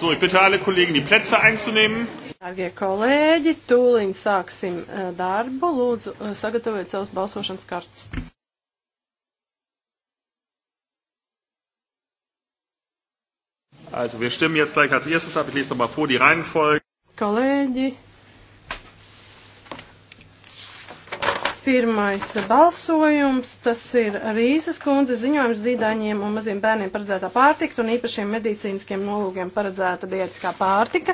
So, ich bitte alle Kollegen, die Plätze einzunehmen. Dārgie kolēģi, tūliņ sāksim eh, darbu. Lūdzu, eh, sagatavojiet savus balsošanas kartes. Also, wir stimmen jetzt gleich als erstes ab. Ich lese nochmal vor die Reihenfolge. Kolēģi, Pirmais balsojums, tas ir Rīzes kundze ziņojums zīdaiņiem un maziem bērniem paredzētā pārtika un īpašiem medicīniskiem nolūgiem paredzēta diētiskā pārtika.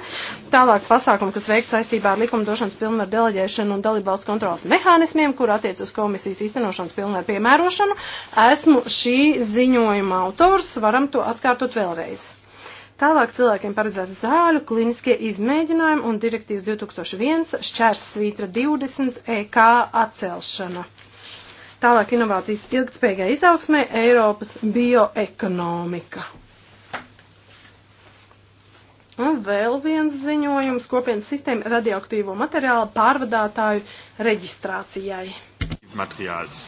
Tālāk pasākumi, kas veikts saistībā ar likumdošanas pilnvaru deleģēšanu un dalībvalsts kontrolas mehānismiem, kur attiec uz komisijas īstenošanas pilnvaru piemērošanu. Esmu šī ziņojuma autors, varam to atkārtot vēlreiz. Tālāk cilvēkiem paredzēta zāļu kliniskie izmēģinājumi un direktīvas 2001 šķērs svītra 20 EK atcelšana. Tālāk inovācijas ilgtspējīgai izaugsmē Eiropas bioekonomika. Un vēl viens ziņojums kopienas sistēma radioaktīvo materiālu pārvadātāju reģistrācijai. Materiāls.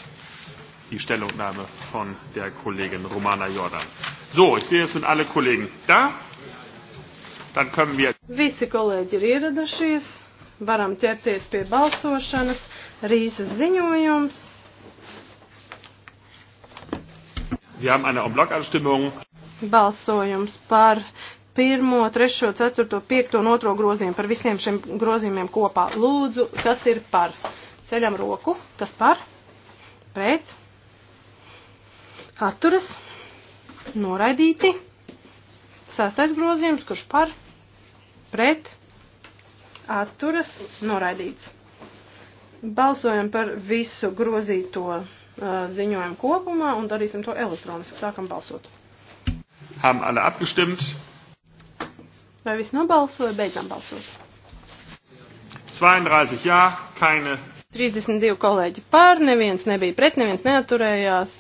Die Stellungnahme von der Kollegin Romana Jordan. So, ich sehe, es sind alle Kollegen da. Dann können wir. Visi kolēģi ir ieradušies. Varam ķerties pie balsošanas. Rīsas ziņojums. Wir haben eine Omblock-Abstimmung. Balsojums par 1, 3, 4, 5 un 2 grozījumu par visiem šiem grozījumiem kopā. Lūdzu, kas ir par? Ceļam roku. Kas par? Pret? Atturas? noraidīti. Sastais grozījums, kurš par, pret, atturas, noraidīts. Balsojam par visu grozīto uh, ziņojumu kopumā un darīsim to elektroniski. Sākam balsot. Haben alle abgestimmt? Vai viss nobalsoja? Beidzam balsot. 32 jā, keine. 32 kolēģi pār, neviens nebija pret, neviens neaturējās.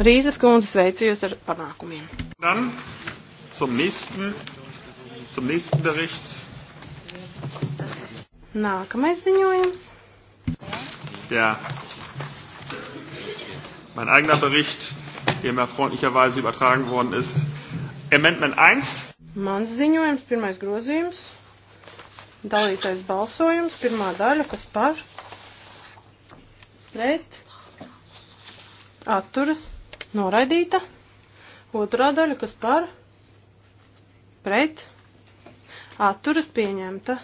Rīzes kundze sveicu jūs ar panākumiem. Dan, zum nächsten, zum nächsten berichts. Nākamais ziņojums. Jā. Mein eigener Bericht, der mir freundlicherweise übertragen worden ist. Amendment 1. Mans ziņojums, pirmais grozījums, dalītais balsojums, pirmā daļa, kas par, pret, atturas, noraidīta. Otrā daļa, kas par, pret, atturas pieņemta.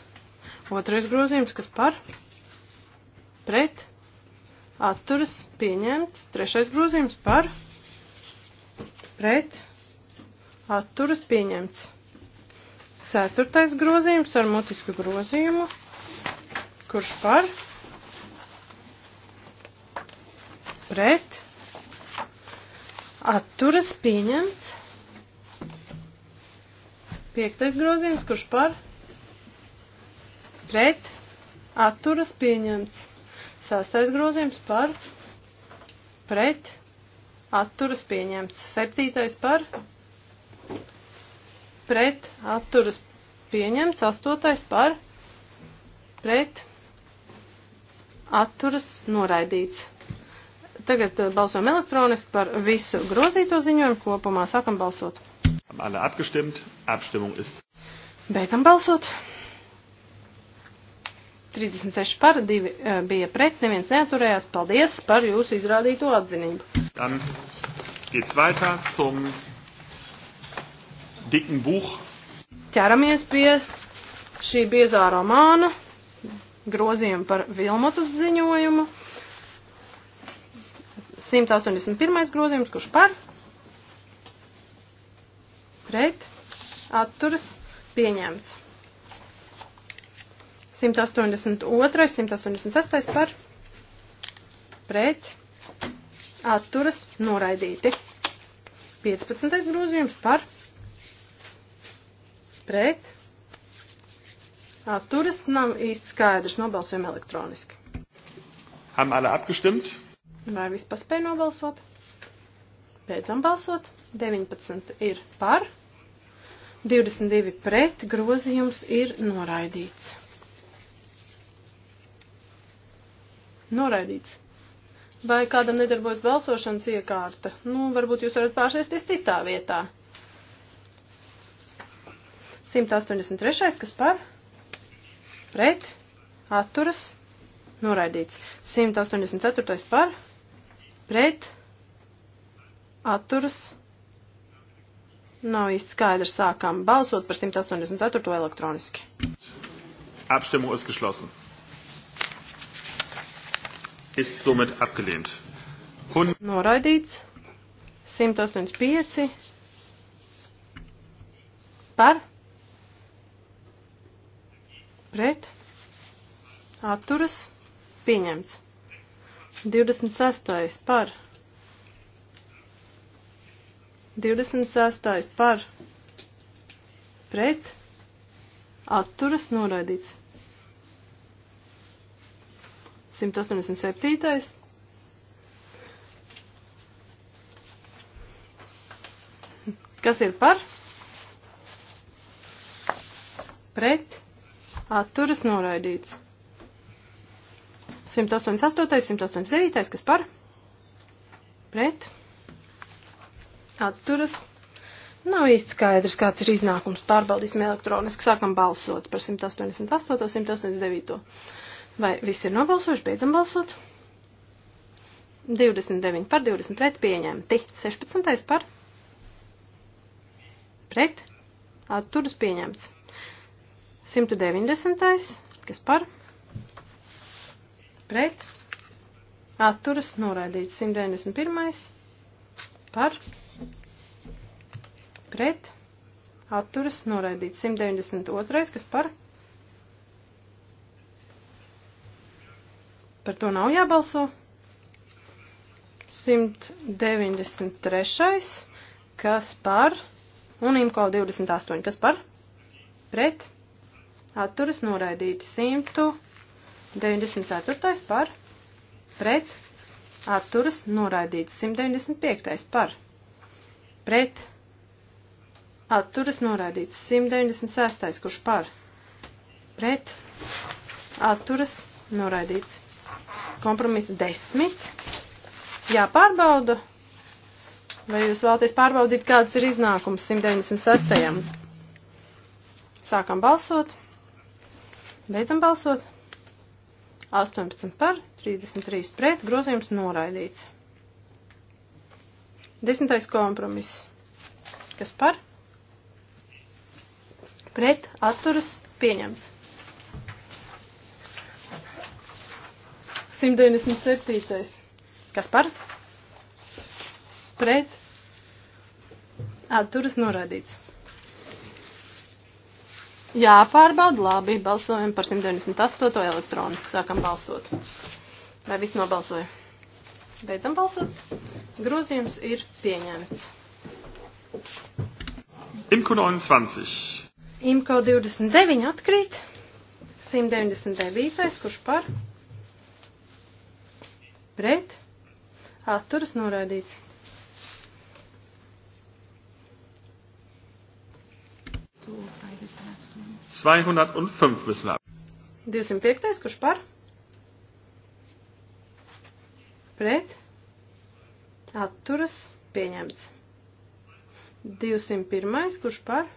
Otrais grozījums, kas par, pret, atturas pieņemts. Trešais grozījums par, pret, atturas pieņemts. Ceturtais grozījums ar mutisku grozījumu, kurš par, pret, atturas pieņemts. Piektais grozījums, kurš par pret atturas pieņemts. Sastais grozījums par pret atturas pieņemts. Septītais par pret atturas pieņemts. Astotais par pret atturas noraidīts. Tagad eh, balsojam elektroniski par visu grozīto ziņojumu kopumā. Sākam balsot. Alle abgestimmt. Abstimmung ist. Beidzam balsot. 36 par, 2 eh, bija pret, neviens neaturējās. Paldies par jūsu izrādīto atzinību. Dann geht's weiter zum dicken Buch. Ķeramies pie šī biezā romāna grozījuma par Vilmotas ziņojumu. 181. grozījums, kurš par, pret, atturas, pieņemts. 182, 186 par, pret, atturas, noraidīti. 15. grozījums par, pret, atturas, nav īsti skaidrs, nobalsojam elektroniski. Haben alle abgestimmt? Vai viss paspēja nobalsot? Beidzam balsot. 19 ir par, 22 pret, grozījums ir noraidīts. Noraidīts. Vai kādam nedarbojas balsošanas iekārta? Nu, varbūt jūs varat pārsēsties citā vietā. 183. kas par? Pret, atturas, noraidīts. 184. par? pret, atturas, nav īsti skaidrs, sākām balsot par 184. elektroniski. Abstimmung ist geschlossen. Ist somit abgelehnt. Hun Noraidīts 185 par pret atturas pieņemts. 26. par. 26. par. Pret. Atturas noraidīts. 187. Kas ir par? Pret. Atturas noraidīts. 188, 189, kas par? Pret. Atturas. Nav īsti skaidrs, kāds ir iznākums. Pārbaudīsim elektroniski. Sākam balsot par 188, 189. Vai visi ir nobalsojuši? Beidzam balsot. 29 par 20 pret pieņemti. 16 par pret atturas pieņemts. 190. kas par pret, atturas noraidīts 191. par, pret, atturas noraidīts 192. kas par. Par to nav jābalso. 193. kas par un imko 28. kas par pret atturas noraidīts 100. 94. par pret atturas noraidīts. 195. par pret atturas noraidīts. 196. kurš par pret atturas noraidīts. Kompromiss 10. Jāpārbauda. Vai jūs vēlaties pārbaudīt, kāds ir iznākums 196. Sākam balsot. Beidzam balsot. 18 par, 33 pret, grozījums noraidīts. Desmitais kompromiss. Kas par? Pret atturas pieņemts. 197. Kas par? Pret atturas noraidīts. Jāpārbauda, labi, balsojam par 198. elektroniski, sākam balsot. Vai viss nobalsoja? Beidzam balsot. Grozījums ir pieņemts. Imko 29. Imko 29 atkrīt. 199. kurš par? Pret? Atturas noraidīts. Tūpā. 205 müssen wir ab. 205. Kurš par? Pret? Atturas pieņemts. 201. Kurš par?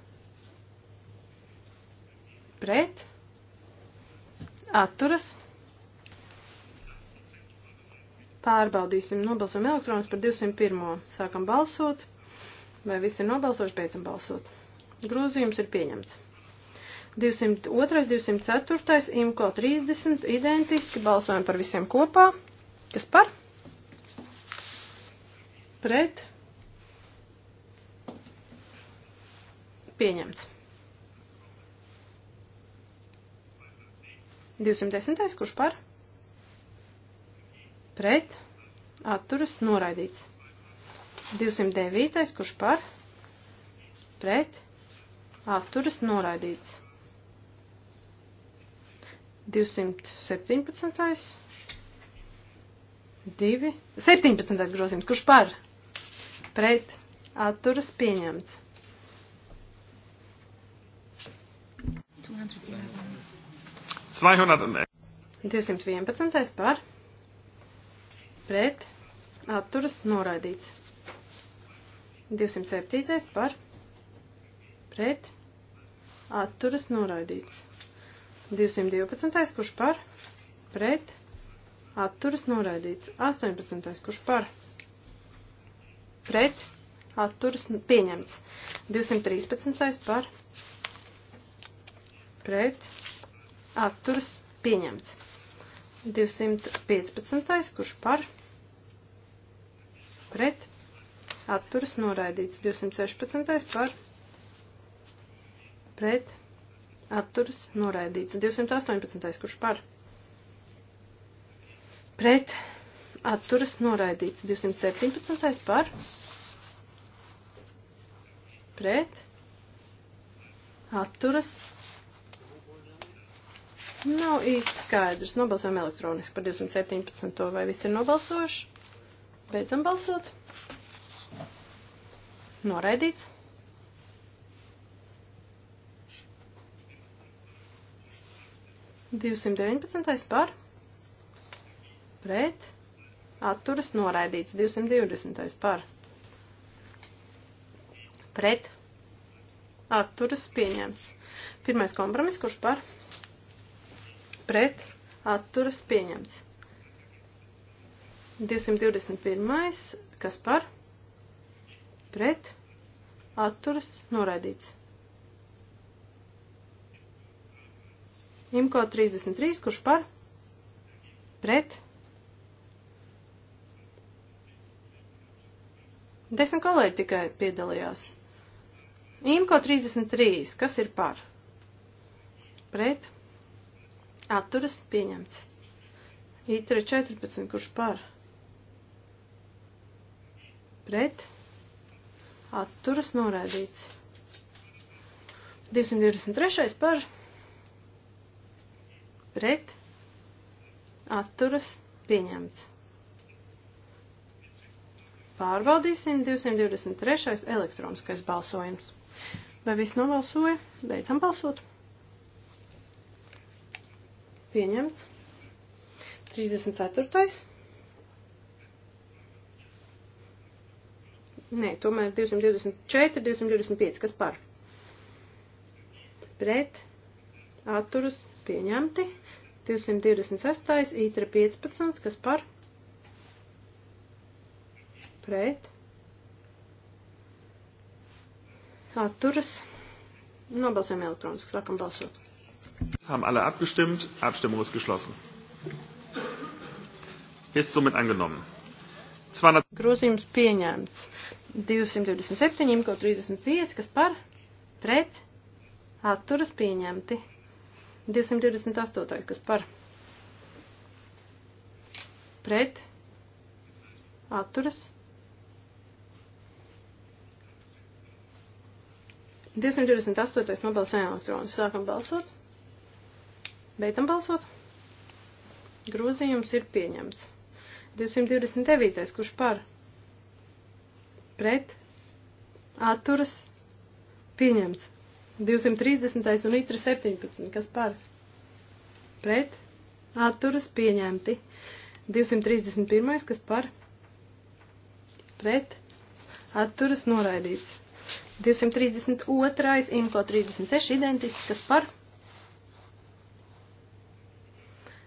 Pret? Atturas. Pārbaudīsim. Nobalsojam elektronis par 201. Sākam balsot. Vai visi ir nobalsojuši? Beidzam balsot. Grozījums ir pieņemts. 202, 204, imko 30, identiski, balsojam par visiem kopā. Kas par? Pret? Pieņemts. 210. Kurš par? Pret. Atturas. Noraidīts. 209. Kurš par? Pret atturas noraidīts. 217. 2. 17. grozījums, kurš par? Pret atturas pieņemts. 211. 211. par? Pret atturas noraidīts. 207. par? pret, atturas noraidīts. 212. kurš par, pret, atturas noraidīts. 18. kurš par, pret, atturas pieņemts. 213. par, pret, atturas pieņemts. 215. kurš par, pret, atturas noraidīts. 216. par, pret pret atturas noraidīts. 218. kurš par pret atturas noraidīts. 217. par pret atturas nav īsti skaidrs. Nobalsojam elektroniski par 217. vai viss ir nobalsojuši? Beidzam balsot. Noraidīts. 219. par pret atturas noraidīts. 220. par pret atturas pieņemts. Pirmais kompromis, kurš par pret atturas pieņemts. 221. kas par pret atturas noraidīts. Imko 33, kurš par? Pret? Desmit kolēģi tikai piedalījās. Imko 33, kas ir par? Pret? Atturas pieņemts. Itre 14, kurš par? Pret? Atturas noraidīts. 223 par? pret, atturas, pieņemts. Pārbaudīsim 223. elektroniskais balsojums. Vai viss nobalsoja? Beidzam balsot. Pieņemts. 34. Nē, tomēr 224, 225, kas par? Pret, atturas, pieņemti. 226. ītra 15, kas par pret atturas. Nobalsojam elektroniski, sākam balsot. Haben alle abgestimmt, Abstimmung ist geschlossen. Ist somit angenommen. 200... Grozījums pieņemts. 227, kaut 35, kas par pret atturas pieņemti. 228. kas par pret atturas. 228. nobalsojam elektroni. Sākam balsot. Beidzam balsot. Grozījums ir pieņemts. 229. kurš par? Pret. Atturas. Pieņemts. 230. un itra 17. Kas par? Pret. Atturas pieņemti. 231. Kas par? Pret. Atturas noraidīts. 232. Imko 36. Identisks. Kas par?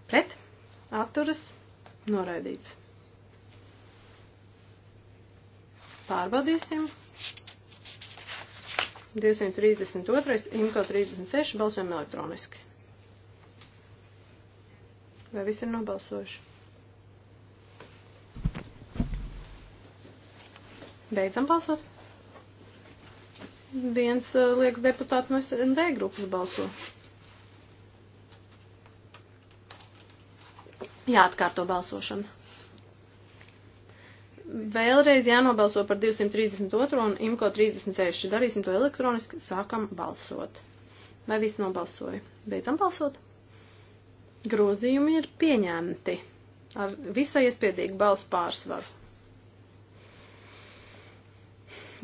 Pret. Atturas noraidīts. Pārbaudīsim. 232, imko 36, balsojam elektroniski. Vai visi ir nobalsojuši? Beidzam balsot. Viens eh, liekas deputāts no SND grupas balso. Jāatkārto balsošana vēlreiz jānobalso par 232 un IMCO 36. Darīsim to elektroniski, sākam balsot. Vai viss nobalsoja? Beidzam balsot. Grozījumi ir pieņemti ar visai iespēdīgu balsu pārsvaru.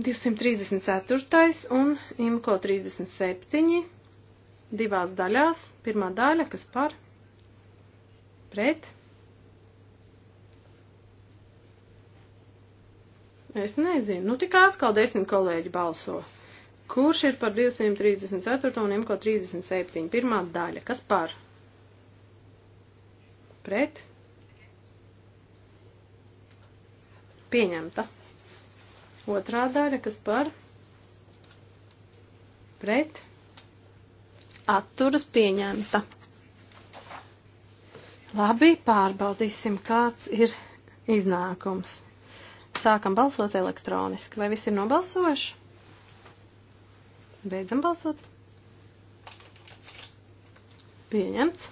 234. un IMCO 37. divās daļās. Pirmā daļa, kas par pret Es nezinu. Nu, tikai atkal desmit kolēģi balso. Kurš ir par 234 un MK 37? Pirmā daļa. Kas par? Pret? Pieņemta. Otrā daļa. Kas par? Pret? Atturas pieņemta. Labi, pārbaudīsim, kāds ir iznākums. Sākam balsot elektroniski. Vai visi ir nobalsojuši? Beidzam balsot. Pieņemts.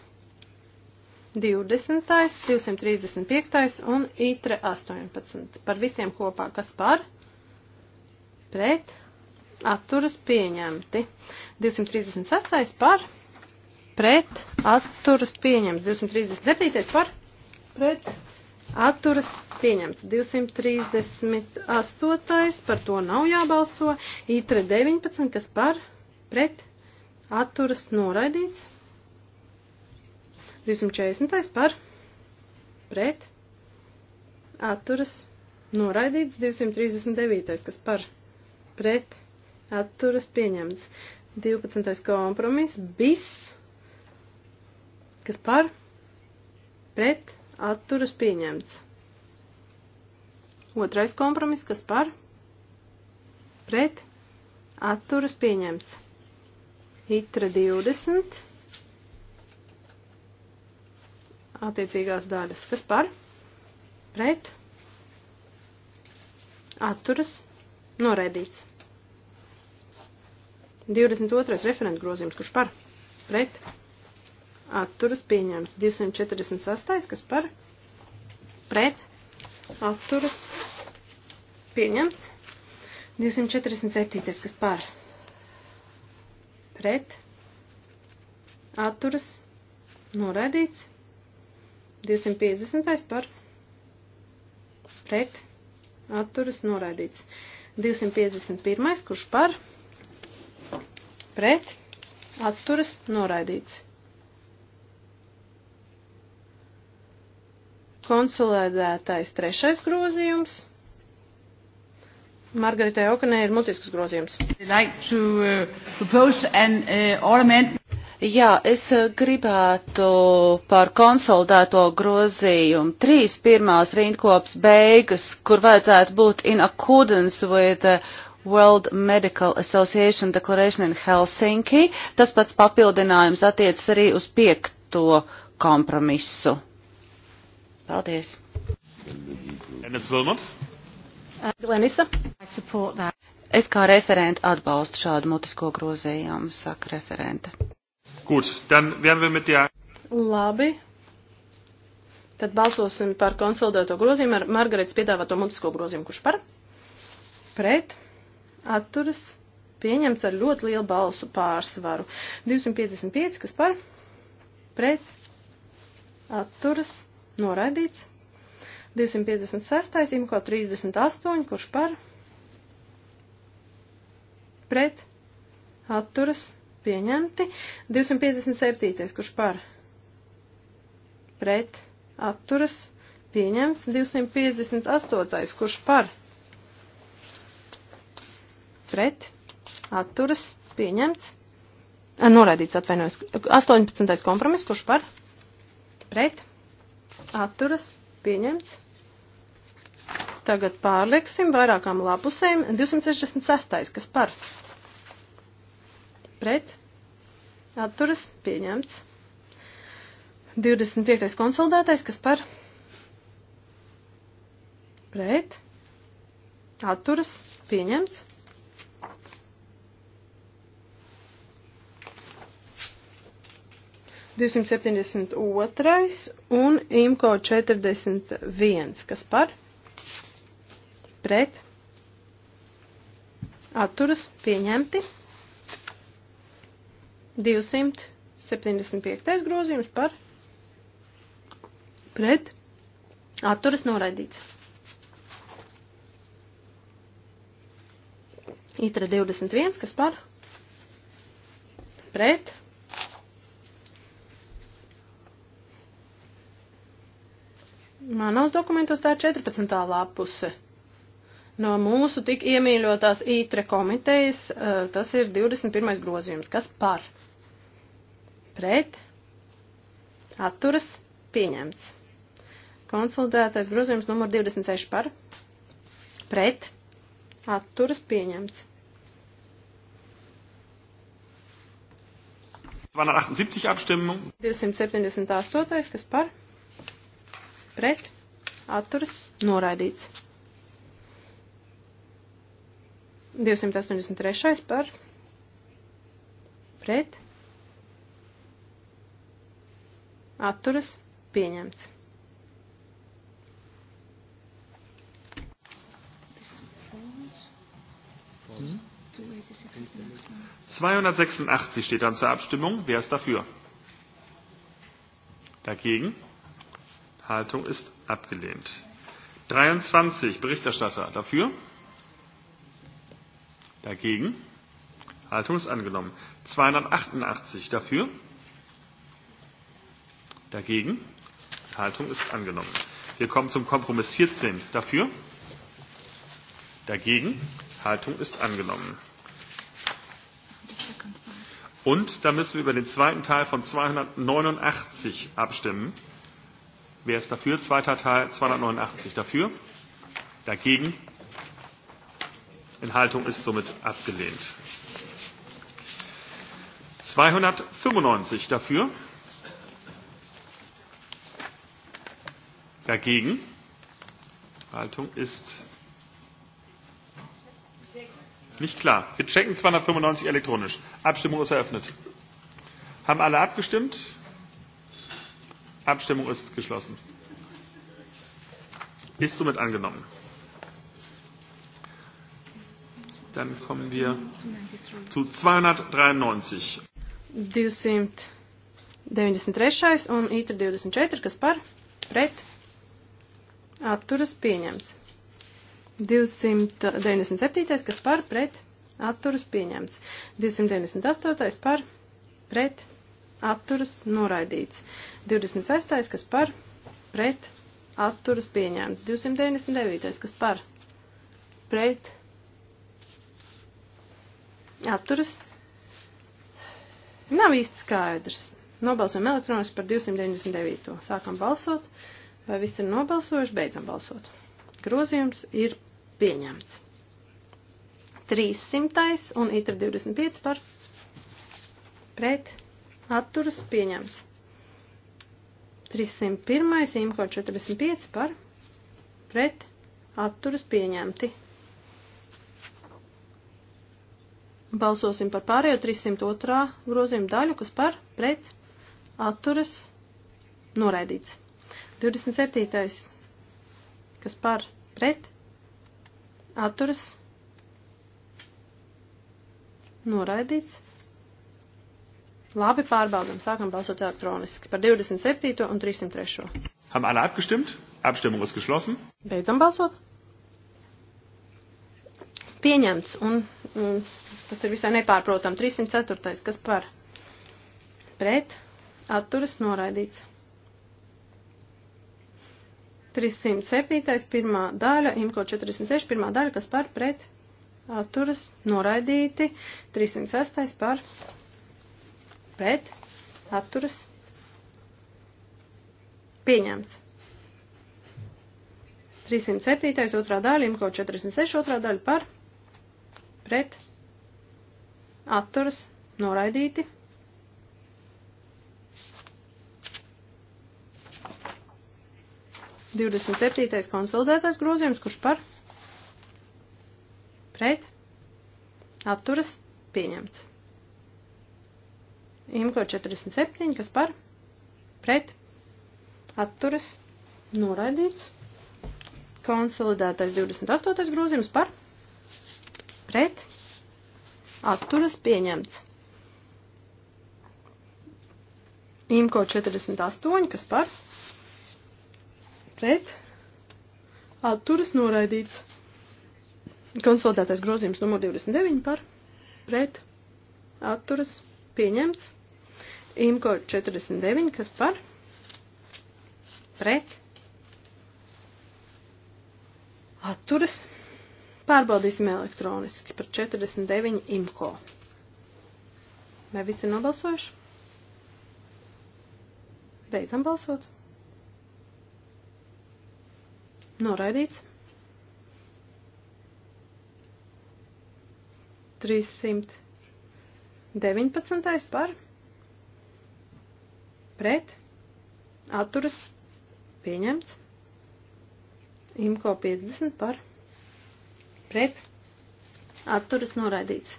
20, 235 un itre 18. Par visiem kopā, kas par, pret, atturas pieņemti. 236 par, pret, atturas pieņemts. 237 par, pret, atturas pieņemts 238, par to nav jābalso, itre 19, kas par pret atturas noraidīts, 240 par pret atturas noraidīts, 239, kas par pret atturas pieņemts, 12. kompromis bis, kas par pret atturas atturas pieņemts. Otrais kompromiss, kas par, pret, atturas pieņemts. Itra 20, attiecīgās daļas, kas par, pret, atturas, noraidīts. 22. referenta grozījums, kurš par, pret, atturas atturas pieņemts. 248, kas par pret atturas pieņemts. 247, kas par pret atturas noraidīts. 250 par pret atturas noraidīts. 251, kurš par pret atturas noraidīts. Konsolidētais trešais grozījums. Margaritai Okanē ir mutisks grozījums. Like to, uh, an, uh, Jā, es uh, gribētu par konsolidēto grozījumu trīs pirmās rindkops beigas, kur vajadzētu būt in accordance with the uh, World Medical Association Declaration in Helsinki. Tas pats papildinājums attiecas arī uz piekto kompromisu. Paldies! Enes Vilmot? Uh, Glenisa? Es kā referenta atbalstu šādu mutisko grozījumu, saka referente. Gut, dann werden wir mit der... Labi. Tad balsosim par konsolidēto grozījumu ar Margaretas piedāvāto mutisko grozījumu. Kurš par? Pret. Atturas. Pieņemts ar ļoti lielu balsu pārsvaru. 255, kas par? Pret. Atturas noraidīts. 256. imko 38, kurš par pret atturas pieņemti. 257. kurš par pret atturas pieņemts. 258. kurš par pret atturas pieņemts. Noraidīts atvainojas. 18. kompromiss, kurš par pret atturas pieņemts. Tagad pārlieksim vairākām lapusēm 266. kas par pret atturas pieņemts. 25. konsolidētais, kas par pret atturas pieņemts. 272 un IMCO 41, kas par pret atturas pieņemti 275 grozījums par pret atturas noraidīts. Itra 21, kas par pret Manos dokumentos tā ir 14. lapuse. No mūsu tik iemīļotās ītre komitejas eh, tas ir 21. grozījums. Kas par? Pret? Atturas? Pieņemts. Konsolidētais grozījums numur 26 par? Pret? Atturas? Pieņemts. 278. 278. Kas par? pret, atturas, noraidīts. 283. par pret, atturas, pieņemts. Mhm. 286 steht dann zur Abstimmung. Wer ist dafür? Dagegen? Enthaltung ist abgelehnt. 23. Berichterstatter dafür. Dagegen. Haltung ist angenommen. 288 dafür. Dagegen. Haltung ist angenommen. Wir kommen zum Kompromiss 14 dafür. Dagegen. Haltung ist angenommen. Und da müssen wir über den zweiten Teil von 289 abstimmen. Wer ist dafür? Zweiter Teil 289 dafür. Dagegen. Enthaltung ist somit abgelehnt. 295 dafür. Dagegen. Haltung ist nicht klar. Wir checken 295 elektronisch. Abstimmung ist eröffnet. Haben alle abgestimmt? Abstimmung ist geschlossen. Ist somit angenommen. Dann kommen wir zu 293. 293. un ITR 24, kas par pret atturas pieņemts. 297. kas par pret atturas pieņemts. 298. par pret atturas pieņemts atturas noraidīts. 26. kas par pret atturas pieņēmts. 299. kas par pret atturas nav īsti skaidrs. Nobalsojam elektroniski par 299. Sākam balsot. Vai viss ir nobalsojuši? Beidzam balsot. Grozījums ir pieņemts. 300 un itra 25 par pret atturas pieņems. 301. Imko 45 par pret atturas pieņemti. Balsosim par pārējo 302. grozījumu daļu, kas par pret atturas noraidīts. 27. kas par pret atturas noraidīts. Labi, pārbaudam, sākam balsot elektroniski par 27. un 303. Haben alle abgestimmt? Abstimmung ist geschlossen. Beidzam balsot. Pieņemts, un mm, tas ir visai nepārprotam. 304. kas par? Pret, atturas noraidīts. 307. pirmā daļa, imko 46. pirmā daļa, kas par? Pret, atturas noraidīti. 306. par? pret, atturas, pieņemts. 307. otrā daļa, imko 46. otrā daļa par, pret, atturas, noraidīti. Divdesmit septītais konsolidētais grozījums, kurš par, pret, atturas, pieņemts. Imko 47, kas par pret atturas noraidīts. Konsolidētais 28. grozījums par pret atturas pieņemts. Imko 48, kas par pret atturas noraidīts. Konsolidētais grozījums numur 29 par pret atturas pieņemts. Imko 49, kas par? Pret. Atturas. Pārbaudīsim elektroniski par 49 Imko. Vai visi ir nobalsojuši? Beidzam balsot. Noraidīts. 319 par pret, atturas, pieņemts. Imko 50 par, pret, atturas, noraidīts.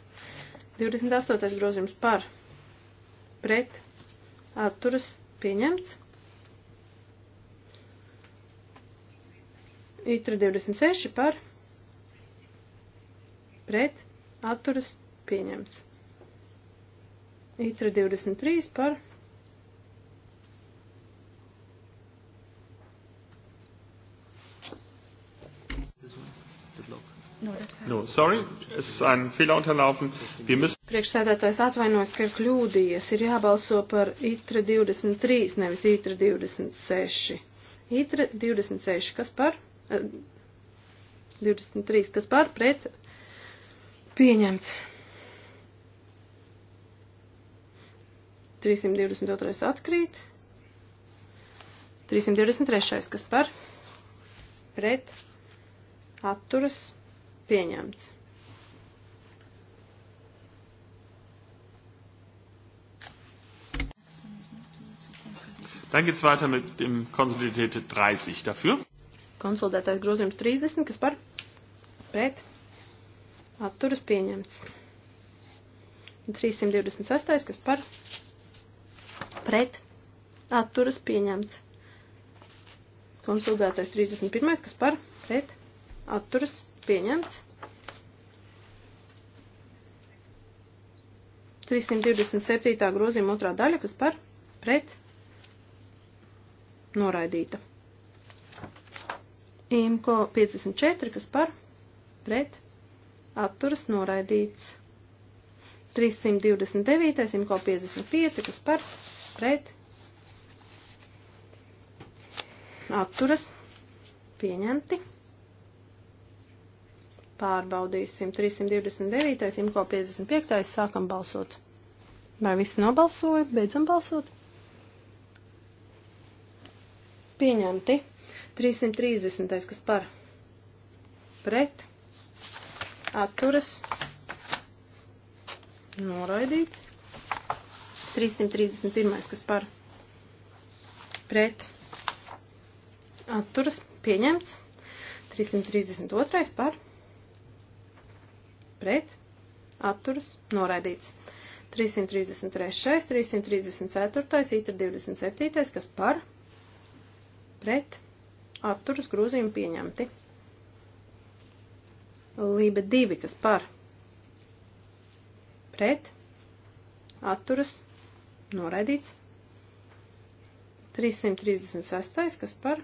28. grozījums par, pret, atturas, pieņemts. Itra 26 par, pret, atturas, pieņemts. Itra 23 par, pret, No, no, sorry, es einen Fehler unterlaufen. Wir müssen. Priekšsēdētājs atvainojas, ka ir kļūdījies. Ir jābalso par ITRE 23, nevis ITRE 26. ITRE 26, kas par? 23, eh, kas par? Pret? Pieņemts. 322 atkrīt. 323, kas par? Pret? Atturas? pieņemts. Dann geht's weiter mit dem konsolidierten 30 dafür. Konsolidētais grozījums 30, kas par pret atturas pieņemts. 326, kas par pret atturas pieņemts. Konsolidētais 31, kas par pret atturas Pieņemts. 327. grozījuma otrā daļa, kas par pret noraidīta. Imko 54, kas par pret atturas noraidīts. 329, Imko 55, kas par pret atturas pieņemti. Pārbaudīsim 329, imko 55, sākam balsot. Vai visi nobalsoja? Beidzam balsot. Pieņemti. 330, kas par. Pret. Atturas. Noraidīts. 331, kas par. Pret. Atturas. Pieņemts. 332 par pret, atturas, noraidīts. 333, 334, itra 27, kas par, pret, atturas, grūzījumi pieņemti. Lība 2, kas par, pret, atturas, noraidīts. 336, kas par,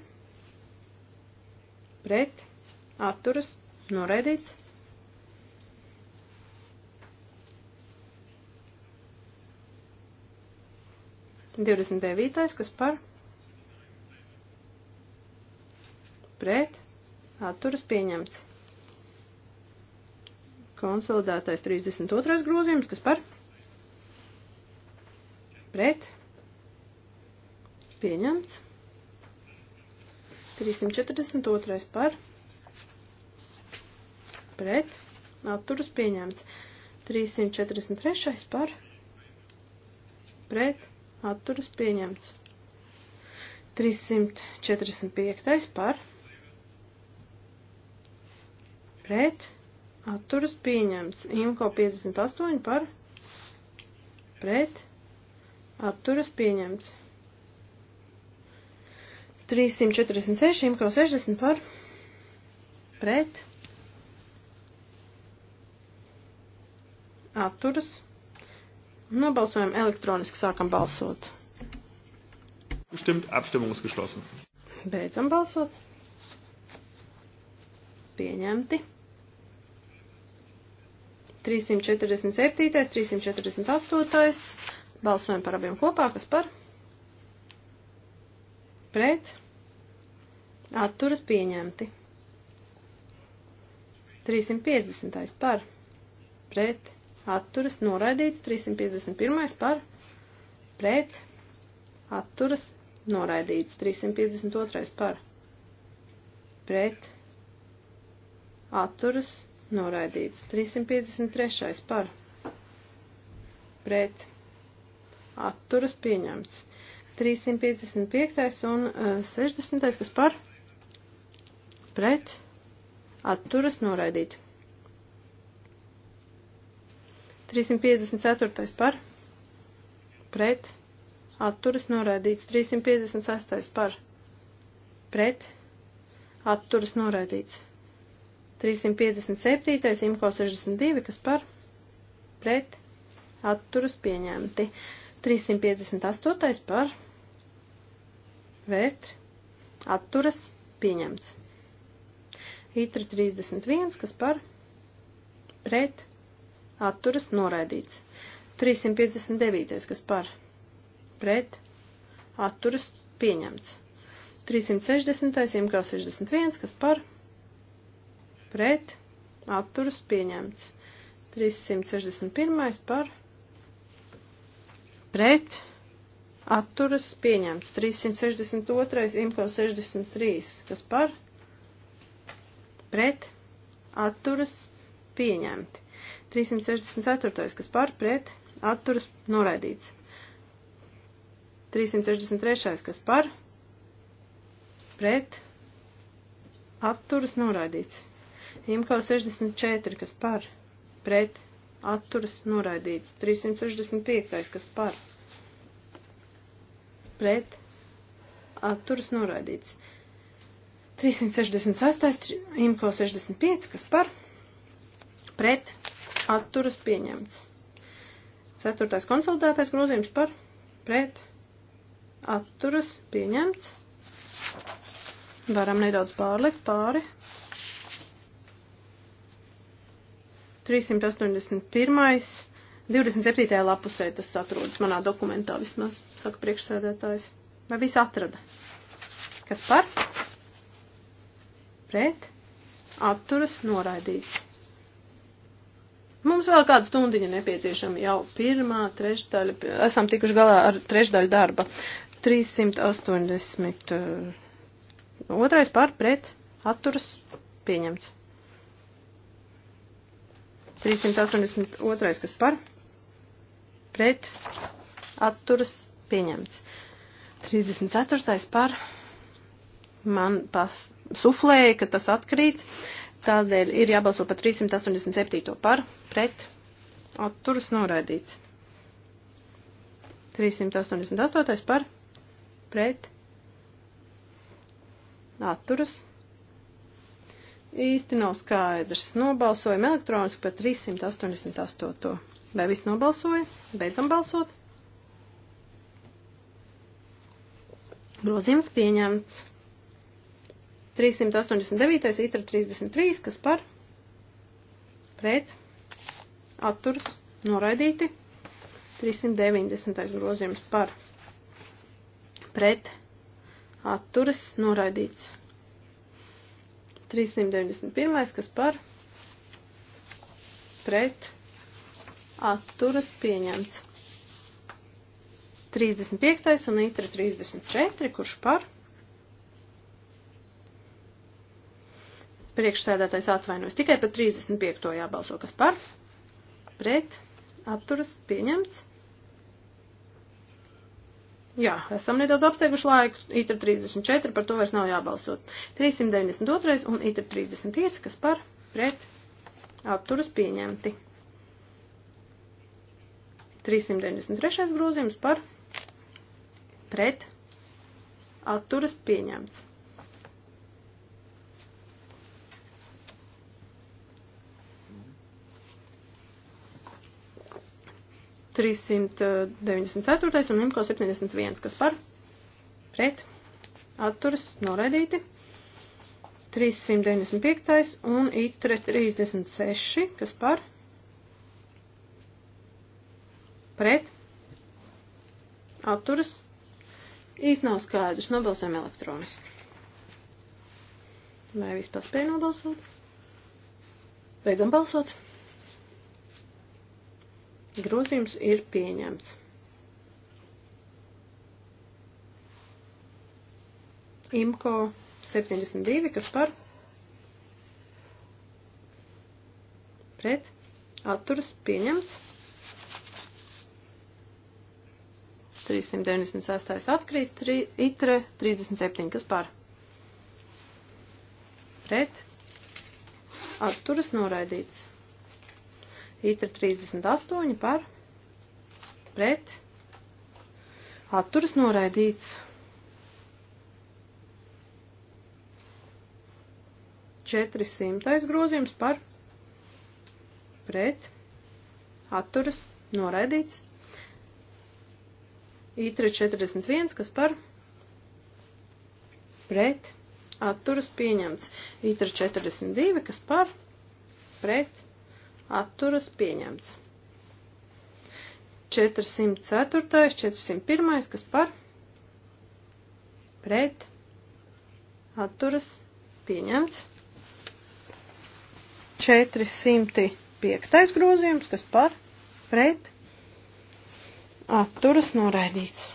pret, atturas, noraidīts. 29. kas par pret atturas pieņemts. Konsolidētais 32. grozījums, kas par pret pieņemts. 342. par pret atturas pieņemts. 343. par pret atturas pieņemts. 345. par pret atturas pieņemts. Imko 58 par pret atturas pieņemts. 346, Imko 60 par pret atturas pieņemts. Nobalsojam elektroniski, sākam balsot. Bestimmt, apstimmung ist geschlossen. Beidzam balsot. Pieņemti. 347, 348. Balsojam par abiem kopā, kas par? Pret. Atturas pieņemti. 350. par. Pret atturas noraidīts, 351 par pret atturas noraidīts, 352 par pret atturas noraidīts, 353 par pret atturas pieņemts, 355 un uh, eh, 60, kas par pret atturas noraidīts. 354. par pret atturas noraidīts. 356. par pret atturas noraidīts. 357. imko 62, kas par pret atturas pieņemti. 358. par vērt atturas pieņemts. Itra 31, kas par pret atturas pieņemts atturas noraidīts. 359. kas par pret atturas pieņemts. 360. 161. kas par pret atturas pieņemts. 361. par pret atturas pieņemts. 362. imko 63. kas par pret atturas pieņemti. 364. kas par pret atturas noraidīts. 363. kas par pret atturas noraidīts. Imko 64. kas par pret atturas noraidīts. 365. kas par pret atturas noraidīts. 368. Imko 65. kas par pret atturas pieņemts. Ceturtais konsolidētais grozījums par pret atturas pieņemts. Varam nedaudz pārlikt pāri. 381. 27. lapusē tas atrodas manā dokumentā vismaz, saka priekšsēdētājs. Vai viss atrada? Kas par? Pret? Atturas noraidīts. Mums vēl kāda stundiņa nepieciešama jau pirmā trešdaļa, esam tikuši galā ar trešdaļu darba. 380. Eh, otrais par pret atturas pieņemts. 382. kas par pret atturas pieņemts. 34. par man pas suflēja, ka tas atkrīt. Tādēļ ir jābalso par 387. par, pret, atturas noraidīts. 388. par, pret, atturas. Īsti nav skaidrs. Nobalsojam elektroniski par 388. Vai viss nobalsoja? Beidzam balsot. Grozījums pieņemts. 389. itra 33, kas par pret atturas noraidīti. 390. grozījums par pret atturas noraidīts. 391. kas par pret atturas pieņemts. 35. un itra 34, kurš par pret Priekšsēdētājs atvainojas tikai par 35. jābalso, kas par, pret, atturas, pieņemts. Jā, esam nedaudz apsteiguši laiku. ITR 34, par to vairs nav jābalsot. 392 un ITR 35, kas par pret apturas pieņemti. 393 grozījums par pret atturas pieņemts. 394. un Imko 71, kas par pret atturas noraidīti. 395. un ITRE 36, kas par pret atturas īsti nav skaidrs, nobalsojam elektroniski. Vai vispār spēj nobalsot? Beidzam balsot. Grozījums ir pieņemts. Imko 72, kas par pret atturas pieņemts. 396 atkrīt, 3, itre 37, kas par pret atturas noraidīts. Itra 38 par pret atturas noraidīts. 400 grozījums par pret atturas noraidīts. Itra 41, kas par pret atturas pieņemts. Itra 42, kas par pret atturas pieņemts. 404, 401, kas par, pret, atturas pieņemts. 405 grozījums, kas par, pret, atturas noraidīts.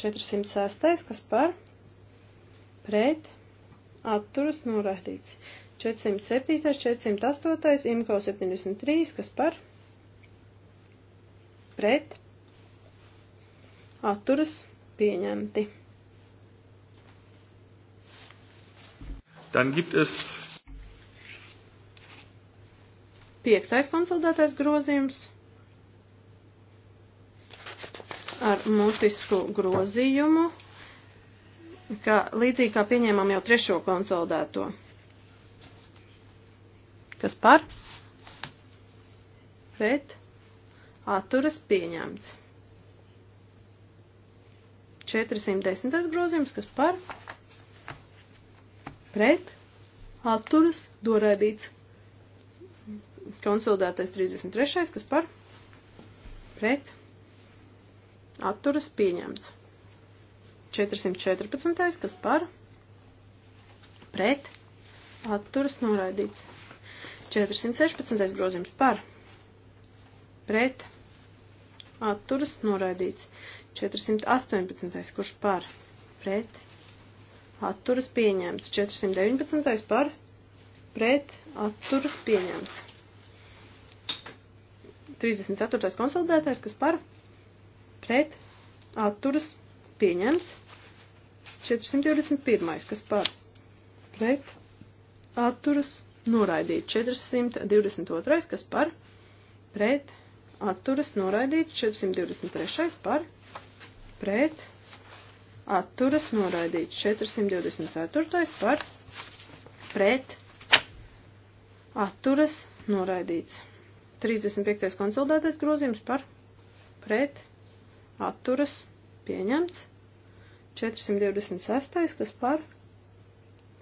406, kas par, pret, atturas noraidīts. 407, 408, IMCO 73, kas par pret atturas pieņemti. Dann gibt es piektais konsultētais grozījums ar mutisku grozījumu, kā līdzīgi kā pieņēmām jau trešo konsultēto grozījumu. Kas par? Pret. Atturas pieņemts. 410. grozījums, kas par? Pret. Atturas dorēdīts. Konsolidētais 33. kas par? Pret. Atturas pieņemts. 414. kas par? Pret. Atturas noraidīts. 416. grozījums par pret atturas noraidīts. 418. kurš par pret atturas pieņemts. 419. par pret atturas pieņemts. 34. konsolidētais, kas par pret atturas pieņemts. 421. kas par pret atturas pieņemts noraidīt 422, kas par pret atturas noraidīt 423 par pret atturas noraidīt 424 par pret atturas noraidīts 35. konsolidētais grozījums par pret atturas pieņemts 426, kas par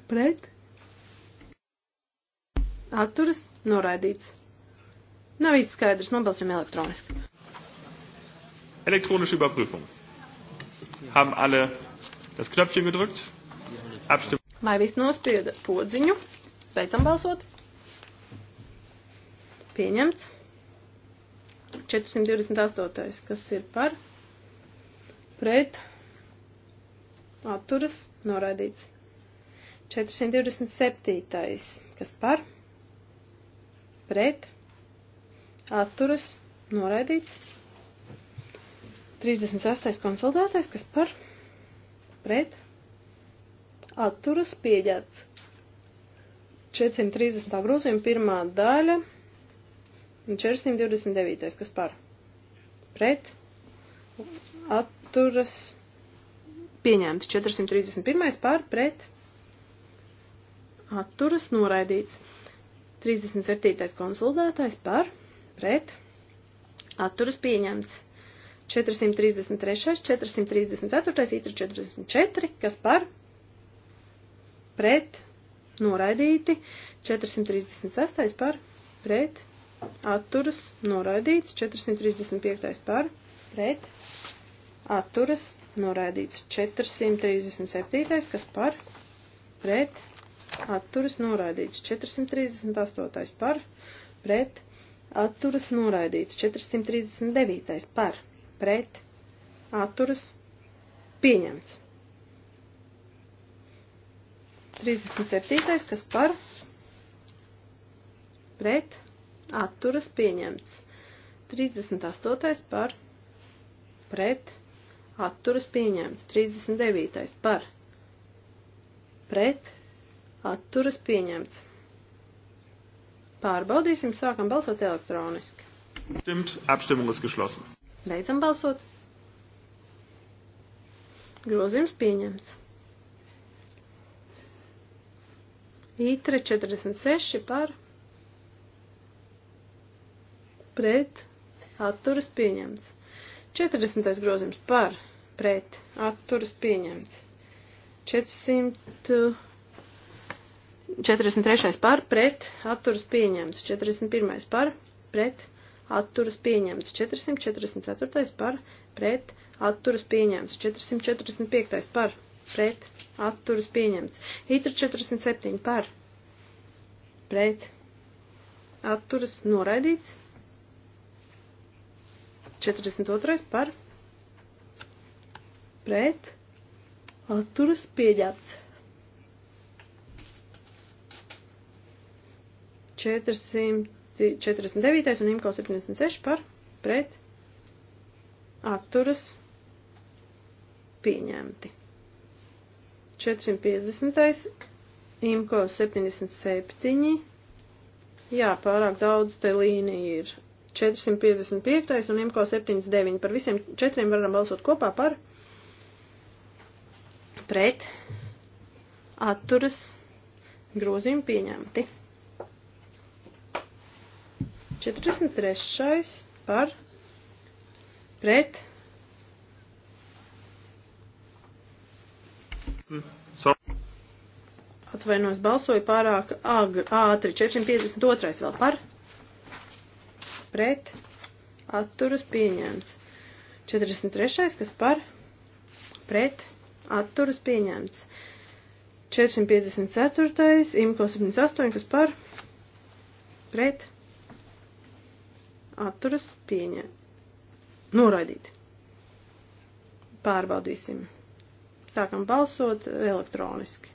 pret atturas atturas noraidīts. Nav īsti skaidrs, nobalsim elektroniski. Elektronische Überprüfung. Haben alle das Knöpfchen gedrückt? Abstimmung. Vai viss nospieda podziņu? Beidzam balsot. Pieņemts. 428. Kas ir par? Pret. Atturas. Noraidīts. 427. Kas par? pret, atturas, noraidīts. 36. konsolidētais, kas par, pret, atturas, pieģēts. 430. grozījuma pirmā daļa un 429. kas par, pret, atturas, pieņemts. 431. par, pret, atturas, noraidīts. 37. konsultētājs par, pret, atturas pieņemts. 433, 434, itra 44, kas par, pret, noraidīti. 436 par, pret, atturas, noraidīts. 435 par, pret, atturas, noraidīts. 437, kas par, pret, atturas noraidīts 438 par, pret, atturas noraidīts 439 par, pret, atturas pieņemts. 37. kas par, pret, atturas pieņemts. 38. par, pret, atturas pieņemts. 39. par, pret, atturas pieņemts. Pārbaudīsim, sākam balsot elektroniski. Stimmt, apstimmung ist geschlossen. Beidzam balsot. Grozījums pieņemts. Itre 46 par pret atturas pieņemts. 40. grozījums par pret atturas pieņemts. 400 43. par pret atturas pieņemts, 41. par pret atturas pieņemts, 444. par pret atturas pieņemts, 445. par pret atturas pieņemts, itra 47. par pret atturas noraidīts, 42. par pret atturas pieņemts. 449 un imko 76 par pret atturas pieņemti. 450. imko 77. Jā, pārāk daudz te līnija ir. 455. un imko 79. Par visiem četriem varam balsot kopā par pret atturas grozījumu pieņemti. 43. par pret. Atvainos balsoju pārāk ag, ātri. 452. vēl par pret. Atturas pieņēmts. 43. kas par pret. Atturas pieņēmts. 454. imko 78. kas par pret atturas pieņem. Noraidīt. Pārbaudīsim. Sākam balsot elektroniski.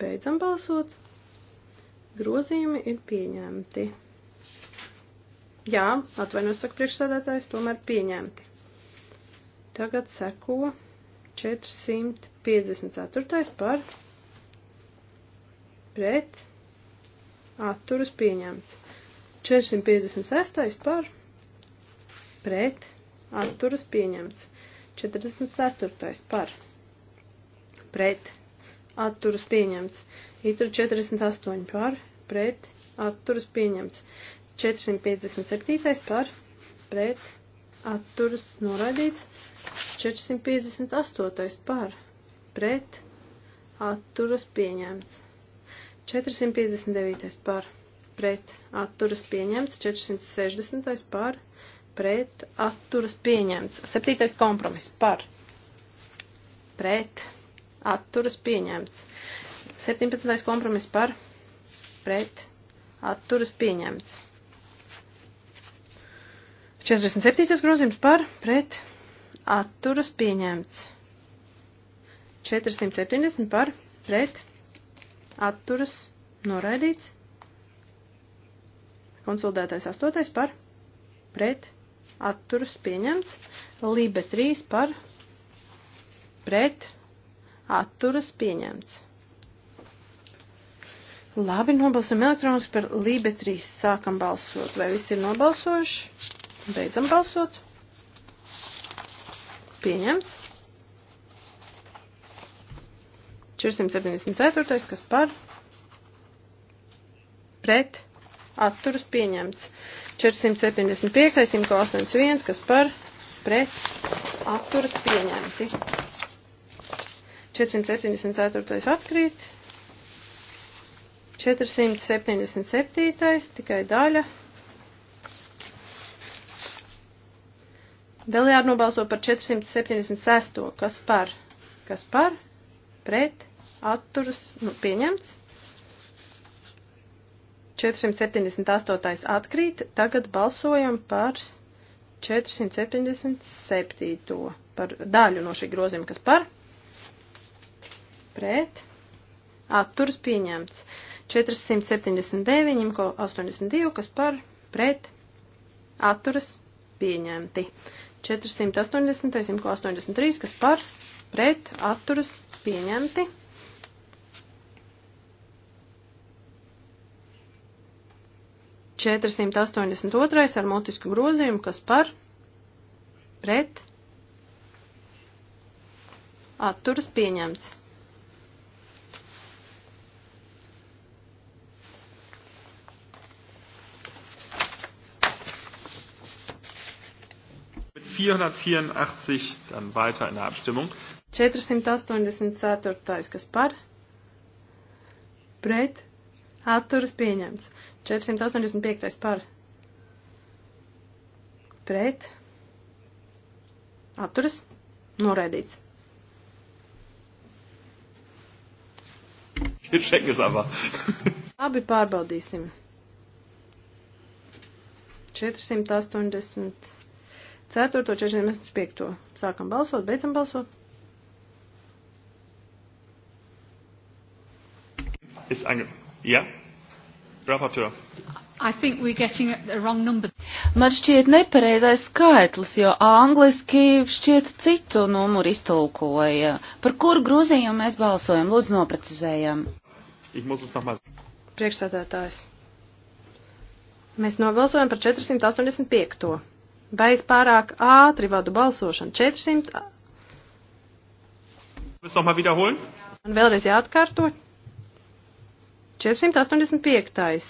Beidzam balsot. Grozījumi ir pieņemti. Jā, atvainojos, saka priekšsēdētājs, tomēr pieņemti. Tagad seko 454. par pret atturas pieņemts. 456 par pret atturas pieņemts. 44. par pret atturas pieņemts. Itur 48 par pret atturas pieņemts. 457 par pret atturas noraidīts. 458 par pret atturas pieņemts. 459 par pret atturas pieņemts, 460. par pret atturas pieņemts, 7. kompromiss par pret atturas pieņemts, 17. kompromiss par pret atturas pieņemts. 47. grozījums par pret atturas pieņemts. 470 par pret atturas noraidīts. Konsolidētais 8. par pret atturas pieņemts. Libe 3 par pret atturas pieņemts. Labi, nobalsam elektroniski par Lībe 3. Sākam balsot. Vai visi ir nobalsojuši? Beidzam balsot. Pieņemts. 474. kas par? Pret atturas pieņemts. 475, 181, kas par pret atturas pieņemti. 474 atkrīt. 477 tikai daļa. Vēl jānobalso par 476, kas par, kas par, pret, atturas, nu, pieņemts. 478. atkrīt, tagad balsojam par 477. par daļu no šī grozījuma, kas par pret atturas pieņemts. 479, 82, kas par pret atturas pieņemti. 480, 183, kas par pret atturas pieņemti. 482 ar mutisku grozījumu, kas par pret atturas pieņemts. Mit 484 dann weiter in der Abstimmung. 484, kas par pret atturas pieņemts. 485. par pret atturas noraidīts. Ir šekas abā. Abi pārbaudīsim. 484. 485. Sākam balsot, beidzam balsot. Ist angenommen. Yeah. Rapporteur. Man šķiet nepareizais skaitlis, jo angliski šķiet citu numuru iztulkoja. Par kur grozījumu mēs balsojam? Lūdzu, noprecizējam. Priekšsēdētājs. Mēs nobalsojam par 485. To. Vai es pārāk ātri vadu balsošanu? 400. Man vēlreiz jāatkārtot. 485.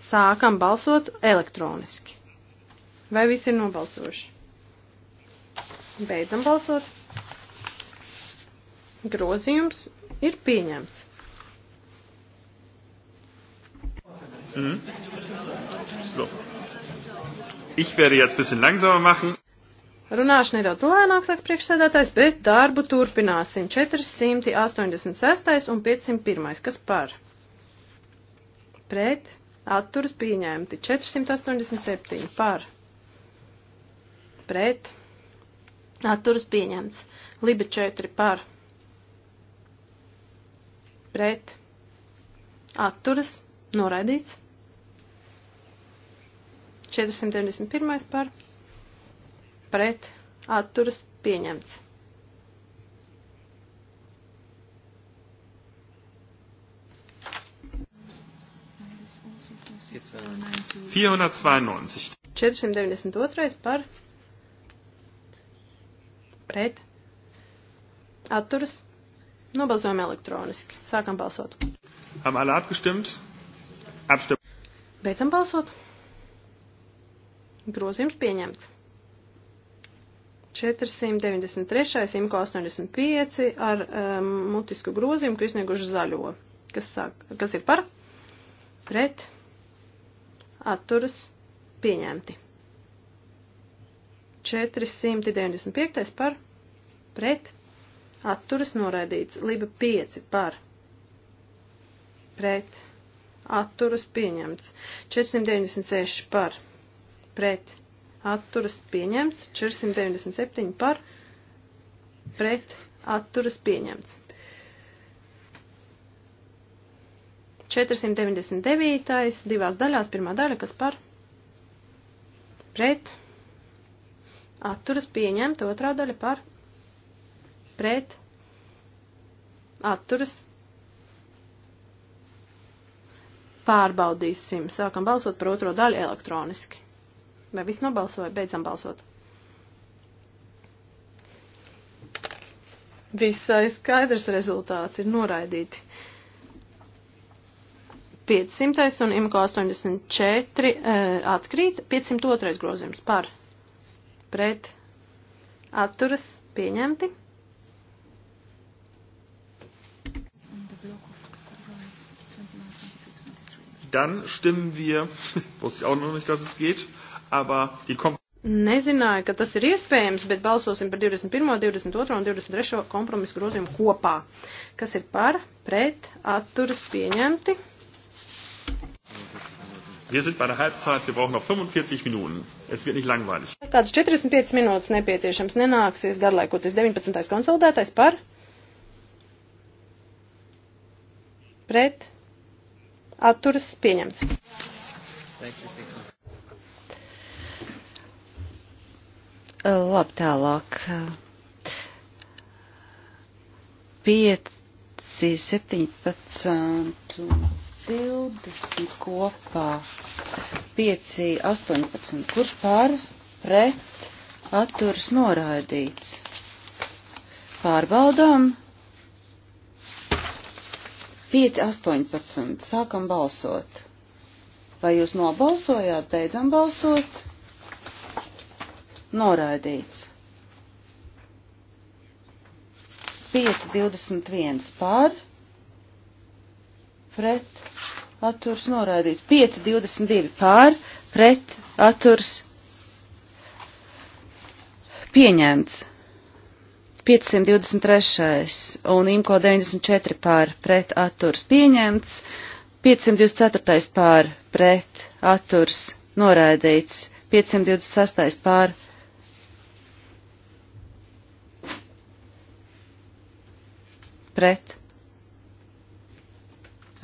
Sākam balsot elektroniski. Vai visi ir nobalsojuši? Beidzam balsot. Grozījums ir pieņemts. Mm. So. Ich werde jetzt bisschen langsamer machen. Runāšu nedaudz lēnāk, saka priekšsēdētājs, bet darbu turpināsim. 486. un 501. kas par? pret, atturas pieņemti. 487 par, pret, atturas pieņemts. Liba 4 par, pret, atturas, noraidīts. 491 par, pret, atturas pieņemts. 492. 492 par pret atturas. Nobalsojam elektroniski. Sākam balsot. Haben alle abgestimmt? Abstimmt. Beidzam balsot. Grozījums pieņemts. 493, 185 ar um, mutisku grozījumu, ko iznieguši zaļo. Kas, sāk, kas ir par? Pret atturas pieņemti. 495 par pret atturas noraidīts. Liba 5 par pret atturas pieņemts. 496 par pret atturas pieņemts. 497 par pret atturas pieņemts. 499. divās daļās, pirmā daļa, kas par pret atturas pieņemta, otrā daļa par pret atturas pārbaudīsim. Sākam balsot par otro daļu elektroniski. Vai viss nobalsoja? Beidzam balsot. Visai skaidrs rezultāts ir noraidīti. 500 un imko 84 uh, eh, atkrīt, 502 grozījums par pret atturas pieņemti. Dann stimmen wir, wusste ich auch noch nicht, dass es geht, aber die Kom Nezināju, ka tas ir iespējams, bet balsosim par 21., 22. un 23. kompromisu grozījumu kopā, kas ir par, pret, atturas pieņemti. Wir sind bei der Halbzeit, wir brauchen noch 45 Minuten. Es wird nicht langweilig. Kāds 45 minūtes nepieciešams nenāksies garlaikoties 19. konsolidētais par? Pret? Atturas pieņemts. Labi, tālāk. 5, 17. 20 kopā. 5, 18. Kurš pār? Pret. Atturs noraidīts. Pārbaudām. 5, 18. Sākam balsot. Vai jūs nobalsojāt? Beidzam balsot. Noraidīts. 5, 21 pār. Pret atturs noraidīts. 5, 22 pār, pret, atturs pieņemts. 523 un IMCO 94 pār, pret, atturs pieņemts. 524 pār, pret, atturs noraidīts. 526 pār, pret,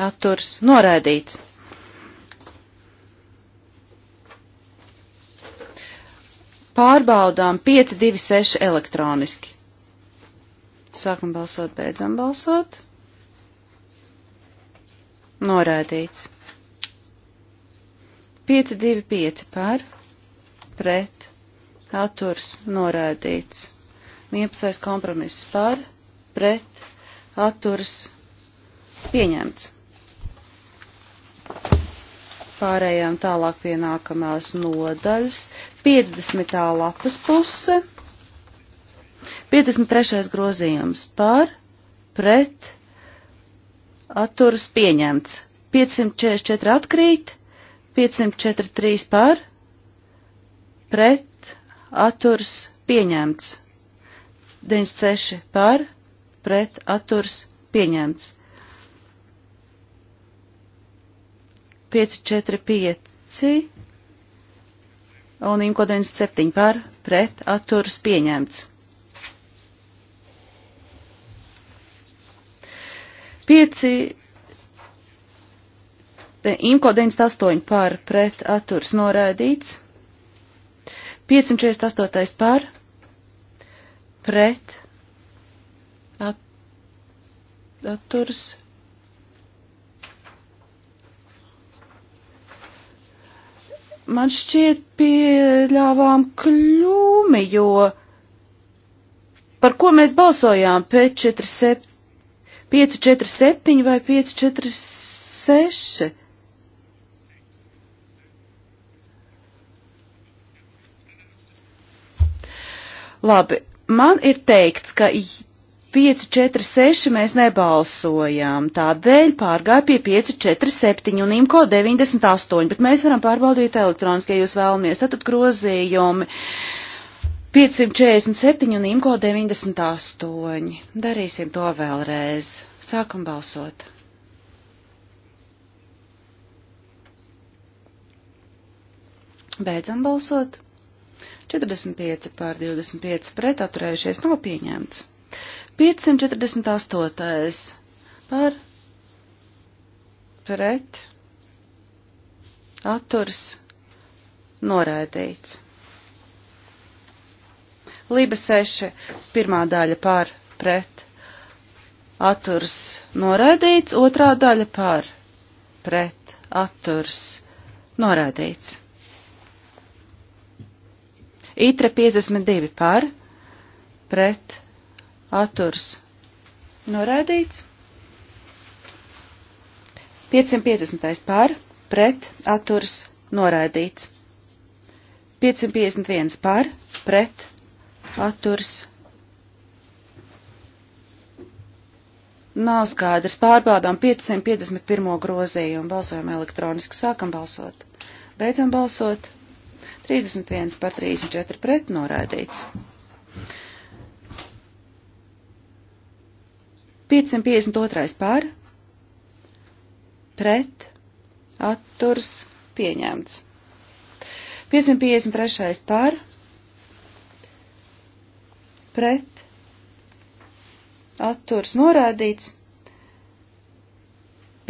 atturs noraidīts. Pārbaudām 526 elektroniski. Sākam balsot, beidzam balsot. Noraidīts. 525 par, pret, atturs, noraidīts. 11. kompromiss par, pret, atturs, pieņemts. Pārējām tālāk pie nākamās nodaļas. 50. lapas puse. 53. grozījums par, pret, atturas pieņemts. 544 atkrīt, 543 par, pret, atturas pieņemts. 96 par, pret, atturas pieņemts. 545 un IMCO 97 par pret atturas pieņemts. 5 IMCO 98 par pret atturas noraidīts. 548 par pret atturas man šķiet pieļāvām kļūmi, jo par ko mēs balsojām? 547 vai 546? Labi, man ir teikts, ka 5, 4, 6 mēs nebalsojām, tādēļ pārgāja pie 5, 4, 7 un IMCO 98, bet mēs varam pārbaudīt elektroniski, ja jūs vēlamies. Tātad grozījumi 547 un IMCO 98. Darīsim to vēlreiz. Sākam balsot. Beidzam balsot. 45 pār 25 pret atturējušies nav pieņemts. 548. par pret atturs noraidīts. Lība 6. pirmā daļa par pret atturs noraidīts, otrā daļa par pret atturs noraidīts. Itre 52 par pret atturs noraidīts. 550. pār, pret, atturs noraidīts. 551 pār, pret, atturs. Nav skaidrs. Pārbaudām 551. grozījumu. Balsojam elektroniski. Sākam balsot. Beidzam balsot. 31 par 34 pret noraidīts. 552. par, pret, atturs, pieņemts. 553. par, pret, atturs, norādīts.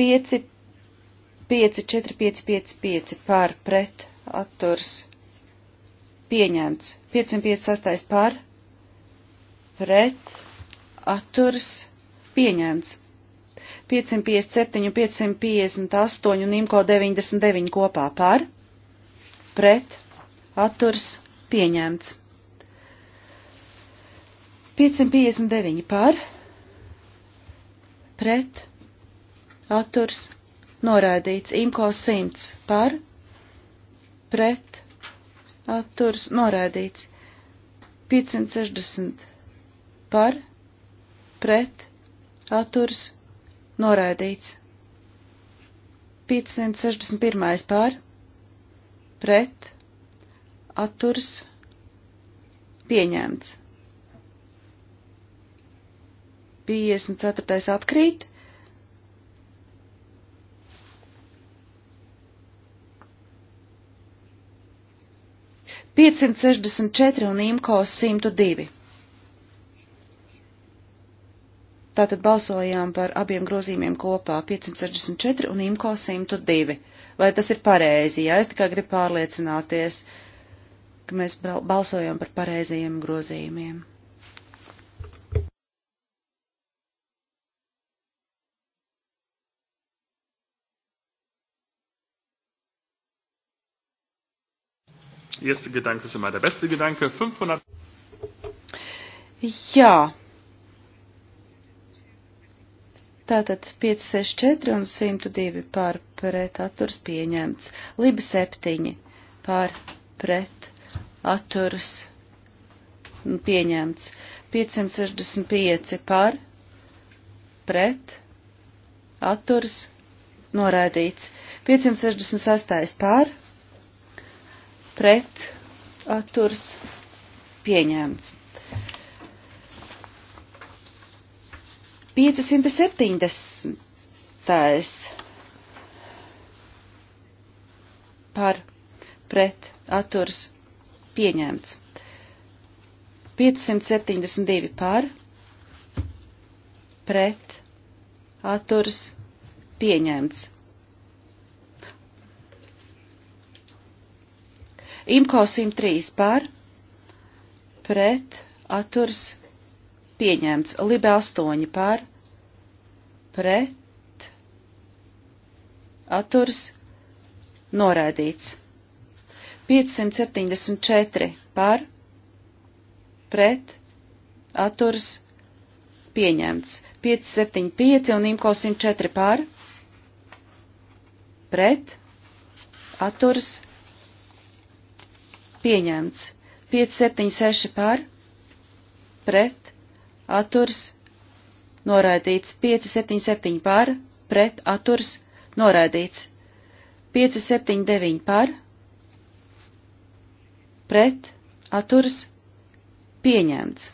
5, 5, 4, 5, 5, 5 par, pret, atturs, pieņemts. 558. par, pret, atturs, pieņemts Pieņemts. 557, 558 un IMCO 99 kopā par, pret, atturs, pieņemts. 559 par, pret, atturs, noraidīts, imko 100 par, pret, atturs, noraidīts, 560 par, pret, atturs, noraidīts. 561. pār, pret, atturs, pieņemts. 54. atkrīt. Piecsimt sešdesmit četri un imko simtu divi. Tātad balsojām par abiem grozījumiem kopā 564 un IMCO 102. Vai tas ir pareizi? Jā, es tikai gribu pārliecināties, ka mēs balsojam par pareizajiem grozījumiem. Erste Gedanke ist immer der beste Gedanke. 500. Ja, Tātad 564 un 102 pār pret atturs pieņemts. Liba 7 pār pret atturs pieņemts. 565 pār pret atturs noraidīts. 568 pār pret atturs pieņemts. 570. par pret atturs pieņemts. 572 par pret atturs pieņemts. Imko 103 par pret atturs pieņemts pieņemts. Libe 8 par, pret, atturs, noraidīts. 574 par, pret, atturs, pieņemts. 575 un IMCO 104 par, pret, atturs, pieņemts. 576 par, pret, atturs noraidīts 577 par, pret atturs noraidīts 579 par, pret atturs pieņemts.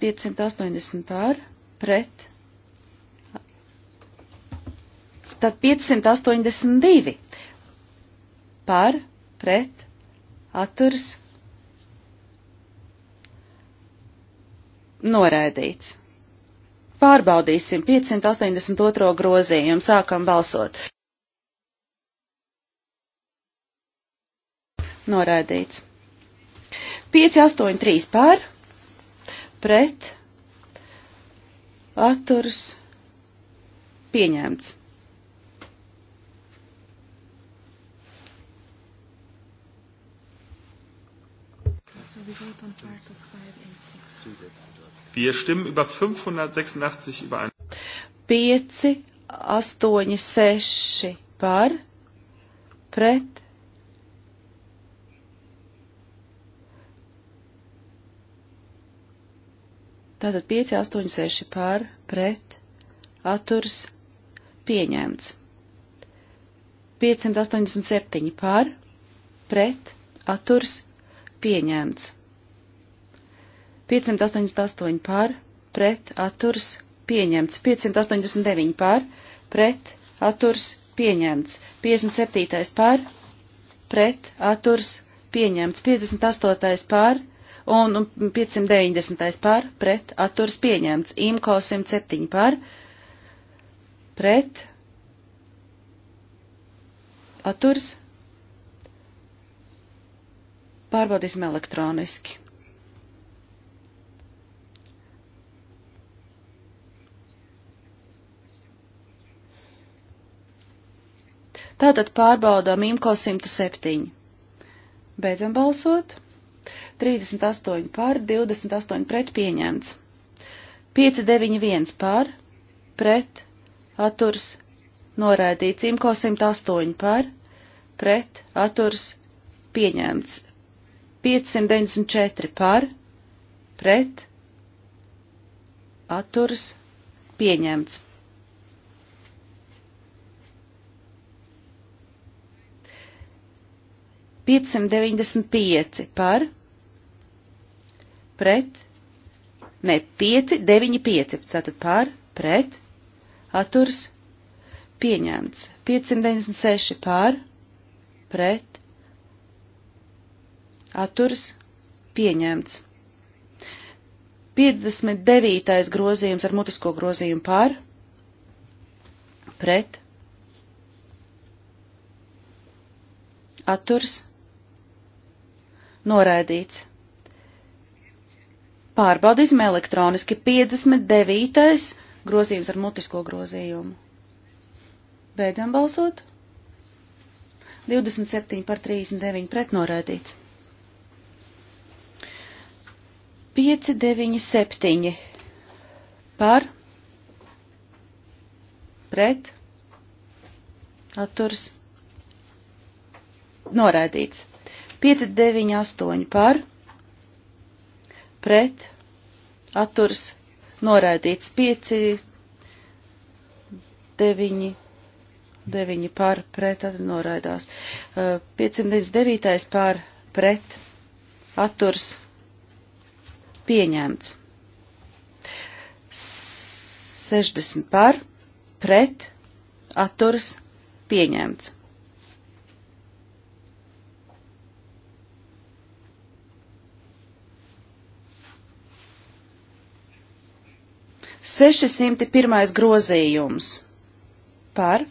580 pār, pret. Tad 582 pār, pret, atturs, Noraidīts. Pārbaudīsim 582. grozījumu. Sākam balsot. Noraidīts. 583 pār, pret, atturs, pieņemts. So we vote on part of 5 and 6. Wir stimmen über 586 überein. 5, 8, 6 par, pret. Tātad 5, 8, 6 par, pret, atturs, pieņemts. 587 par, pret, atturs, pieņemts. 588 par, pret, atturs, pieņemts. 589 par, pret, atturs, pieņemts. 57 par, pret, atturs, pieņemts. 58 par, un 590 par, pret, atturs, pieņemts. IMKO 107 par, pret, atturs, pārbaudīsim elektroniski. Tātad pārbaudām IMCO 107. Beidzam balsot. 38 pār, 28 pret pieņemts. 591 pār, pret, atturs, noraidīts. IMCO 108 pār, pret, atturs, pieņemts. 594 par, pret, atturs, pieņemts. 595 par, pret, ne, 5, 9, 5, tātad par, pret, atturs, pieņemts. 596 par, pret, atturs, pieņemts. 59. grozījums ar mutisko grozījumu par, pret, atturs, pieņemts. Atturs Noraidīts. Pārbaudīsim elektroniski 59. grozījums ar mutisko grozījumu. Beidzam balsot. 27 par 39 pret noraidīts. 5, 9, 7 par pret atturs noraidīts. 598 par, pret, atturs, noraidīts 5, 9, 9 par, pret, tad noraidās. 599 uh, par, pret, atturs, pieņemts. 60 par, pret, atturs, pieņemts. 601. grozījums par,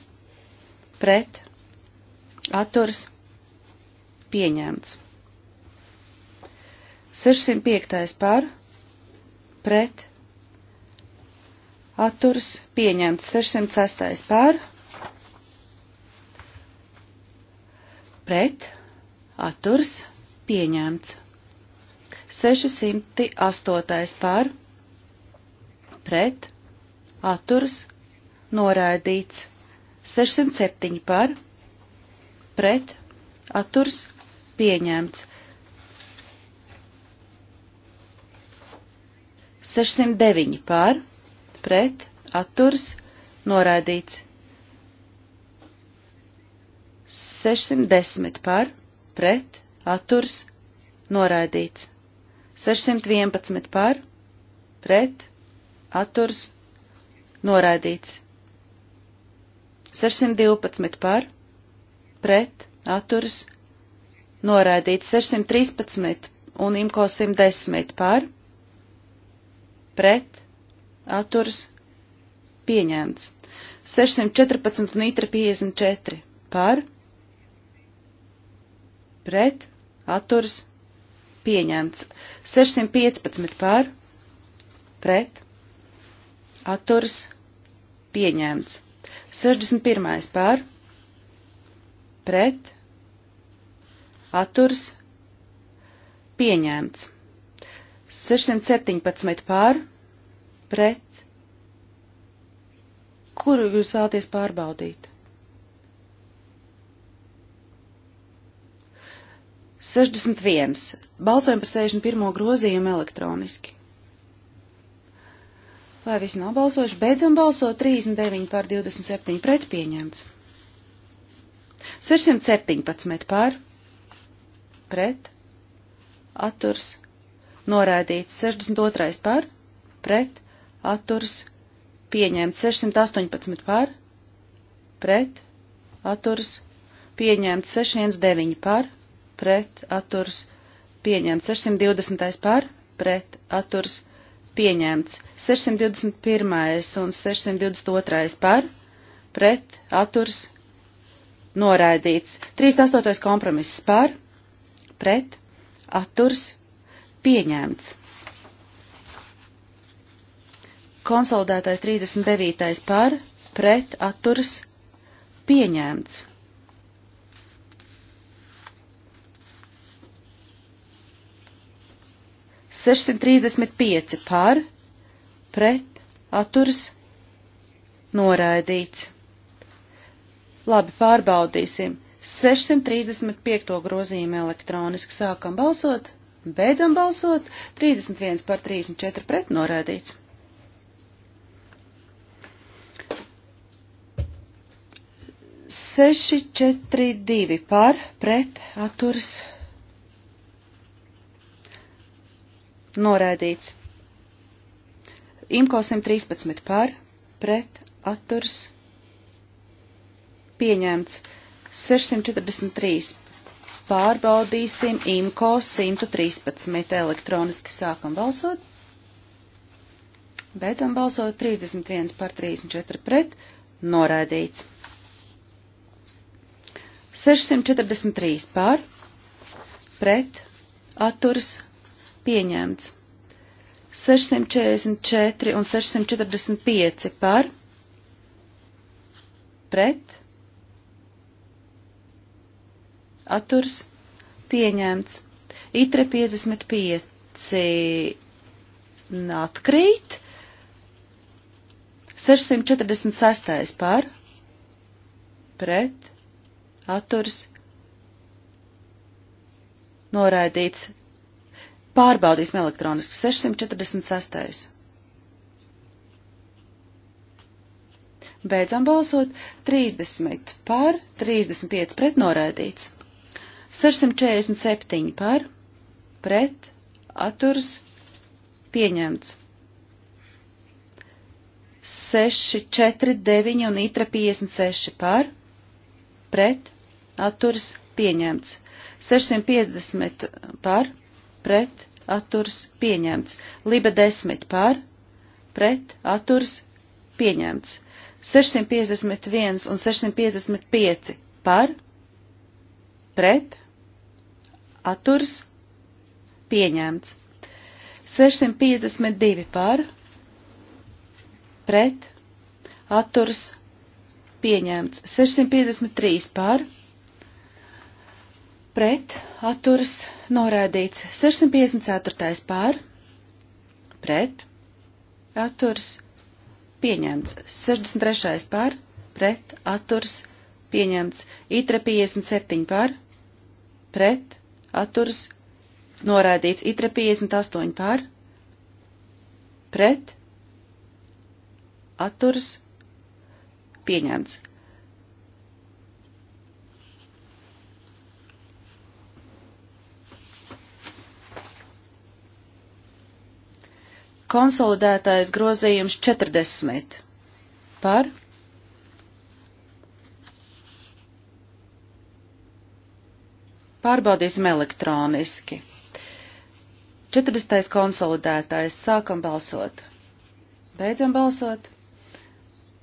pret, atturas, pieņemts. 605. par, pret, atturas, pieņemts. 606. par, pret, atturas, pieņemts. 608. par, pret, pret, atturas, noraidīts. 607 par, pret, atturas, pieņemts. 609 pār, pret, atturs, noraidīts. 610 pār, pret, atturs, noraidīts. 611 pār, pret, atturs, noraidīts. 612 par, pret, atturs, noraidīts. 613 un imko 110 par, pret, atturs, pieņemts. 614 un itra 54 par, pret, atturs, pieņemts. 615 par, pret, atturs pieņemts. 61. pār pret atturs pieņemts. 617 pār pret kuru jūs vēlaties pārbaudīt? 61. Balsojam par 61. grozījumu elektroniski. Vai visi nobalsojuši? Beidzam balsot 39 pār 27 pret pieņemts. 617 pār pret atturs norādīts. 62 pār pret atturs pieņemts. 618 pār pret atturs pieņemts. 619 pār pret atturs pieņemts. 620 pār pret atturs pieņemts pieņemts 621. un 622. par, pret, atturs, noraidīts 38. kompromiss par, pret, atturs, pieņemts. Konsolidētais 39. par, pret, atturs, pieņemts. 635 par, pret, atturas, noraidīts. Labi, pārbaudīsim. 635. grozījumu elektroniski sākam balsot, beidzam balsot, 31 par 34 pret noraidīts. Seši, četri, divi par, pret, atturas, Noraidīts. Imko 113 par, pret, atturs, pieņemts 643. Pārbaudīsim IMCO 113 elektroniski sākam balsot. Beidzam balsot 31 par 34 pret, noraidīts. 643 par, pret, atturs, pieņemts pieņemts. 644 un 645 par, pret, atturs, pieņemts. Itre 55 atkrīt, 646 par, pret, atturs, noraidīts Pārbaudīsim elektroniski 646. Beidzam balsot 30 par, 35 pret norēdīts. 647 par, pret, atturs, pieņemts. 6, 4, 9 un itra 56 par, pret, atturs, pieņemts. 650 par, pret atturs pieņemts. Libe 10 par pret atturs pieņemts. 651 un 655 par pret atturs pieņemts. 652 par pret atturs pieņemts. 653 par pret pret atturas norādīts 654. pār pret atturas pieņemts 63. pār pret atturas pieņemts itre 57 pār pret atturas norādīts itre 58 pār pret atturas pieņemts konsolidētais grozījums 40 par pārbaudīsim elektroniski. 40. konsolidētais. Sākam balsot. Beidzam balsot.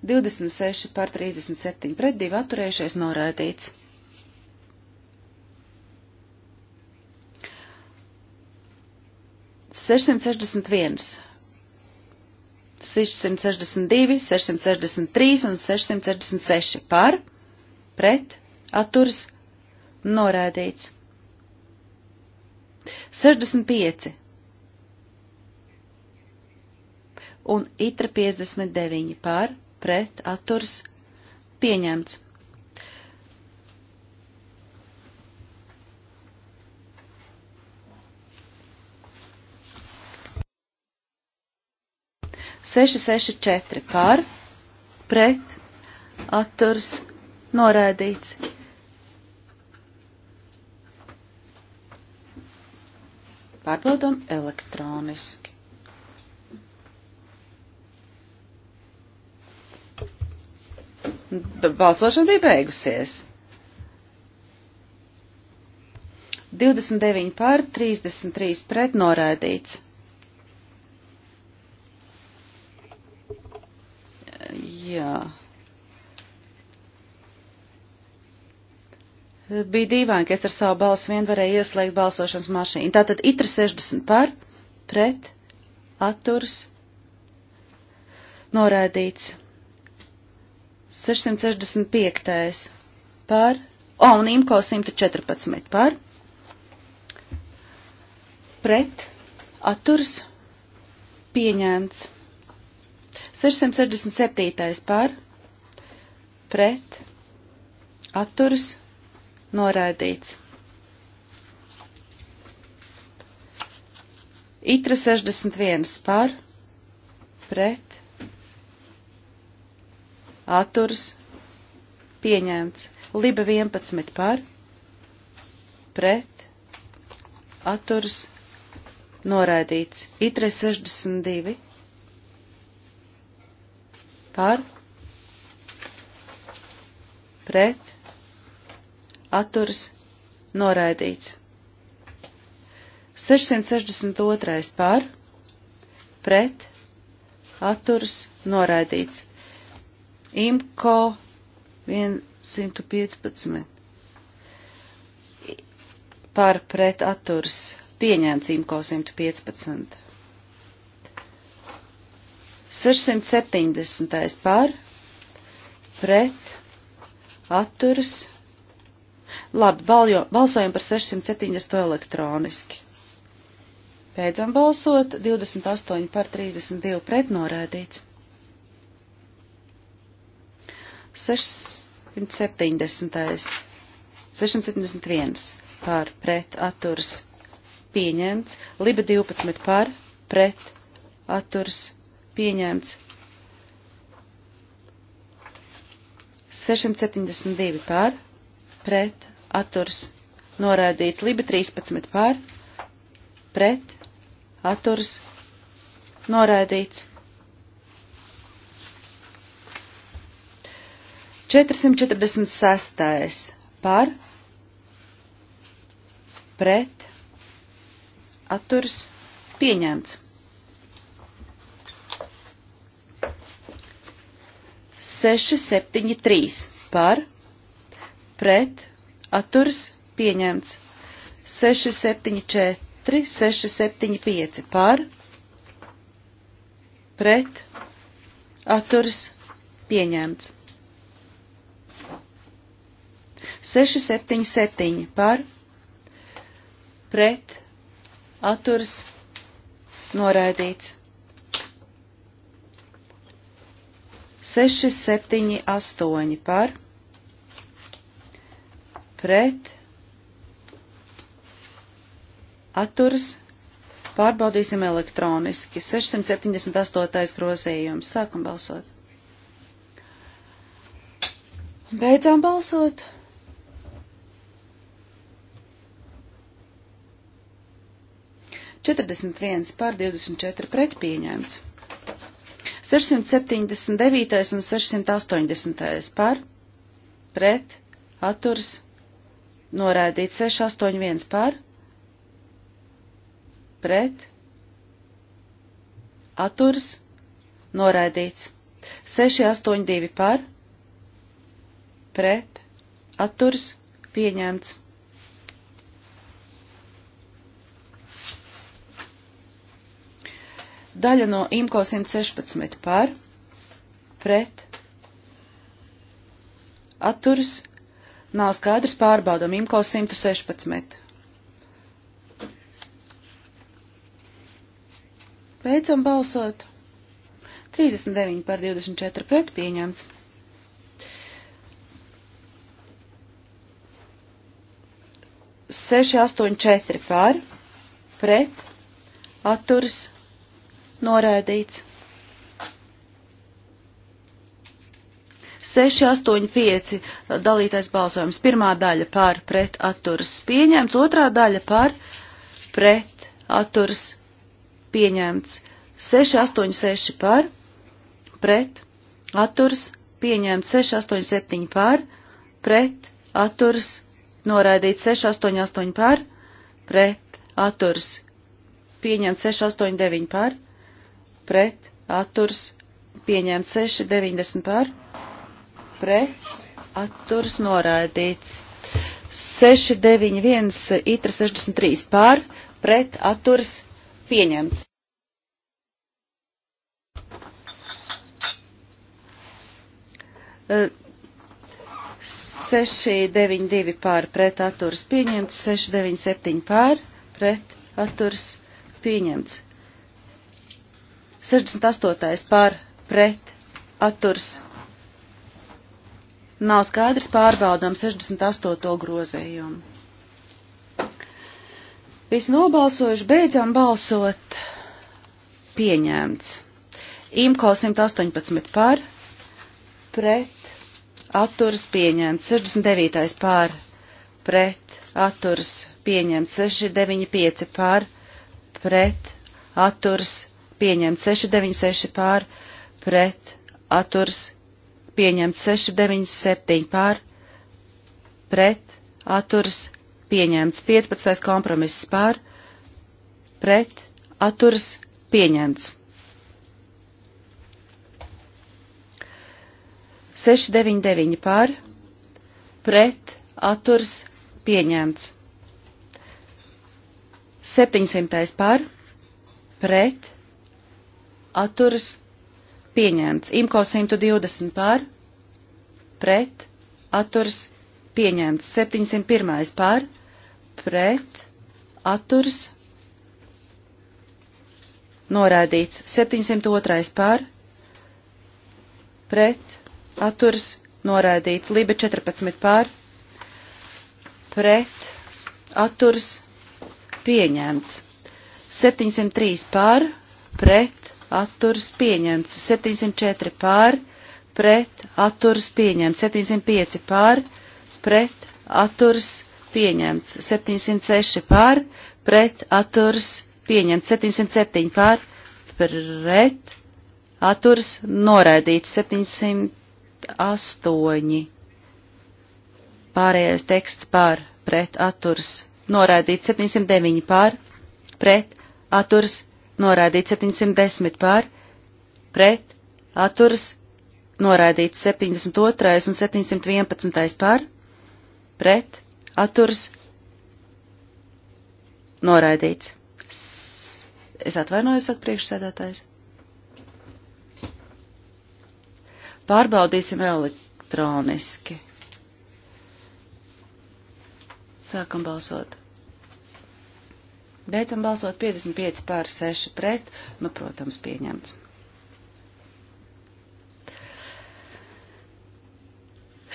26 par 37 pret 2 atturējušies norādīts. Sešsimt sešdesmit viens 662, 663 un 666 par, pret, atturs, norādīts. 65 un itra 59 par, pret, atturs, pieņemts. 664 par, pret, atturs, norēdīts. Pārbaudam elektroniski. Balsošana bija beigusies. 29 pār 33 pret norādīts. Jā. Bija dīvaini, ka es ar savu balsu vien varēju ieslēgt balsošanas mašīnu. Tātad itra 60 par, pret, atturs, noraidīts. 665 par, o, un imko 114 par, pret, atturs, pieņēmts. 667. par pret atturas noraidīts. Itra 61 par pret atturas pieņemts. Liba 11 par pret atturas noraidīts. Itra 62 par par, pret, atturas, noraidīts. 662. par, pret, atturas, noraidīts. Imko 115. Par pret atturas pieņēmts Imko 115. 670. par, pret, atturas. Labi, baljo, balsojam par 670 elektroniski. Beidzam balsot, 28 par 32 pret norādīts. 670. 671 par pret atturas pieņemts, Liba 12 par pret atturas pieņemts pieņemts. 672 pār, pret, atturs, norādīts. Liba 13 pār, pret, atturs, norādīts. 446 pār, pret, atturs, pieņemts. 673 par, pret, atturs pieņemts. 674, 675 par, pret, atturs pieņemts. 677 par, pret, atturs noraidīts. 6, 7, 8 par pret atturs pārbaudīsim elektroniski. 678. grozījums. Sākam balsot. Beidzām balsot. Četrdesmit viens pār divdesmit četri pret pieņemts. 679. un 680. par, pret, atturs, norādīts 681 par, pret, atturs, norādīts 682 par, pret, atturs, pieņemts Daļa no IMCO 116 par, pret, atturas, nav skaidrs pārbaudam IMCO 116. Beidzam balsot. 39 par 24 pret pieņemts. Seši, astoņi, četri par, pret, atturas, Noraidīts. 6, 8, 5 dalītais balsojums. Pirmā daļa par pret atturas pieņemts, otrā daļa par pret atturas pieņemts. 6, 8, 6 par pret atturas pieņemts, 6, 8, 7 par pret atturas noraidīts, 6, 8, 8 par pret atturas pieņemts, 6, 8, 9 par pret pret atturs pieņemt 6,90 par, pret atturs noraidīts 6,91 itra 63 par, pret atturs pieņemts. Uh, 692 pār pret atturs pieņemts, 697 pār pret atturs pieņemts. 68. par pret atturs nav skaidrs pārbaudām 68. grozējumu. Visi nobalsojuši, beidzam balsot. Pieņemts. Imko 118 par, pret, atturas pieņemts, 69 par, pret, atturas pieņemts, 695 par, pret, atturas pieņemts 696 pār pret atturs pieņemts 697 pār pret atturs pieņemts 15. kompromiss pār pret atturs pieņemts. 699 pār pret atturs pieņemts. 700 pār pret atturas pieņemts. Imko 120 pār, pret, atturas pieņemts. 701 pār, pret, atturas norādīts. 702 pār, pret, atturas norādīts. Liba 14 pār, pret, atturas pieņemts. 703 pār, pret, atturas pieņemts, 704 pār, pret, atturas pieņemts, 705 pār, pret, atturas pieņemts, 706 pār, pret, atturas pieņemts, 707 pār, pret, atturas noraidīts, 708. Pārējais teksts pār, pret, atturas noraidīts, 709 pār, pret, atturas noraidīts 710 pār, pret, atturas, noraidīts 72 un 711 pār, pret, atturas, noraidīts. Es atvainojos, saka priekšsēdētājs. Pārbaudīsim elektroniski. Sākam balsot. Beidzam balsot 55 pār 6 pret, nu, protams, pieņemts.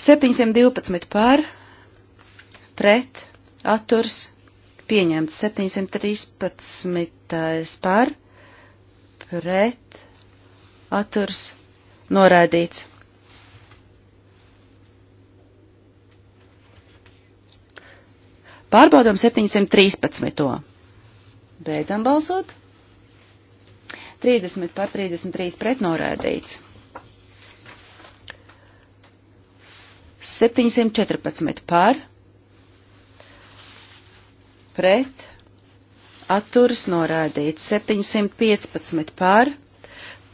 Septiņsimt divpadsmit pār, pret, atturs, pieņemts. Septiņsimt trīspadsmitais pār, pret, atturs, norādīts. Pārbaudām 713. Beidzam balsot. 30 par 33 pret norēdīts. 714 par pret atturas norēdīts. 715 par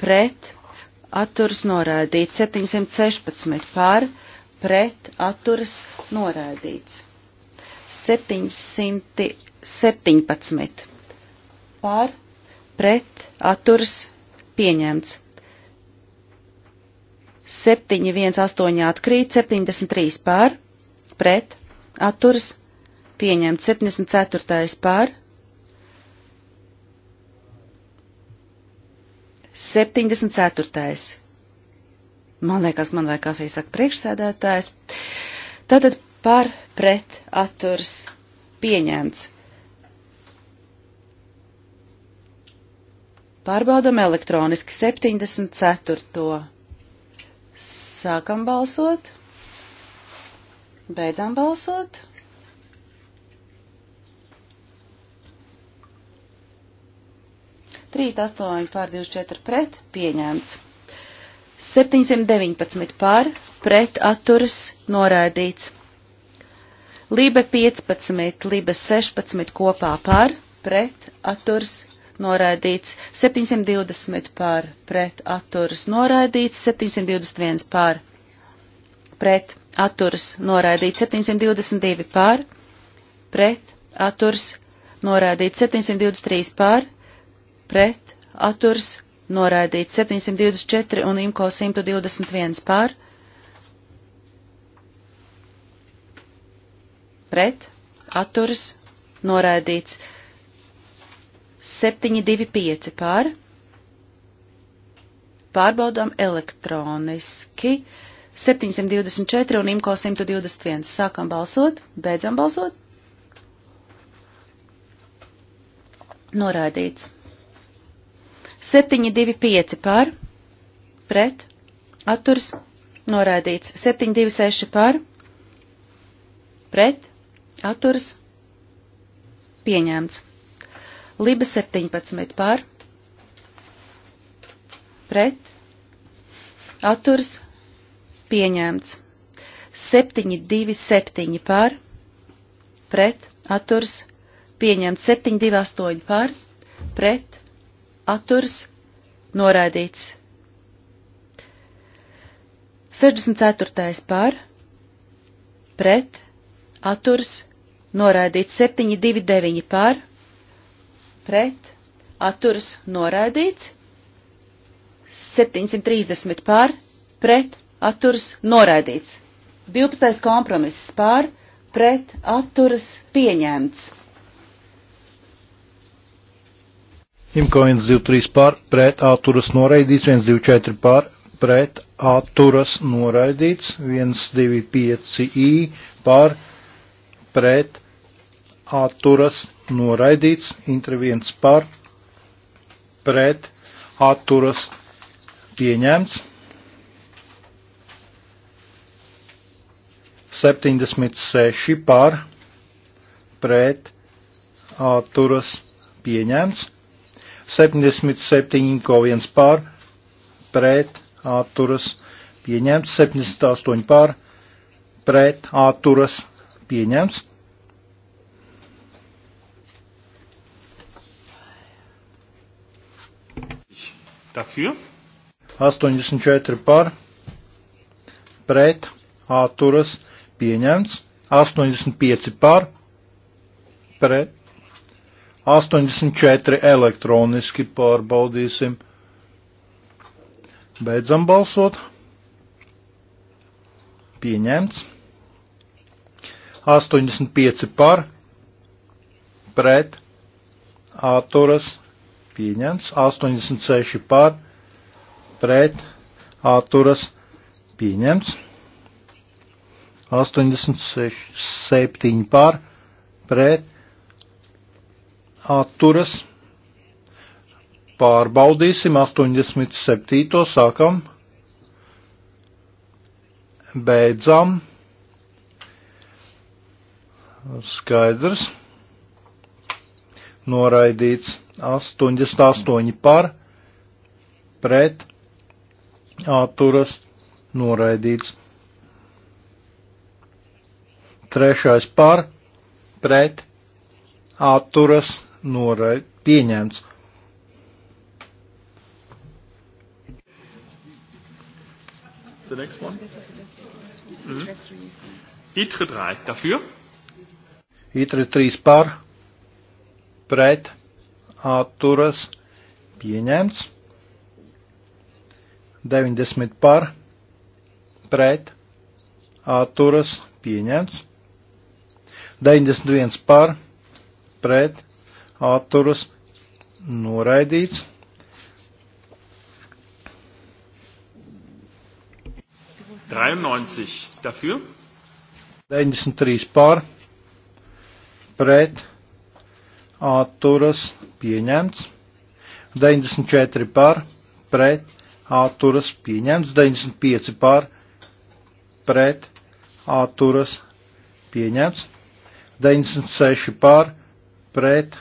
pret atturas norēdīts. 716 par pret atturas norēdīts. 717 pār, pret, atturas, pieņemts. 718 atkrīt, 73 pār, pret, atturas, pieņemts. 74 pār, 74. Man liekas, man vajag kafijas saka priekšsēdētājs. Tātad par pret atturs pieņemts. Pārbaudam elektroniski 74. Sākam balsot. Beidzam balsot. Trīs astoņi pār 24 pret pieņemts. 719 pār pret atturas noraidīts. Lībe 15, Lībe 16 kopā pār pret atturas noraidīts, 720 par pret atturas noraidīts, 721 par pret atturas noraidīts, 722 par pret atturas noraidīts, 723 par pret atturas noraidīts, 724 un imko 121 par pret atturas noraidīts. 725 par. Pārbaudām elektroniski. 724 un IMCO 121. Sākam balsot, beidzam balsot. Noraidīts. 725 par, pret, atturs, noraidīts. 726 par, pret, atturs, pieņemts. Liba 17 par, pret, atturs, pieņemts. 7, 2, 7 par, pret, atturs, pieņemts. 7, 2, 8 par, pret, atturs, noraidīts. 64. par, pret, atturs, noraidīts. 7, 2, 9 par, pret pret, atturas noraidīts, 730 par, pret, atturas noraidīts, 12. kompromiss par, pret, atturas pieņemts. Imko 123 pār, pret atturas noraidīts, 124 pār, pret atturas noraidīts, 125i pār, pret atturas noraidīts noraidīts, intra viens par, pret, atturas, pieņemts. 76 par, pret, atturas, pieņemts. 77 ko viens par, pret, atturas, pieņemts. 78 par, pret, atturas, pieņemts. Dafür. 84 par, pret, atturas, pieņemts. 85 par, pret. 84 elektroniski pārbaudīsim. Beidzam balsot. Pieņemts. 85 par, pret, atturas, pieņemts, 86 par, pret, atturas, pieņemts, 87 par, pret, atturas, pārbaudīsim, 87 sākam, beidzam, skaidrs, noraidīts. 88 par pret atturas noraidīts. Trešais par pret atturas noraid, pieņemts. The next one. Mm. Itre 3 dafür. Itre 3 par pret atturas pieņemts. 90 par pret atturas pieņemts. 91 par pret atturas noraidīts. dreiundneunzig dafür. 93 par, pret, atturas pieņemts, 94 par, pret, atturas pieņemts, 95 par, pret, atturas pieņemts, 96 par, pret,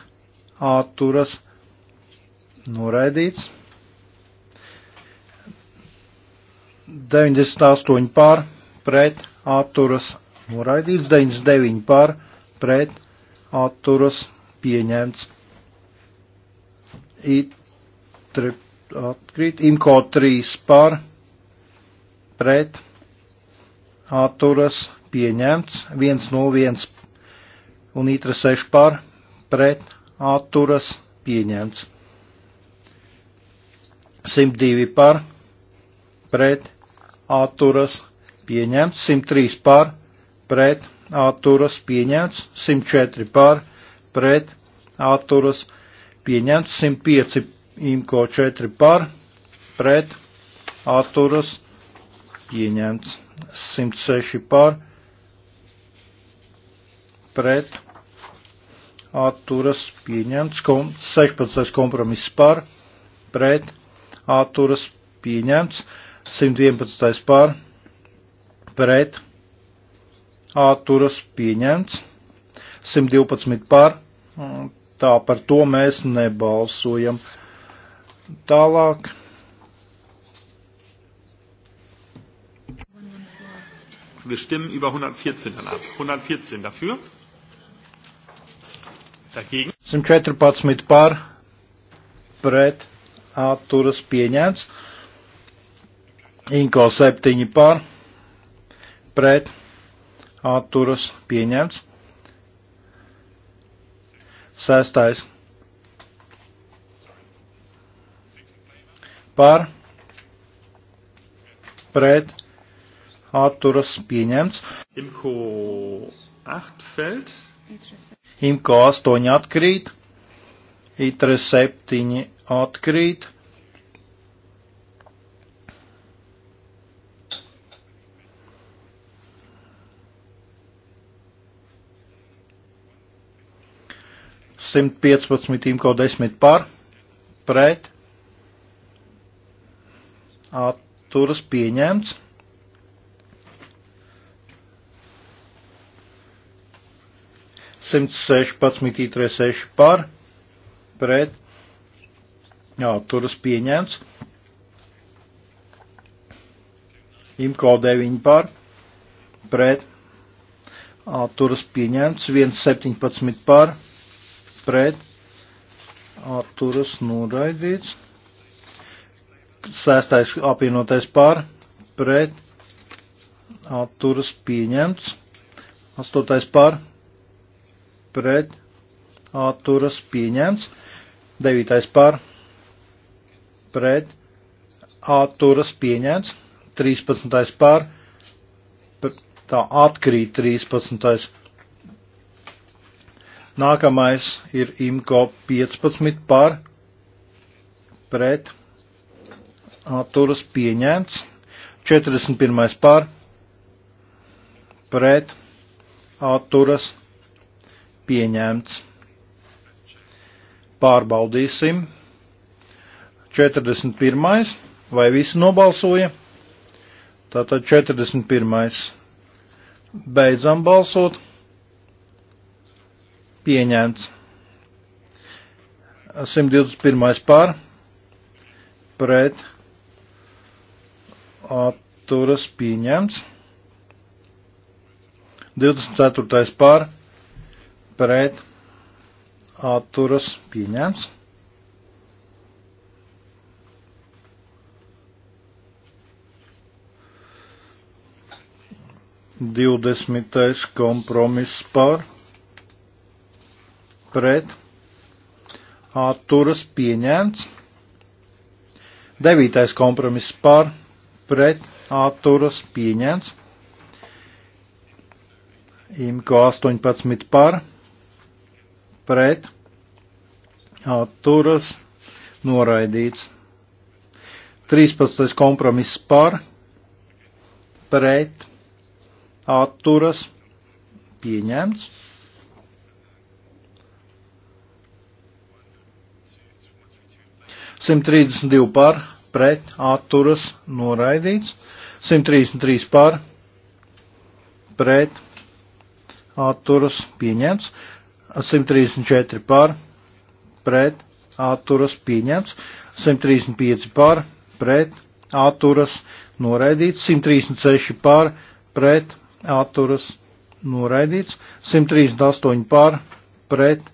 atturas noraidīts, 98 par, pret, atturas noraidīts, 99 par, pret, atturas noraidīts pieņemts. Itri atkrīt, imko 3 par, pret, atturas, pieņemts, 101 un itra 6 par, pret, atturas, pieņemts. 102 par, pret, atturas, pieņemts, 103 par, pret, atturas, pieņemts, 104 par, pret atturas pieņemts 105 imko 4 par pret atturas pieņemts 106 par pret atturas pieņemts 16 kompromiss par pret atturas pieņemts 111 par pret atturas pieņemts 112 pār. Mm, tā par to mēs nebalsojam. Tālāk. Wir stimmen über 114 dann ab. 114 dafür. Dagegen. 114 par pret atturas pieņemts. Inko 7 par pret atturas pieņemts. Sestais. Par. Pret. Atturas pieņemts. Imko 8 feld. Imko 8 atkrīt. Itre 7 atkrīt. 115, imko 10 par, pret, atturas pieņemts. Simts sešpadsmit itrē seši par, pret, atturas pieņemts. Imko 9 par, pret, atturas pieņemts, 117 par, pret pret atturas noraidīts. Sestais apvienotais par pret atturas pieņemts. Astotais par pret atturas pieņemts. Devītais par pret atturas pieņemts. 13. par tā atkrīt 13 Nākamais ir IMCO 15 par pret atturas pieņemts. 41. par pret atturas pieņemts. Pārbaudīsim. 41. vai visi nobalsoja? Tātad 41. Beidzam balsot pieņemts. 121. pār pret atturas pieņemts. 24. pār pret atturas pieņemts. 20. kompromiss par pret atturas pieņemts. Devītais kompromiss par pret atturas pieņemts. Imko 18 par pret atturas noraidīts. 13. kompromiss par pret atturas pieņemts. 132 par, pret, atturas, noraidīts. 133 par, pret, atturas, pieņemts. 134 par, pret, atturas, pieņemts. 135 par, pret, atturas, noraidīts. 136 par, pret, atturas, noraidīts. 138 par, pret,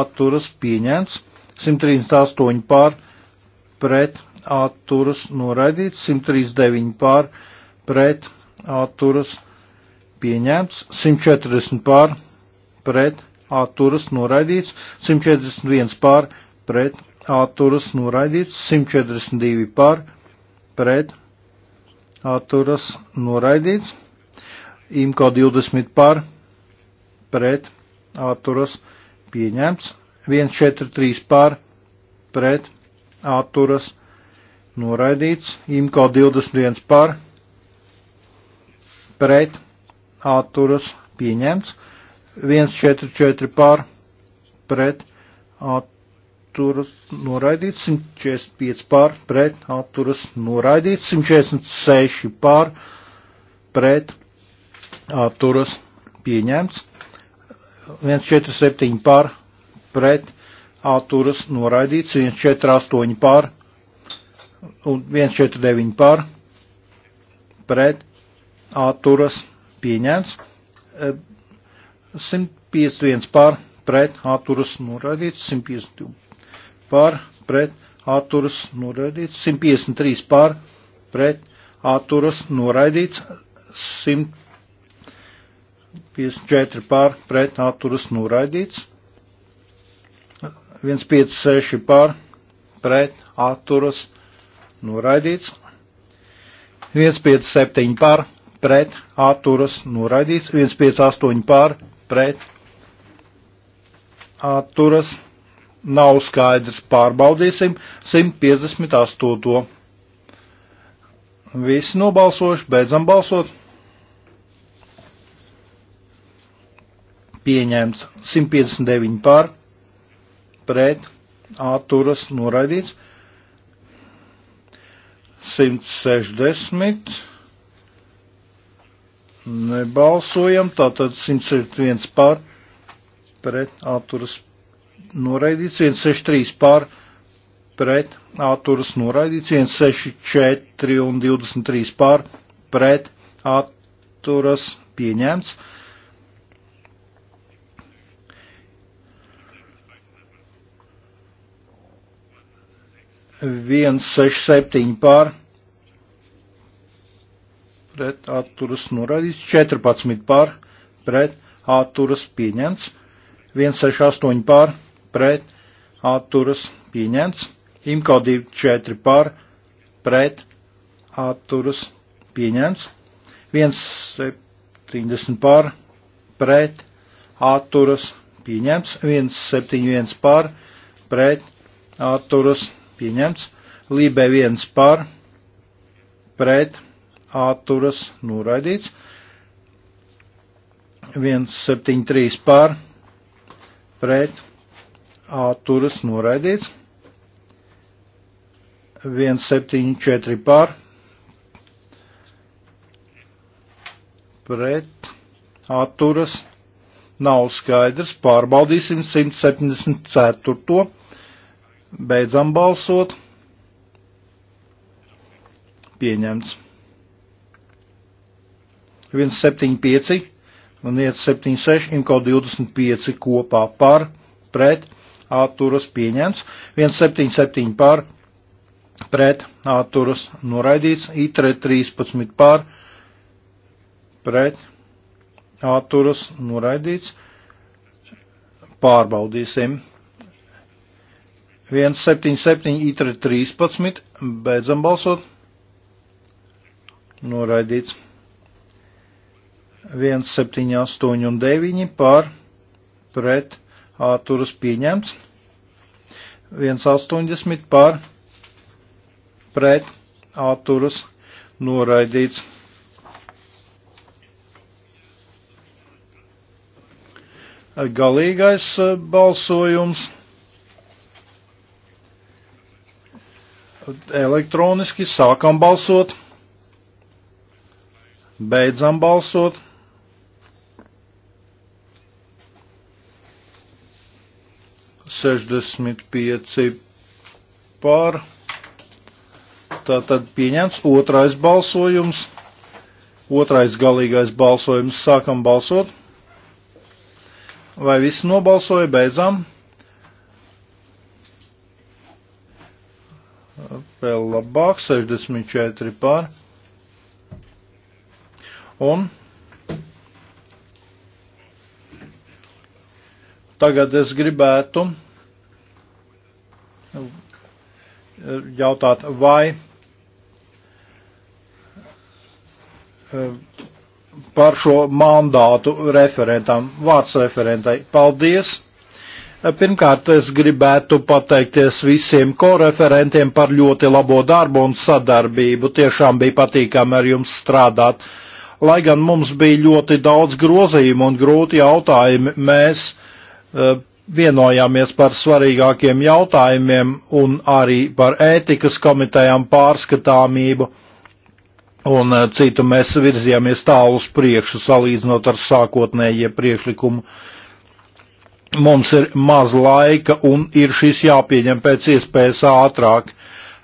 atturas, pieņemts. 138 par, pret, atturas, pieņemts. 138 par, pret atturas noraidīts, 139 pār pret atturas pieņemts, 140 pār pret atturas noraidīts, 141 pār pret atturas noraidīts, 142 pār pret atturas noraidīts, imko 20 pār pret atturas pieņemts, 143 pār pret atturas atturas noraidīts, imko 21 par, pret, atturas pieņemts, 144 par, pret, atturas noraidīts, 145 par, pret, atturas noraidīts, 146 par, pret, atturas pieņemts, 147 par, pret, atturas noraidīts, 148 pār un 149 pār pret atturas pieņēmts, 151 pār pret atturas noraidīts, 152 pār pret atturas noraidīts, 153 pār pret atturas noraidīts, 154 pār pret atturas noraidīts. 156 par pret atturas noraidīts. 157 par pret atturas noraidīts. 158 par pret atturas nav skaidrs. Pārbaudīsim 158. Visi nobalsojuši, beidzam balsot. Pieņemts 159 par pret atturas noraidīts. 160. Nebalsojam, tātad 161 pār pret atturas noraidīts, 163 pār pret atturas noraidīts, 164 un 23 pār pret atturas pieņemts. 167 pār pret atturas norādīts, 14 pār pret atturas pieņemts, 168 pār pret atturas pieņemts, imko 24 pār pret atturas pieņemts, 170 pār pret atturas pieņemts, 171 pār pret atturas pieņemts pieņemts. Lībē 1 par, pret, atturas noraidīts. 173 par, pret, atturas noraidīts. 174 par, pret, atturas nav skaidrs. Pārbaudīsim 174. Beidzam balsot. Pieņemts. 175 un 176 imko 25 kopā par pret atturas pieņemts. 177 par pret atturas noraidīts. Itre 13 par pret atturas noraidīts. Pārbaudīsim. 177 itra 13. Beidzam balsot. Noraidīts. 178 un 9 pār pret āturas pieņemts. 180 pār pret āturas noraidīts. Galīgais eh, balsojums. elektroniski sākam balsot, beidzam balsot. Sešdesmit pieci pār. Tātad pieņemts otrais balsojums. Otrais galīgais balsojums. Sākam balsot. Vai visi nobalsoja? Beidzam. vēl labāk, 64 pār. Un tagad es gribētu jautāt, vai eh, par šo mandātu referentam, vārds referentai. Paldies! Pirmkārt, es gribētu pateikties visiem koreferentiem par ļoti labo darbu un sadarbību. Tiešām bija patīkami ar jums strādāt. Lai gan mums bija ļoti daudz grozījumu un grūti jautājumi, mēs uh, vienojāmies par svarīgākiem jautājumiem un arī par ētikas komitejām pārskatāmību. Un uh, citu mēs virzījāmies tālu uz priekšu, salīdzinot ar sākotnējie priekšlikumu. Uh, mums ir maz laika un ir šis jāpieņem pēc iespējas ātrāk.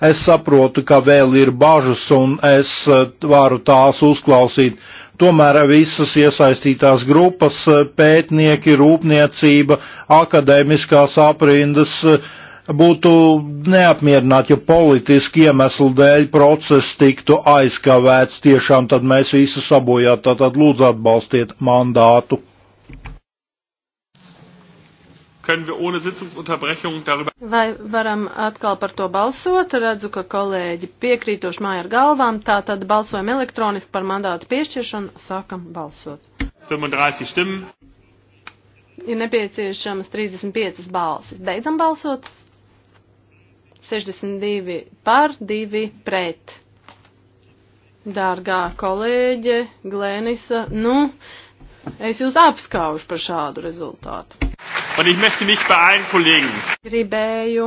Es saprotu, ka vēl ir bažas un es eh, varu tās uzklausīt. Tomēr visas iesaistītās grupas eh, pētnieki, rūpniecība, akadēmiskās aprindas eh, būtu neapmierināti, ja politiski iemeslu dēļ process tiktu aizkavēts. Tiešām tad mēs visu sabojāt, tātad lūdzu atbalstiet mandātu können wir ohne Sitzungsunterbrechung darüber. Vai varam atkal par to balsot? Redzu, ka kolēģi piekrītoši māja ar galvām. Tā tad balsojam elektroniski par mandātu piešķiršanu. Sākam balsot. 35 stimmen. Ir nepieciešamas 35 balsis. Beidzam balsot. 62 par, 2 pret. Dārgā kolēģe Glēnisa, nu, es jūs apskaužu par šādu rezultātu. Un ich möchte mich bei allen Kollegen. Gribēju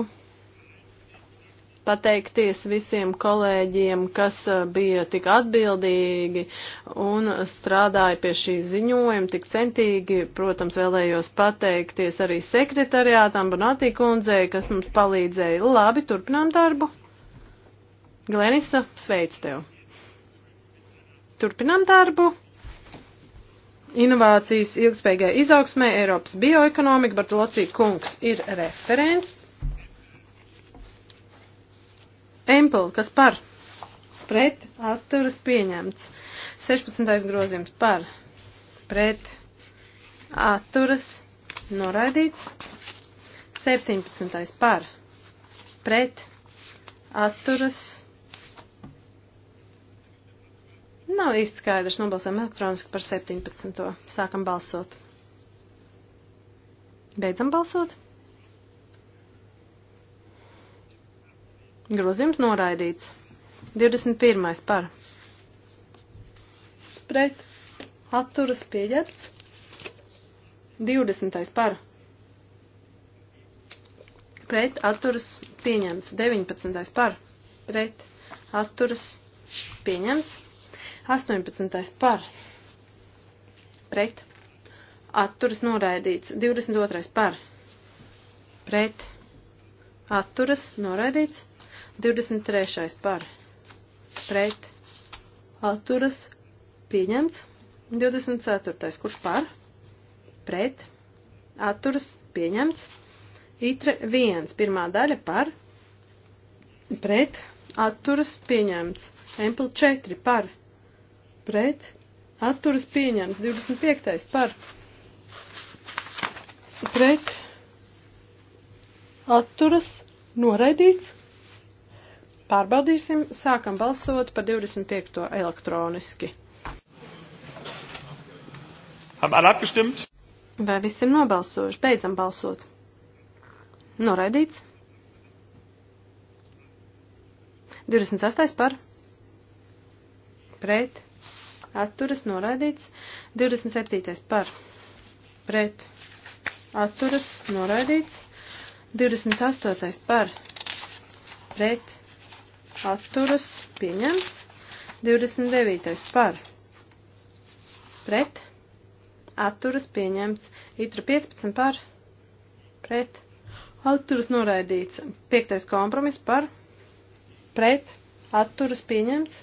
pateikties visiem kolēģiem, kas eh, bija tik atbildīgi un strādāja pie šī ziņojuma tik centīgi. Protams, vēlējos pateikties arī sekretariātam Bonatī kundzei, kas mums palīdzēja. Labi, turpinām darbu. Glenisa, sveicu tev. Turpinām darbu inovācijas ilgspējīgai izaugsmē Eiropas bioekonomika, bet Locija kungs ir referents. Empel, kas par? Pret, atturas pieņemts. 16. grozījums par, pret, atturas, noraidīts. 17. par, pret, atturas, Nav īsti skaidrs, nobalsojam elektroniski par 17. Sākam balsot. Beidzam balsot. Grozījums noraidīts. 21. par. Pret. Atturas pieģerts. 20. par. Pret. Atturas pieņemts. 19. par. Pret. Atturas pieņemts. 18. par pret atturas noraidīts. 22. par pret atturas noraidīts. 23. par pret atturas pieņemts. 24. kurš par pret atturas pieņemts. Itre 1. pirmā daļa par pret atturas pieņemts. Empl 4 par pret pret, atturas pieņemts. 25. par, pret, atturas noraidīts. Pārbaudīsim, sākam balsot par 25. elektroniski. Haben alle abgestimmt? Vai visi ir nobalsojuši? Beidzam balsot. Noraidīts. 28 par. Pret atturas noraidīts, 27. par pret atturas noraidīts, 28. par pret atturas pieņemts, 29. par pret atturas pieņemts, itra 15 par pret atturas noraidīts, 5. kompromis par pret atturas pieņemts,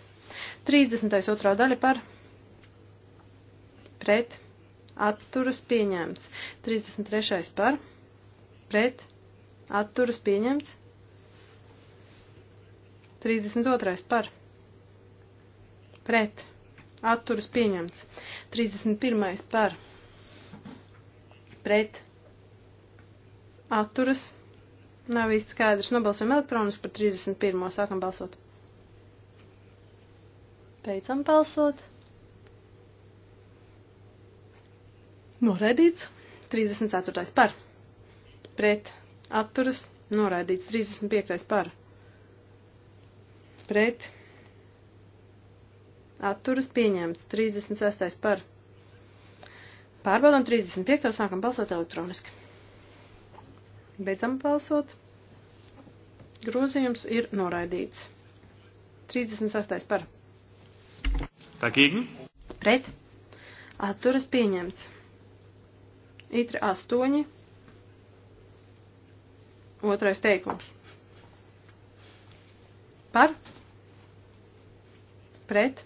32. otrā daļa par pret pret atturas pieņemts. 33. par pret atturas pieņemts. 32. par pret atturas pieņemts. 31. par pret atturas nav īsti skaidrs. Nobalsojam elektroniski par 31. sākam balsot. Beidzam balsot. Noraidīts. 34. par. Pret. Atturas. Noraidīts. 35. par. Pret. Atturas pieņemts. 36. par. Pārbaudām 35. sākam balsot elektroniski. Beidzam balsot. Grozījums ir noraidīts. 36. par. Dagegen? Pret. Atturas pieņemts. Itra 8. Otrais teikums. Par. Pret.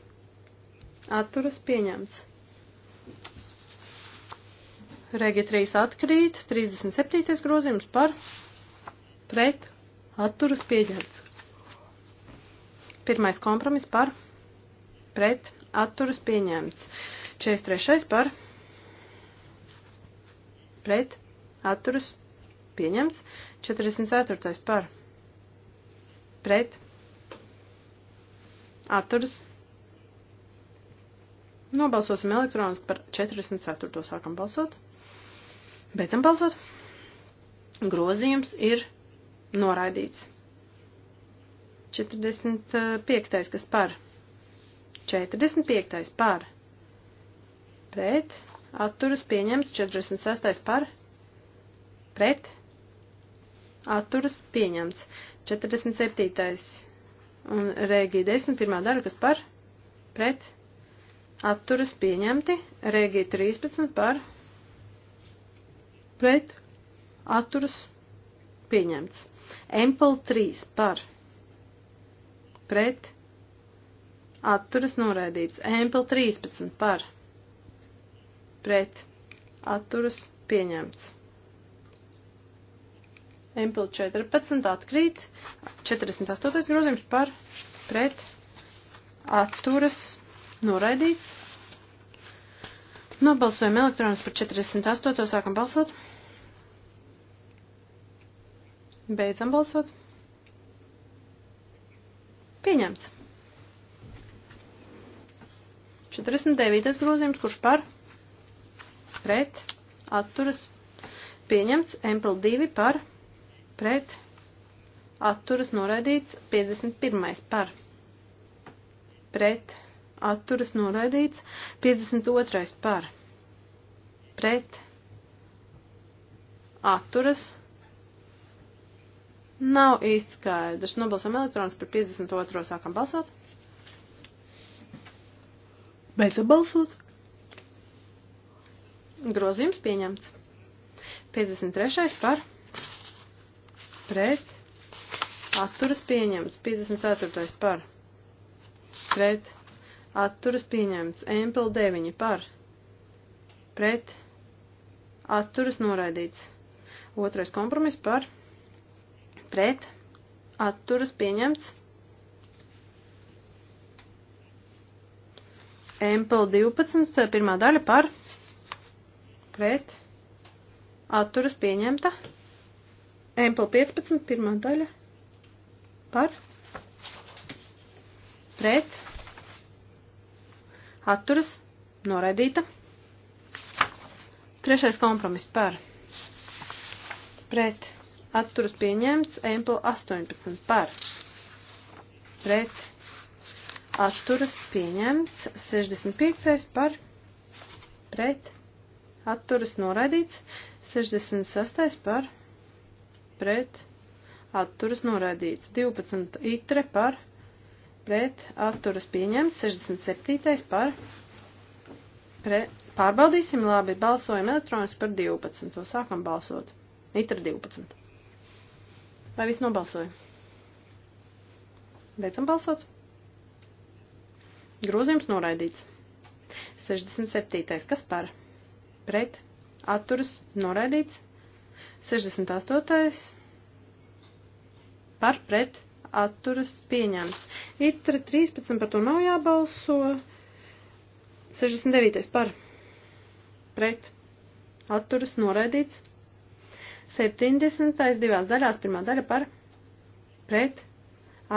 Atturas pieņemts. Regi 3 atkrīt. 37. grozījums par. Pret. Atturas pieņemts. Pirmais kompromis par. Pret. Atturas pieņemts. 43. par. Pret pret, atturas, pieņemts. 44. par, pret, atturas. Nobalsosim elektroniski par 44. sākam balsot. Beidzam balsot. Grozījums ir noraidīts. 45. kas par. 45. par. Pret atturas pieņemts 46. par pret atturas pieņemts 47. un rēgī 10. pirmā daļa, kas par pret atturas pieņemti rēgī 13 par pret atturas pieņemts. Empel 3 par pret atturas noraidīts. Empel 13 par pret pret atturas pieņemts. Empel 14 atkrīt, 48 grozījums par pret atturas noraidīts. Nobalsojam elektronis par 48, sākam balsot. Beidzam balsot. Pieņemts. 49. grozījums, kurš par pret, atturas, pieņemts, Empel 2 par, pret, atturas, noraidīts, 51 par, pret, atturas, noraidīts, 52 par, pret, atturas, nav īsti skaidrs. Nobalsam elektrons par 52. sākam balsot. Beidzam balsot. Grozījums pieņemts. 53. par pret atturas pieņemts. 54. par pret atturas pieņemts. Empel 9 par pret atturas noraidīts. Otrais kompromiss par pret atturas pieņemts. Empel 12. pirmā daļa par pret pret atturas pieņemta. Ample 15, pirmā daļa par pret atturas noraidīta. Trešais kompromiss par pret atturas pieņemts. Ample 18 par pret atturas pieņemts. 65 par pret atturas noraidīts, 66. par pret atturas noraidīts, 12. itre par pret atturas pieņemts, 67. par pret. Pārbaudīsim labi, balsojam elektronis par 12. Sākam balsot. Itra 12. Vai viss nobalsoja? Beidzam balsot. Grozījums noraidīts. 67. Kas par? pret atturas noraidīts. 68. par pret atturas pieņemts. Itra 13 par to nav jābalso. 69. par pret atturas noraidīts. 70. divās daļās pirmā daļa par pret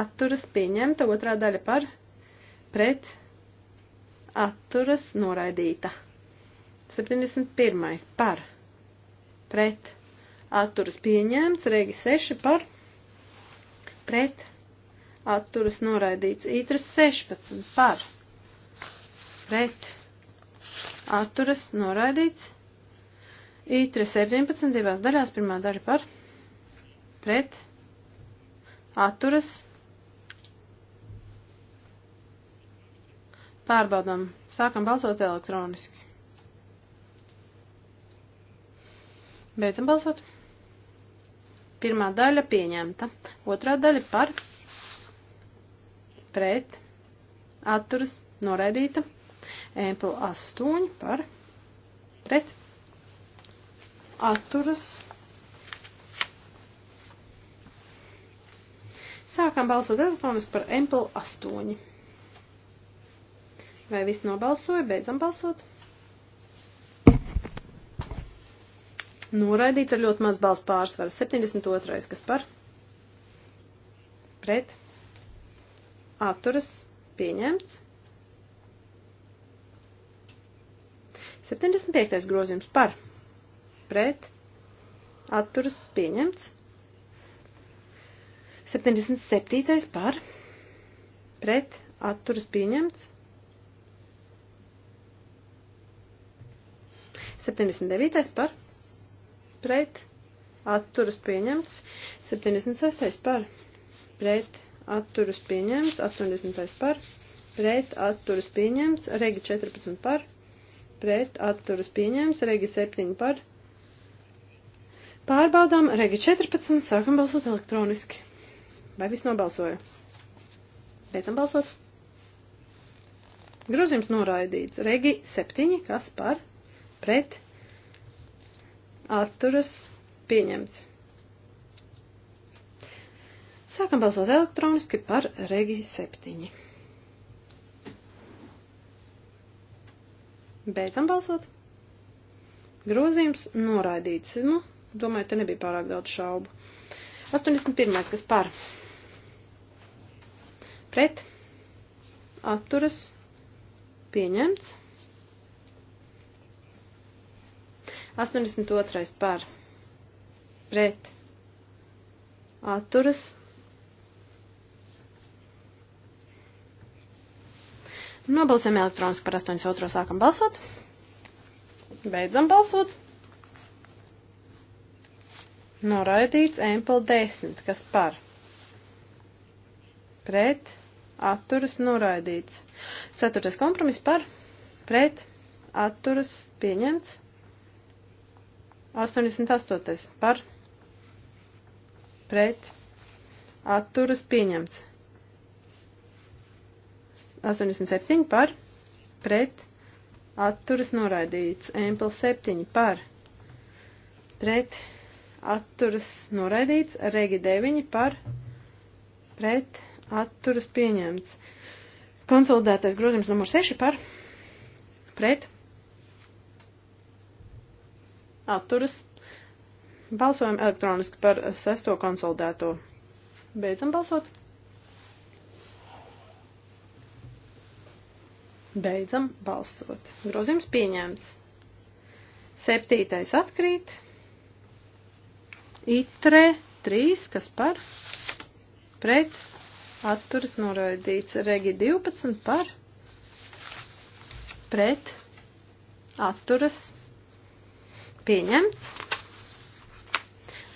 atturas pieņemta, otrā daļa par pret atturas noraidīta. 71. par pret atturas pieņemts, regi 6 par pret atturas noraidīts, ītras 16 par pret atturas noraidīts, ītras 17 divās daļās, pirmā daļa par pret atturas pārbaudām, sākam balsot elektroniski. Beidzam balsot. Pirmā daļa pieņemta. Otrā daļa par pret atturas noraidīta. Ample 8 par pret atturas. Sākam balsot elektroniski par Ample 8. Vai viss nobalsoja? Beidzam balsot. Noraidīts ar ļoti maz balsu pārsvaru. 72. kas par? Pret. Atturas. Pieņemts. 75. grozījums par. Pret. Atturas. Pieņemts. 77. par. Pret. Atturas. Pieņemts. 79. par pret atturas pieņemts, 76. par pret atturas pieņemts, 80. par pret atturas pieņemts, regi 14 par pret atturas pieņemts, regi 7 par. Pārbaudām regi 14, sākam balsot elektroniski. Vai viss nobalsoja? Beidzam balsot. Grozījums noraidīts. Regi 7, kas par pret atturas pieņemts. Sākam balsot elektroniski par Regiju 7. Beidzam balsot. Grozījums noraidīts. Nu, domāju, te nebija pārāk daudz šaubu. 81. kas par. Pret. Atturas. Pieņemts. 82. par pret atturas. Nobalsojam elektroniski par 82. sākam balsot. Beidzam balsot. Noraidīts Ample 10, kas par pret atturas noraidīts. Ceturtais kompromiss par pret atturas pieņemts. 88. par pret atturas pieņemts. 87 par pret atturas noraidīts. Empel 7 par pret atturas noraidīts. Regi 9 par pret atturas pieņemts. Konsolidētais grozījums numur 6 par pret atturas. Balsojam elektroniski par sesto konsolidēto. Beidzam balsot. Beidzam balsot. Grozījums pieņemts. Septītais atkrīt. Itre trīs, kas par pret atturas noraidīts. Regi 12 par pret atturas pieņemts.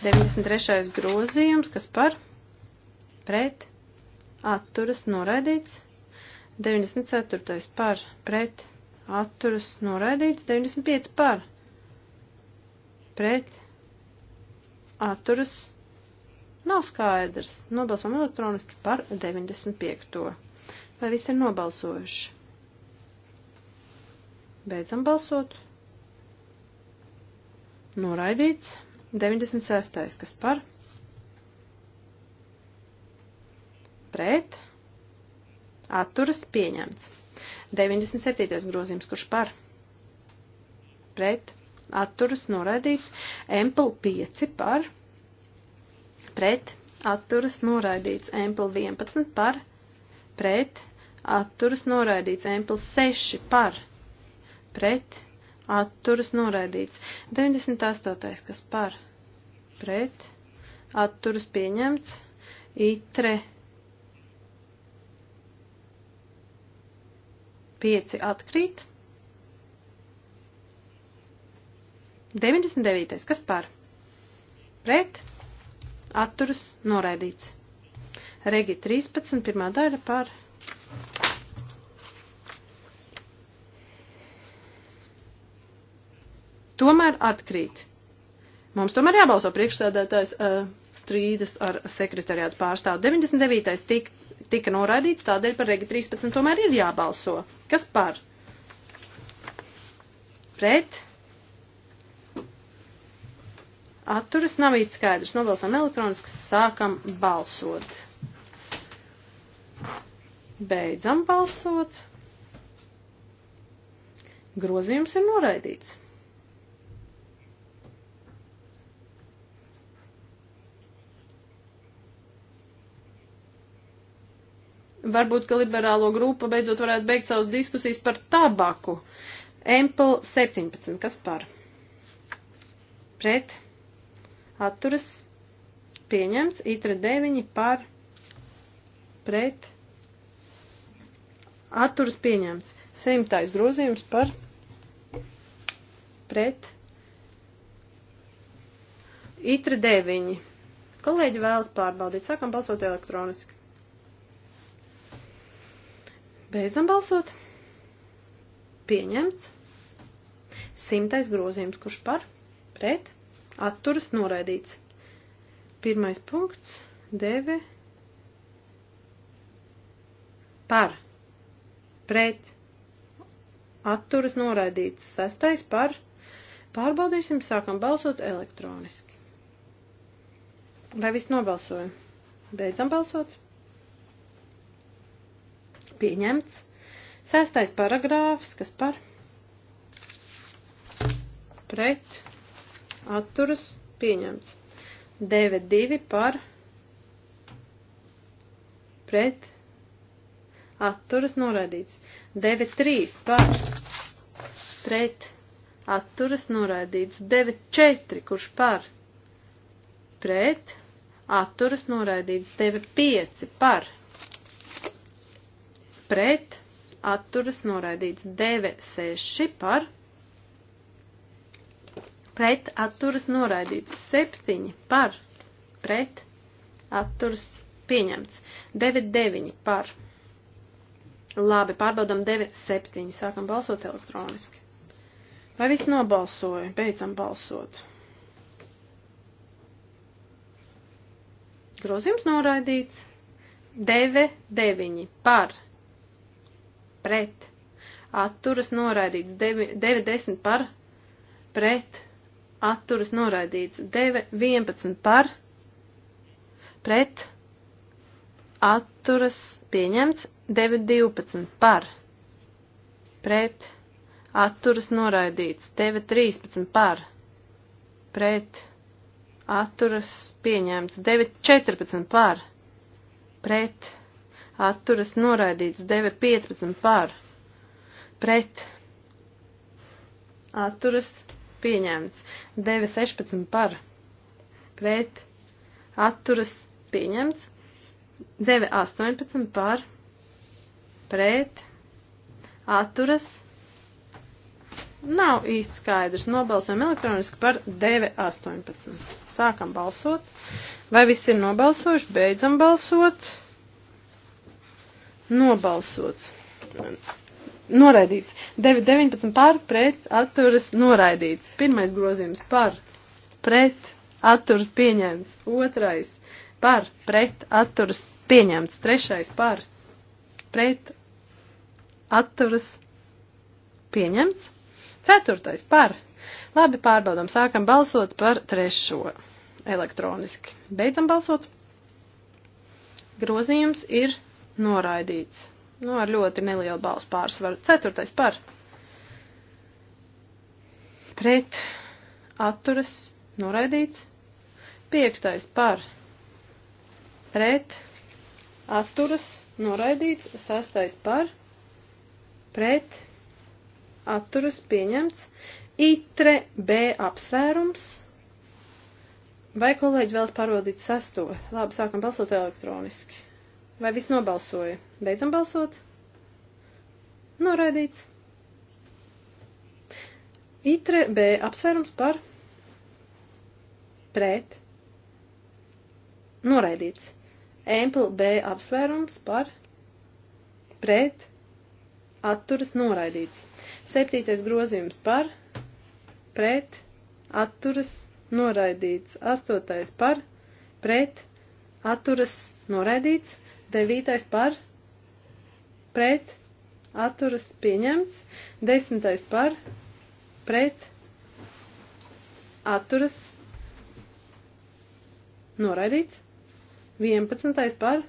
93. grozījums, kas par pret atturas noraidīts. 94. par pret atturas noraidīts. 95. par pret atturas nav skaidrs. Nobalsam elektroniski par 95. Vai visi ir nobalsojuši? Beidzam balsot. Noraidīts. 96. kas par? Pret. Atturas pieņemts. 97. grozījums, kurš par? Pret. Atturas noraidīts. Empel 5 par? Pret. Atturas noraidīts. Empel 11 par? Pret. Atturas noraidīts. Empel 6 par? Pret atturas noraidīts. 98. kas par pret atturas pieņemts. Itre 5 atkrīt. 99. kas par pret atturas noraidīts. Regi 13. pirmā daļa par tomēr atkrīt. Mums tomēr jābalso priekšsēdētājs uh, strīdas ar sekretariātu pārstāvu. 99. Tik, tika noraidīts, tādēļ par regi 13 tomēr ir jābalso. Kas par? Pret? Atturis nav īsti skaidrs. Nobalsam elektroniski, sākam balsot. Beidzam balsot. Grozījums ir noraidīts. Varbūt, ka liberālo grupa beidzot varētu beigt savas diskusijas par tabaku. Empel 17. Kas par? Pret. Atturas. Pieņemts. Itra 9. Par. Pret. Atturas pieņemts. Simtais grozījums par. Pret. Itra 9. Kolēģi vēlas pārbaudīt. Sākam balsot elektroniski. Beidzam balsot. Pieņemts. Simtais grozījums, kurš par, pret, atturas noraidīts. Pirmais punkts, deve, par, pret, atturas noraidīts. Sestais par, pārbaudīsim, sākam balsot elektroniski. Vai viss nobalsoja? Beidzam balsot pieņemts. Sestais paragrāfs, kas par pret atturas pieņemts. 9.2 par pret atturas noraidīts. 9.3 par pret atturas noraidīts. 9.4 kurš par pret atturas noraidīts. 9.5 par pret pret atturas noraidīts 9,6 par pret atturas noraidīts 7 par pret atturas pieņemts 9,9 par. Labi, pārbaudam 9,7. Sākam balsot elektroniski. Vai viss nobalsoja? Beidzam balsot. Grozījums noraidīts. 9, 9 par pret, atturas noraidīts, 9-10 par, pret, atturas noraidīts, 9-11 par, pret, atturas pieņemts, 9-12 par, pret, atturas noraidīts, 9-13 par, pret, atturas pieņemts, 9-14 par, pret, atturas noraidīts 9.15 par pret atturas pieņemts 9.16 par pret atturas pieņemts 9.18 par pret atturas nav īsti skaidrs. Nobalsojam elektroniski par 9.18. Sākam balsot. Vai visi ir nobalsojuši? Beidzam balsot. Nobalsots. Noraidīts. 9.19 par, pret, atturas, noraidīts. Pirmais grozījums par, pret, atturas, pieņemts. Otrais par, pret, atturas, pieņemts. Trešais par, pret, atturas, pieņemts. Ceturtais par. Labi, pārbaudām. Sākam balsot par trešo elektroniski. Beidzam balsot. Grozījums ir noraidīts. Nu, ar ļoti nelielu balsu pārsvaru. Ceturtais par. Pret atturas noraidīts. Piektais par. Pret atturas noraidīts. Sastais par. Pret atturas pieņemts. Itre B apsvērums. Vai kolēģi vēlas parodīt sesto? Labi, sākam balsot elektroniski. Vai viss nobalsoja? Beidzam balsot. Noraidīts. Itre B apsvērums par pret. Noraidīts. Ample B apsvērums par pret. Atturas noraidīts. Septītais grozījums par pret. Atturas noraidīts. Astotais par pret. Atturas noraidīts. Devītais par pret atturas pieņemts. Desmitais par pret atturas noraidīts. Vienpadsmitais par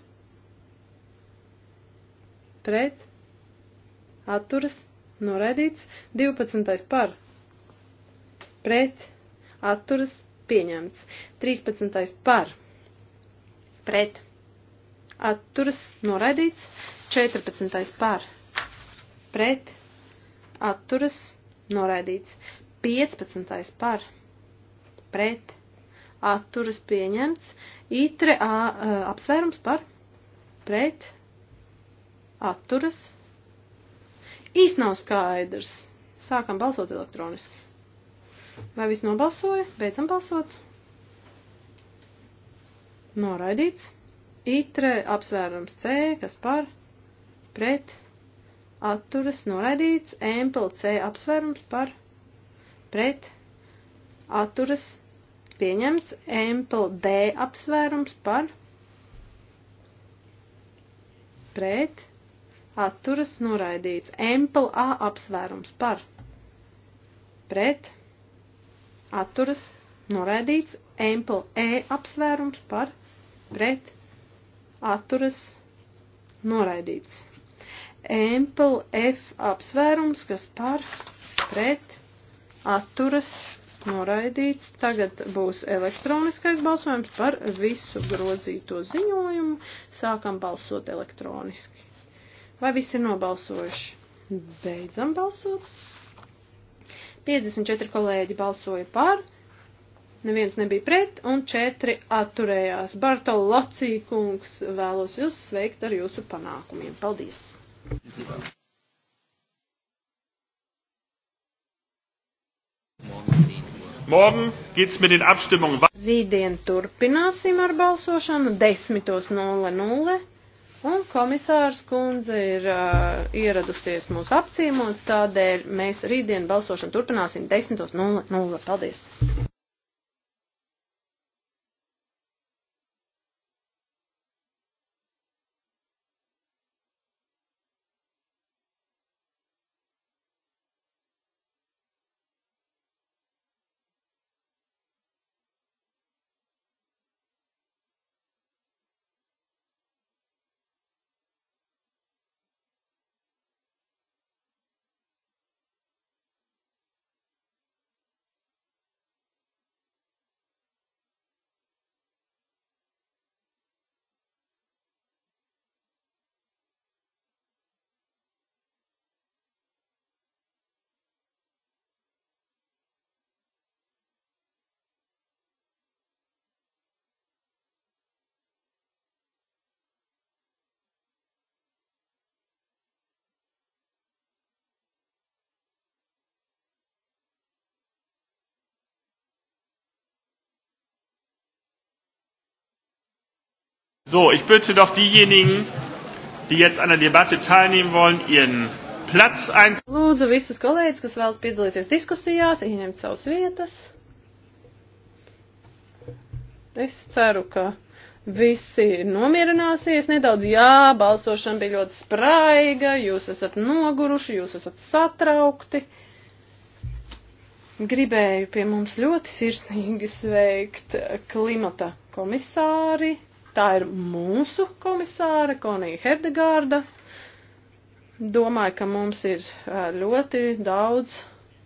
pret atturas noraidīts. Divpadsmitais par pret atturas pieņemts. Trīspadsmitais par pret atturas atturas noraidīts, 14. par pret atturas noraidīts, 15. par pret atturas pieņemts, itre a, a, e, apsvērums par pret atturas īsti nav skaidrs. Sākam balsot elektroniski. Vai viss nobalsoja? Beidzam balsot. Noraidīts. Itre apsvērums C, kas par pret atturas noraidīts, Empel C apsvērums par pret atturas pieņemts, Empel D apsvērums par pret atturas noraidīts, Empel A apsvērums par pret atturas noraidīts, Empel E apsvērums par pret atturas atturas noraidīts. Ample F apsvērums, kas par pret atturas noraidīts. Tagad būs elektroniskais balsojums par visu grozīto ziņojumu. Sākam balsot elektroniski. Vai visi ir nobalsojuši? Beidzam balsot. 54 kolēģi balsoja par, neviens nebija pret un četri atturējās. Bartolo Locīkungs vēlos jūs sveikt ar jūsu panākumiem. Paldies! Morgen geht's mit den Abstimmungen weiter. Rītdien turpināsim ar balsošanu 10.00 un komisārs kundze ir uh, ieradusies mūs apciemot, tādēļ mēs rītdien balsošanu turpināsim 10.00. Paldies! So, ich bitte doch diejenigen, die jetzt an der Debatte teilnehmen wollen, ihren Platz einzunehmen. Lūdzu visus kolēģis, kas vēlas piedalīties diskusijās, ieņemt savas vietas. Es ceru, ka visi nomierināsies nedaudz. Jā, balsošana bija ļoti spraiga, jūs esat noguruši, jūs esat satraukti. Gribēju pie mums ļoti sirsnīgi sveikt klimata komisāri Tā ir mūsu komisāra Konija Herdegārda. Domāju, ka mums ir ļoti daudz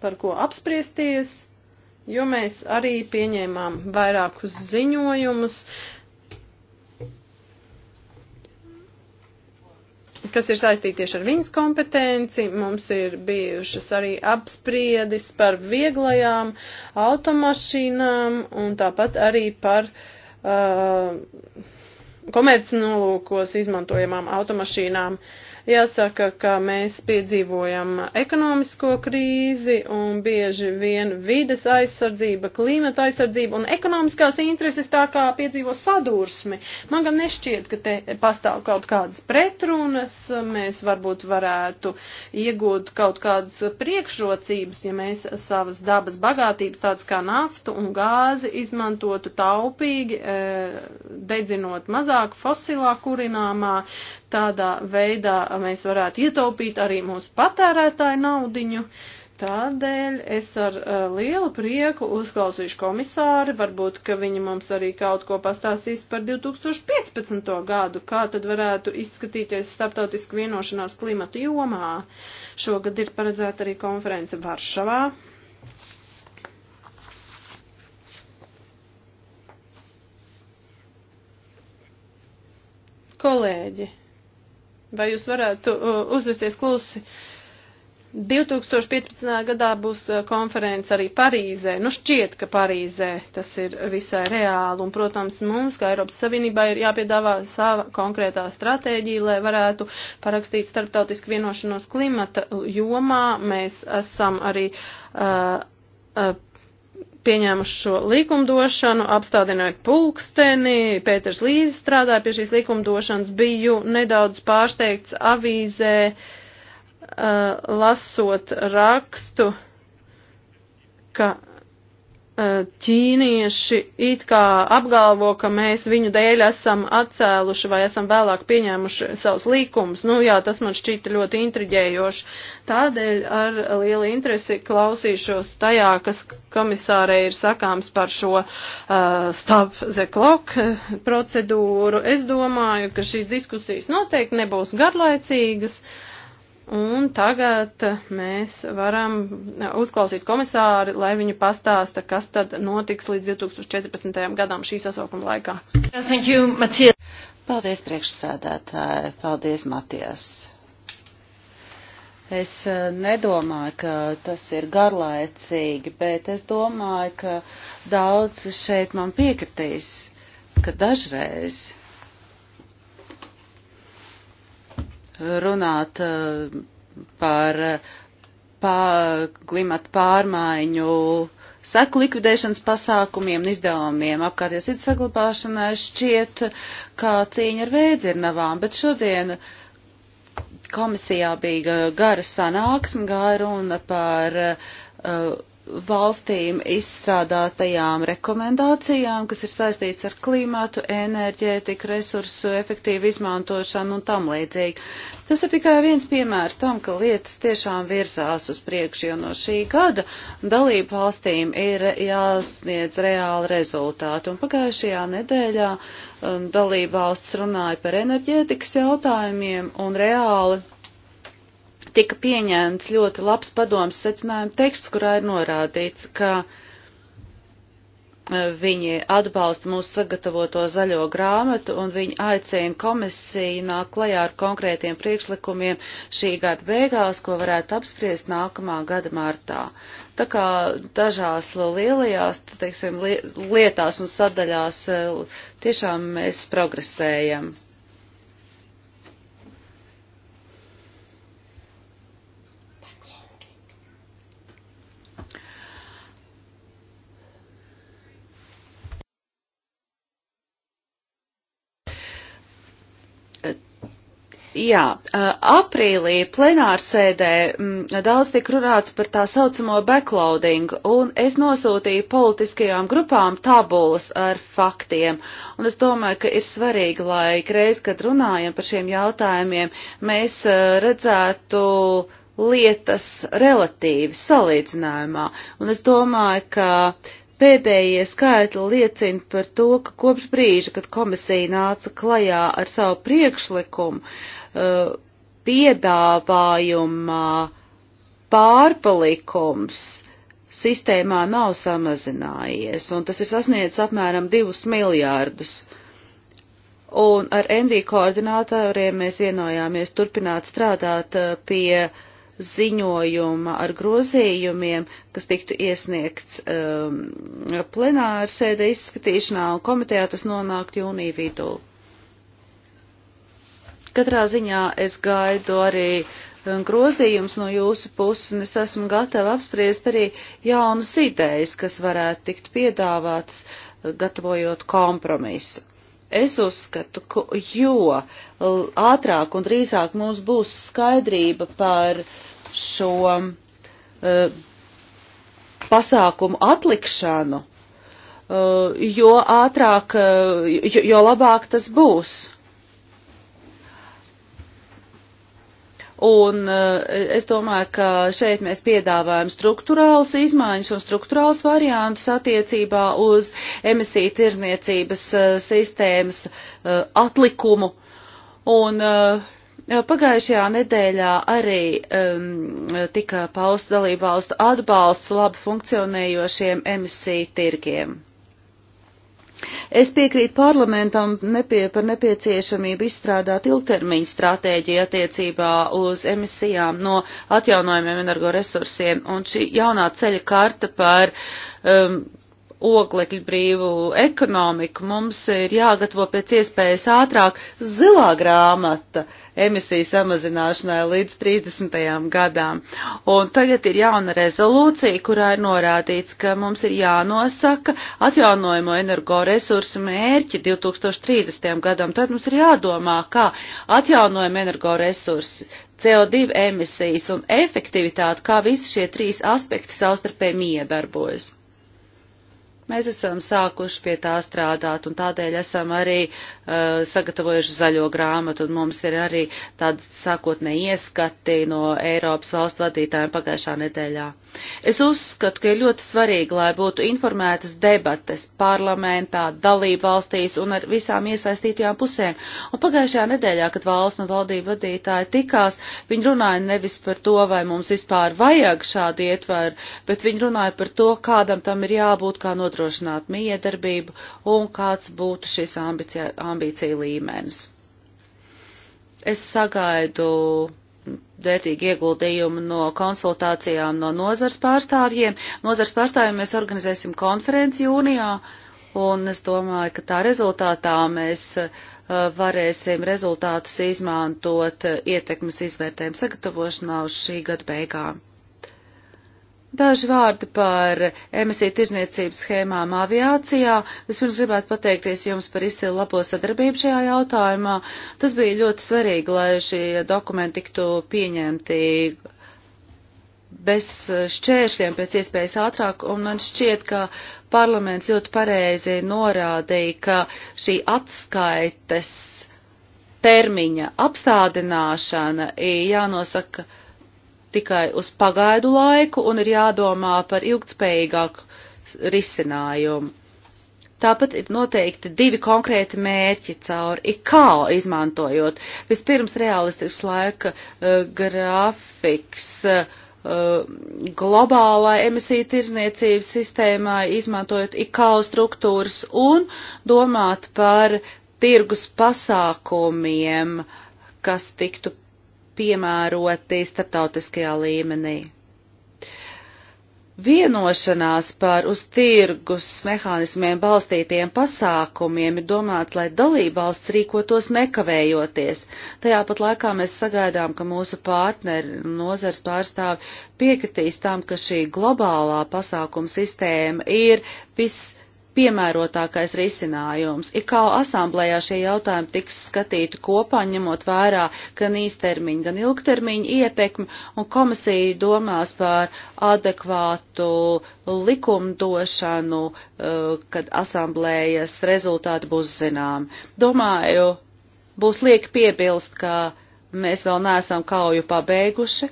par ko apspriesties, jo mēs arī pieņēmām vairākus ziņojumus, kas ir saistīti tieši ar viņas kompetenci. Mums ir bijušas arī apspriedis par vieglajām automašīnām un tāpat arī par uh, komercnolūkos izmantojamām automašīnām. Uh, Jāsaka, ka mēs piedzīvojam ekonomisko krīzi un bieži vien vides aizsardzība, klimata aizsardzība un ekonomiskās intereses tā kā piedzīvo sadursmi. Man gan nešķiet, ka te pastāv kaut kādas pretrunas, mēs varbūt varētu iegūt kaut kādas priekšrocības, ja mēs savas dabas bagātības, tādas kā naftu un gāzi, izmantotu taupīgi, eh, dedzinot mazāk fosilā kurināmā tādā veidā mēs varētu ietaupīt arī mūsu patērētāju naudiņu. Tādēļ es ar uh, lielu prieku uzklausīšu komisāri, varbūt, ka viņi mums arī kaut ko pastāstīs par 2015. gadu, kā tad varētu izskatīties starptautisku vienošanās klimata jomā. Šogad ir paredzēta arī konference Varšavā. Kolēģi, Vai jūs varētu uh, uzvesties klusi? 2015. gadā būs uh, konference arī Parīzē. Nu šķiet, ka Parīzē tas ir visai reāli. Un, protams, mums, kā Eiropas Savienībā, ir jāpiedāvā sava konkrētā stratēģija, lai varētu parakstīt starptautisku vienošanos klimata jomā. Mēs esam arī. Uh, uh pieņēmuši šo likumdošanu, apstādinājot pulksteni, Pēters Līzes strādāja pie šīs likumdošanas, biju nedaudz pārsteigts avīzē, uh, lasot rakstu, ka Eh, ķīnieši it kā apgalvo, ka mēs viņu dēļ esam atcēluši vai esam vēlāk pieņēmuši savus līkumus. Nu jā, tas man šķita ļoti intriģējoši. Tādēļ ar lielu interesi klausīšos tajā, kas komisārei ir sakāms par šo uh, stop the clock eh, procedūru. Es domāju, ka šīs diskusijas noteikti nebūs garlaicīgas. Uh, Un tagad mēs varam uzklausīt komisāri, lai viņu pastāsta, kas tad notiks līdz 2014. gadam šī sasaukuma laikā. Thank you, Matija. Paldies, priekšsēdētāji. Paldies, Matijas. Es eh, nedomāju, ka tas ir garlaicīgi, bet es domāju, ka daudz šeit man piekritīs, ka dažreiz runāt eh, par eh, pār, klimatu pārmaiņu seku likvidēšanas pasākumiem un izdevumiem apkārtējās vidas saglabāšanai šķiet kā cīņa ar vēdzirnavām, bet šodien komisijā bija gara sanāksme, gāja runa par uh, valstīm izstrādātajām rekomendācijām, kas ir saistīts ar klimatu, enerģētiku, resursu efektīvu izmantošanu un tam līdzīgi. Tas ir tikai viens piemērs tam, ka lietas tiešām virzās uz priekšu, jo no šī gada dalību valstīm ir jāsniedz reāli rezultāti. Un pagājušajā nedēļā um, dalību valsts runāja par enerģētikas jautājumiem un reāli tika pieņemts ļoti labs padoms secinājuma teksts, kurā ir norādīts, ka e, viņi atbalsta mūsu sagatavoto zaļo grāmatu un viņi aicina komisiju nāk klajā ar konkrētiem priekšlikumiem šī gada beigās, ko varētu apspriest nākamā gada martā. Tā kā dažās lielajās, teiksim, lietās un sadaļās e, tiešām mēs progresējam. Jā, aprīlī plenārsēdē mm, daudz tika runāts par tā saucamo backloading, un es nosūtīju politiskajām grupām tabulas ar faktiem. Un es domāju, ka ir svarīgi, lai reiz, kad runājam par šiem jautājumiem, mēs redzētu lietas relatīvi salīdzinājumā. Un es domāju, ka Pēdējie skaitļi liecina par to, ka kopš brīža, kad komisija nāca klajā ar savu priekšlikumu, uh, Uh, piedāvājumā pārpalikums sistēmā nav samazinājies, un tas ir sasniedzis apmēram 2 miljārdus. Un ar ND koordinātoriem mēs vienojāmies turpināt strādāt uh, pie ziņojuma ar grozījumiem, kas tiktu iesniegts um, plenāra sēde izskatīšanā, un komitejā tas nonākt jūnija vidū. Katrā ziņā es gaidu arī um, grozījums no jūsu puses, un es esmu gatava apspriest arī jaunas idejas, kas varētu tikt piedāvātas, uh, gatavojot kompromisu. Es uzskatu, ka jo ātrāk un drīzāk mums būs skaidrība par šo uh, pasākumu atlikšanu, uh, jo ātrāk, uh, jo, jo labāk tas būs. Un eh, es domāju, ka šeit mēs piedāvājam struktūrāls izmaiņas un struktūrāls variantus attiecībā uz emisiju tirzniecības eh, sistēmas eh, atlikumu. Un Pagājušajā nedēļā arī um, tika pausta dalībvalstu atbalsts labi funkcionējošiem emisiju tirgiem. Es piekrītu parlamentam nepie, par nepieciešamību izstrādāt ilgtermiņa stratēģiju attiecībā uz emisijām no atjaunojumiem energoresursiem, un šī jaunā ceļa karta par um, oglekļu brīvu ekonomiku mums ir jāgatavo pēc iespējas ātrāk zilā grāmata. Uh, emisiju samazināšanai līdz 30. gadām. Un tagad ir jauna rezolūcija, kurā ir norādīts, ka mums ir jānosaka atjaunojamo energoresursu mērķi 2030. gadam. Tad mums ir jādomā, kā atjaunojami energoresursi, CO2 emisijas un efektivitāte, kā visi šie trīs aspekti savstarpēji miedarbojas. Mēs esam sākuši pie tā strādāt, un tādēļ esam arī uh, sagatavojuši zaļo grāmatu, un mums ir arī tādi sākotnē ieskati no Eiropas valstu vadītājiem pagājušā nedēļā. Es uzskatu, ka ir ļoti svarīgi, lai būtu informētas debates parlamentā, dalību valstīs un ar visām iesaistītajām pusēm. Un pagājušajā nedēļā, kad valsts un valdību vadītāji tikās, viņi runāja nevis par to, vai mums vispār vajag šādu ietvaru, bet viņi runāja par to, kādam tam ir jābūt, kā nodrošināt nodrošināt miedarbību un kāds būtu šis ambicija, ambīcija līmenis. Es sagaidu vērtīgi ieguldījumi no konsultācijām no nozars pārstāvjiem. Nozars pārstāvjiem mēs organizēsim konferenci jūnijā, un es domāju, ka tā rezultātā mēs uh, varēsim rezultātus izmantot ietekmes izvērtējumu sagatavošanā uz šī gada beigām. Daži vārdi par emisiju tirzniecības schēmām aviācijā. Vispirms gribētu pateikties jums par izcilu labo sadarbību šajā jautājumā. Tas bija ļoti svarīgi, lai šie dokumenti tiktu pieņemti bez šķēršļiem pēc iespējas ātrāk, un man šķiet, ka parlaments ļoti pareizi norādīja, ka šī atskaites termiņa apstādināšana ir jānosaka tikai uz pagaidu laiku un ir jādomā par ilgtspējīgāku risinājumu. Tāpat ir noteikti divi konkrēti mērķi cauri IKO izmantojot. Vispirms realistisks laika uh, grafiks. Uh, globālai emisiju tirzniecības sistēmai, izmantojot IKAU struktūras un domāt par tirgus pasākumiem, kas tiktu piemēroti starptautiskajā līmenī. Vienošanās par uz tirgus mehānismiem balstītiem pasākumiem ir domāts, lai dalībvalsts rīkotos nekavējoties. Tajā pat laikā mēs sagaidām, ka mūsu partneri nozars pārstāvi piekritīs tam, ka šī globālā pasākuma sistēma ir viss piemērotākais risinājums. IKO asamblējā šie jautājumi tiks skatīti kopā, ņemot vērā gan īstermiņa, gan ilgtermiņa ietekmi, un komisija domās par adekvātu likumdošanu, eh, kad asamblējas rezultāti būs zinām. Domāju, būs lieki piebilst, ka mēs vēl neesam kauju pabeiguši.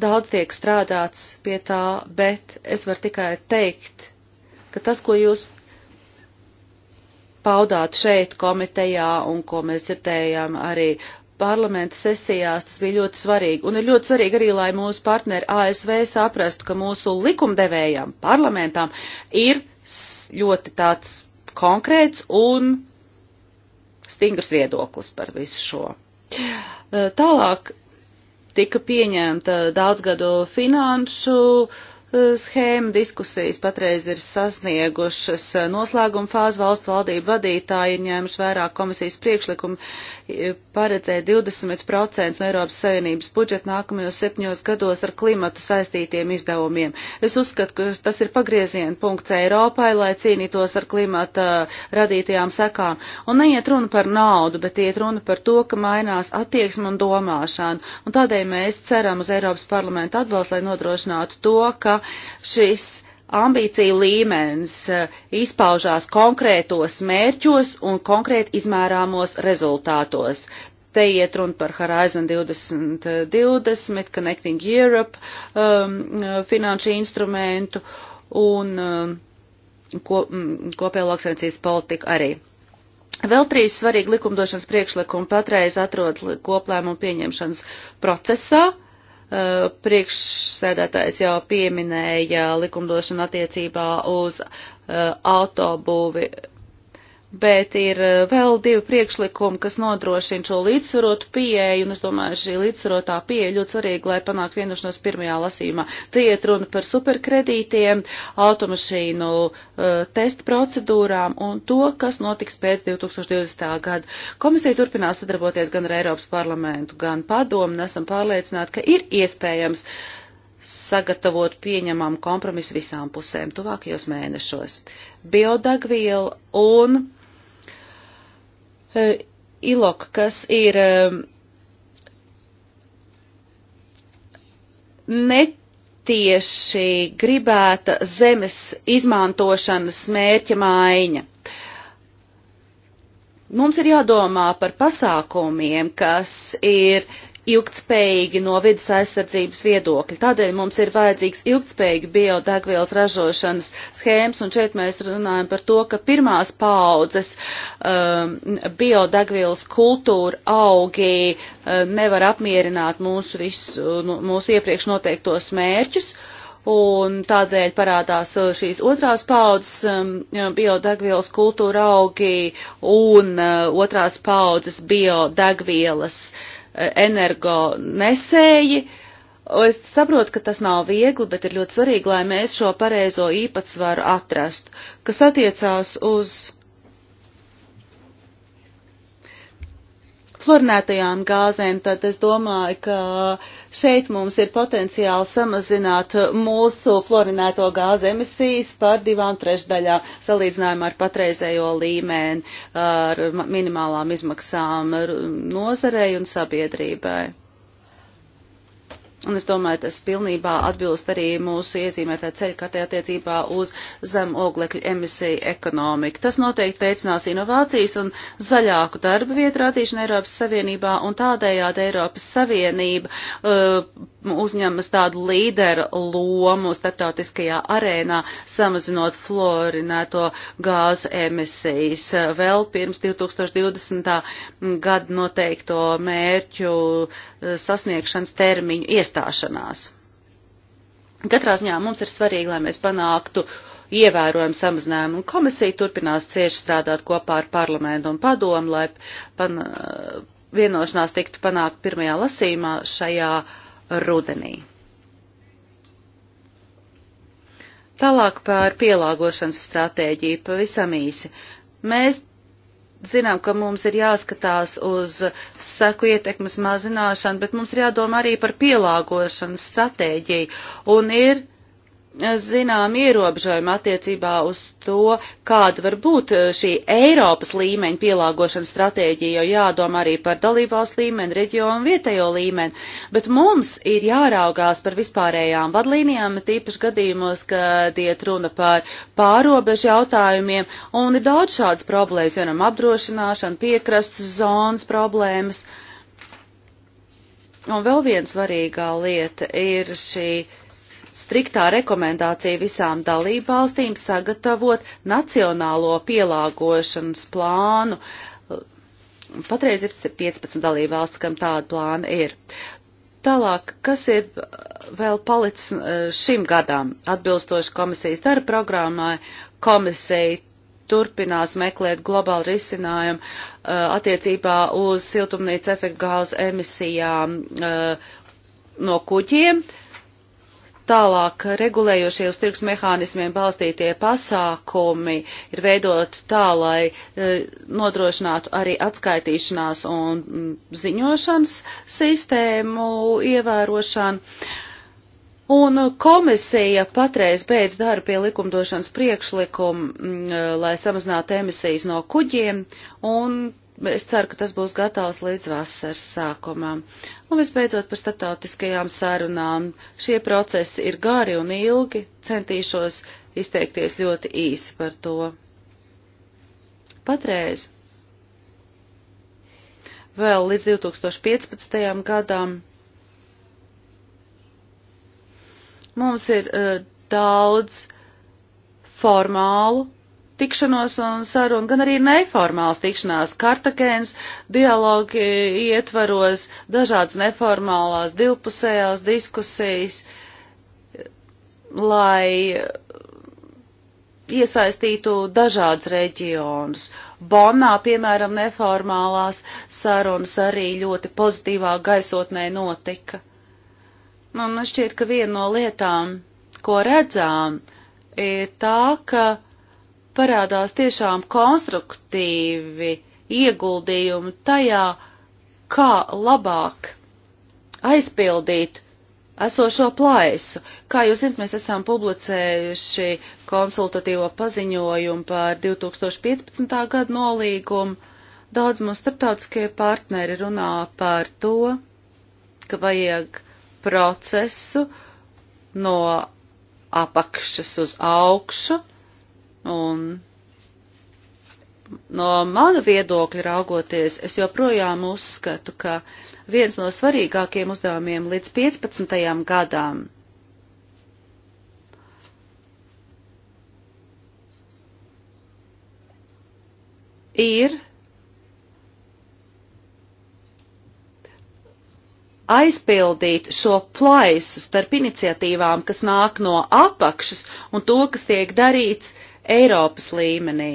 Daudz tiek strādāts pie tā, bet es varu tikai teikt, ka tas, ko jūs paudāt šeit komitejā un ko mēs dzirdējām arī parlamenta sesijās, tas bija ļoti svarīgi. Un ir ļoti svarīgi arī, lai mūsu partneri ASV saprastu, ka mūsu likumdevējām, parlamentām ir ļoti tāds konkrēts un stingrs viedoklis par visu šo. Tālāk tika pieņemta daudzgadu finanšu uh, schēma diskusijas patreiz ir sasniegušas noslēguma fāzi. Valstu valdību vadītāji ir ņēmuši vērā komisijas priekšlikumu e, paredzēt 20% no Eiropas Savienības budžeta nākamajos septņos gados ar klimatu saistītiem izdevumiem. Es uzskatu, ka tas ir pagrieziena punkts Eiropai, lai cīnītos ar klimata radītajām sekām. Un neiet runa par naudu, bet iet runa par to, ka mainās attieksme un domāšana. Un tādēļ mēs ceram uz Eiropas parlamentu atbalstu, lai nodrošinātu to, ka šis ambīcija līmenis eh, izpaužās konkrētos mērķos un konkrēti izmērāmos rezultātos. Te iet runa par Horizon 2020, Connecting Europe um, finanšu instrumentu un um, ko, um, kopējo lauksaimniecības politiku arī. Vēl trīs svarīgi likumdošanas priekšlikumi patreiz atrodas koplēmumu pieņemšanas procesā. Uh, Eh, priekšsēdētājs jau pieminēja likumdošanu attiecībā uz eh, autobūvi bet ir eh, vēl divi priekšlikumi, kas nodrošina šo līdzsvarotu pieeju, un es domāju, šī līdzsvarotā pieeja ļoti svarīga, lai panāktu vienošanos pirmajā lasījumā. Tie iet runa par superkredītiem, automašīnu uh, eh, testu procedūrām un to, kas notiks pēc 2020. gada. Komisija turpinās sadarboties gan ar Eiropas parlamentu, gan padomu, un esam pārliecināti, ka ir iespējams sagatavot pieņemam kompromisu visām pusēm tuvākajos mēnešos. Biodagviela un Eh, ILOK, kas ir eh, netieši gribēta zemes izmantošanas mērķa maiņa. Mums ir jādomā par pasākumiem, kas ir uh, ilgtspējīgi no vidas aizsardzības viedokļa. Tādēļ mums ir vajadzīgs ilgtspējīgi biodegvielas ražošanas schēmas, un šeit mēs runājam par to, ka pirmās paudzes um, biodegvielas kultūra augi um, nevar apmierināt mūsu, visu, nu, mūsu iepriekš noteiktos mērķus. Un tādēļ parādās uh, šīs otrās paudzes um, biodegvielas kultūra augi un uh, otrās paudzes biodegvielas uh, energo nesēji. Es saprotu, ka tas nav viegli, bet ir ļoti svarīgi, lai mēs šo pareizo īpatsvaru atrastu, kas attiecās uz fluorinētajām gāzēm, tad es domāju, ka šeit mums ir potenciāli samazināt mūsu fluorinēto gāzu emisijas par divām trešdaļām salīdzinājumā ar patreizējo līmeni, ar minimālām izmaksām nozarei un sabiedrībai. Un es domāju, tas pilnībā atbilst arī mūsu iezīmētā ceļkartē attiecībā uz zem oglekļa emisiju ekonomiku. Tas noteikti veicinās inovācijas un zaļāku darba vietu radīšanu Eiropas Savienībā, un tādējādi Eiropas Savienība uh, uzņemas tādu līderu lomu starptautiskajā arēnā, samazinot florinēto gāzu emisijas vēl pirms 2020. gada noteikto mērķu uh, sasniegšanas termiņu. Ies iestāšanās. Katrā ziņā mums ir svarīgi, lai mēs panāktu ievērojumu samazinājumu, un komisija turpinās cieši strādāt kopā ar parlamentu un padomu, lai pan, vienošanās tiktu panākt pirmajā lasīmā šajā rudenī. Tālāk par pielāgošanas stratēģiju pavisam īsi. Mēs zinām, ka mums ir jāskatās uz seku ietekmes mazināšanu, bet mums ir jādomā arī par pielāgošanu stratēģiju. Un ir zinām ierobežojumi attiecībā uz to, kāda var būt eh, šī Eiropas līmeņa pielāgošanas stratēģija, jo jādomā arī par dalībvalsts līmeni, reģionu, vietējo līmeni, bet mums ir jāraugās par vispārējām vadlīnijām, tīpaši gadījumos, kad iet runa par pārobežu jautājumiem, un ir daudz šādas problēmas, vienam apdrošināšana, piekrastas zonas problēmas. Un vēl viena svarīgā lieta ir šī striktā rekomendācija visām dalībvalstīm sagatavot nacionālo pielāgošanas plānu. Patreiz ir 15 dalībvalsts, kam tāda plāna ir. Tālāk, kas ir vēl palicis uh, šim gadam? Atbilstoši komisijas darba programmai, komisija turpinās meklēt globālu risinājumu uh, attiecībā uz siltumnīca efektu gāzu emisijām uh, no kuģiem. Uh, Tālāk regulējošie uz tirgus mehānismiem balstītie pasākumi ir veidot tā, lai e, nodrošinātu arī atskaitīšanās un ziņošanas sistēmu ievērošanu. Un komisija patreiz beidz darbu pie likumdošanas priekšlikuma, e, lai samazinātu emisijas no kuģiem, un es ceru, ka tas būs gatavs līdz vasaras sākumam. Un visbeidzot par starptautiskajām sarunām. Šie procesi ir gari un ilgi, centīšos izteikties ļoti īsi par to. Patreiz vēl līdz 2015. gadam mums ir uh, daudz formālu tikšanos un sarunu, gan arī neformāls tikšanās kartakēns, dialogi ietvaros, dažādas neformālās divpusējās diskusijas, lai iesaistītu dažādus reģionus. Bonā, piemēram, neformālās sarunas arī ļoti pozitīvā gaisotnē notika. Un nu, man šķiet, ka viena no lietām, ko redzām, ir tā, ka parādās tiešām konstruktīvi ieguldījumi tajā, kā labāk aizpildīt esošo plaisu. Kā jūs zinat, mēs esam publicējuši konsultatīvo paziņojumu par 2015. gadu nolīgumu. Daudz mūsu starptautiskie partneri runā par to, ka vajag procesu no apakšas uz augšu, Un no mana viedokļa raugoties, es joprojām uzskatu, ka viens no svarīgākiem uzdevumiem līdz 15. gadām ir aizpildīt šo plaisu starp iniciatīvām, kas nāk no apakšas un to, kas tiek darīts uh, Eiropas līmenī.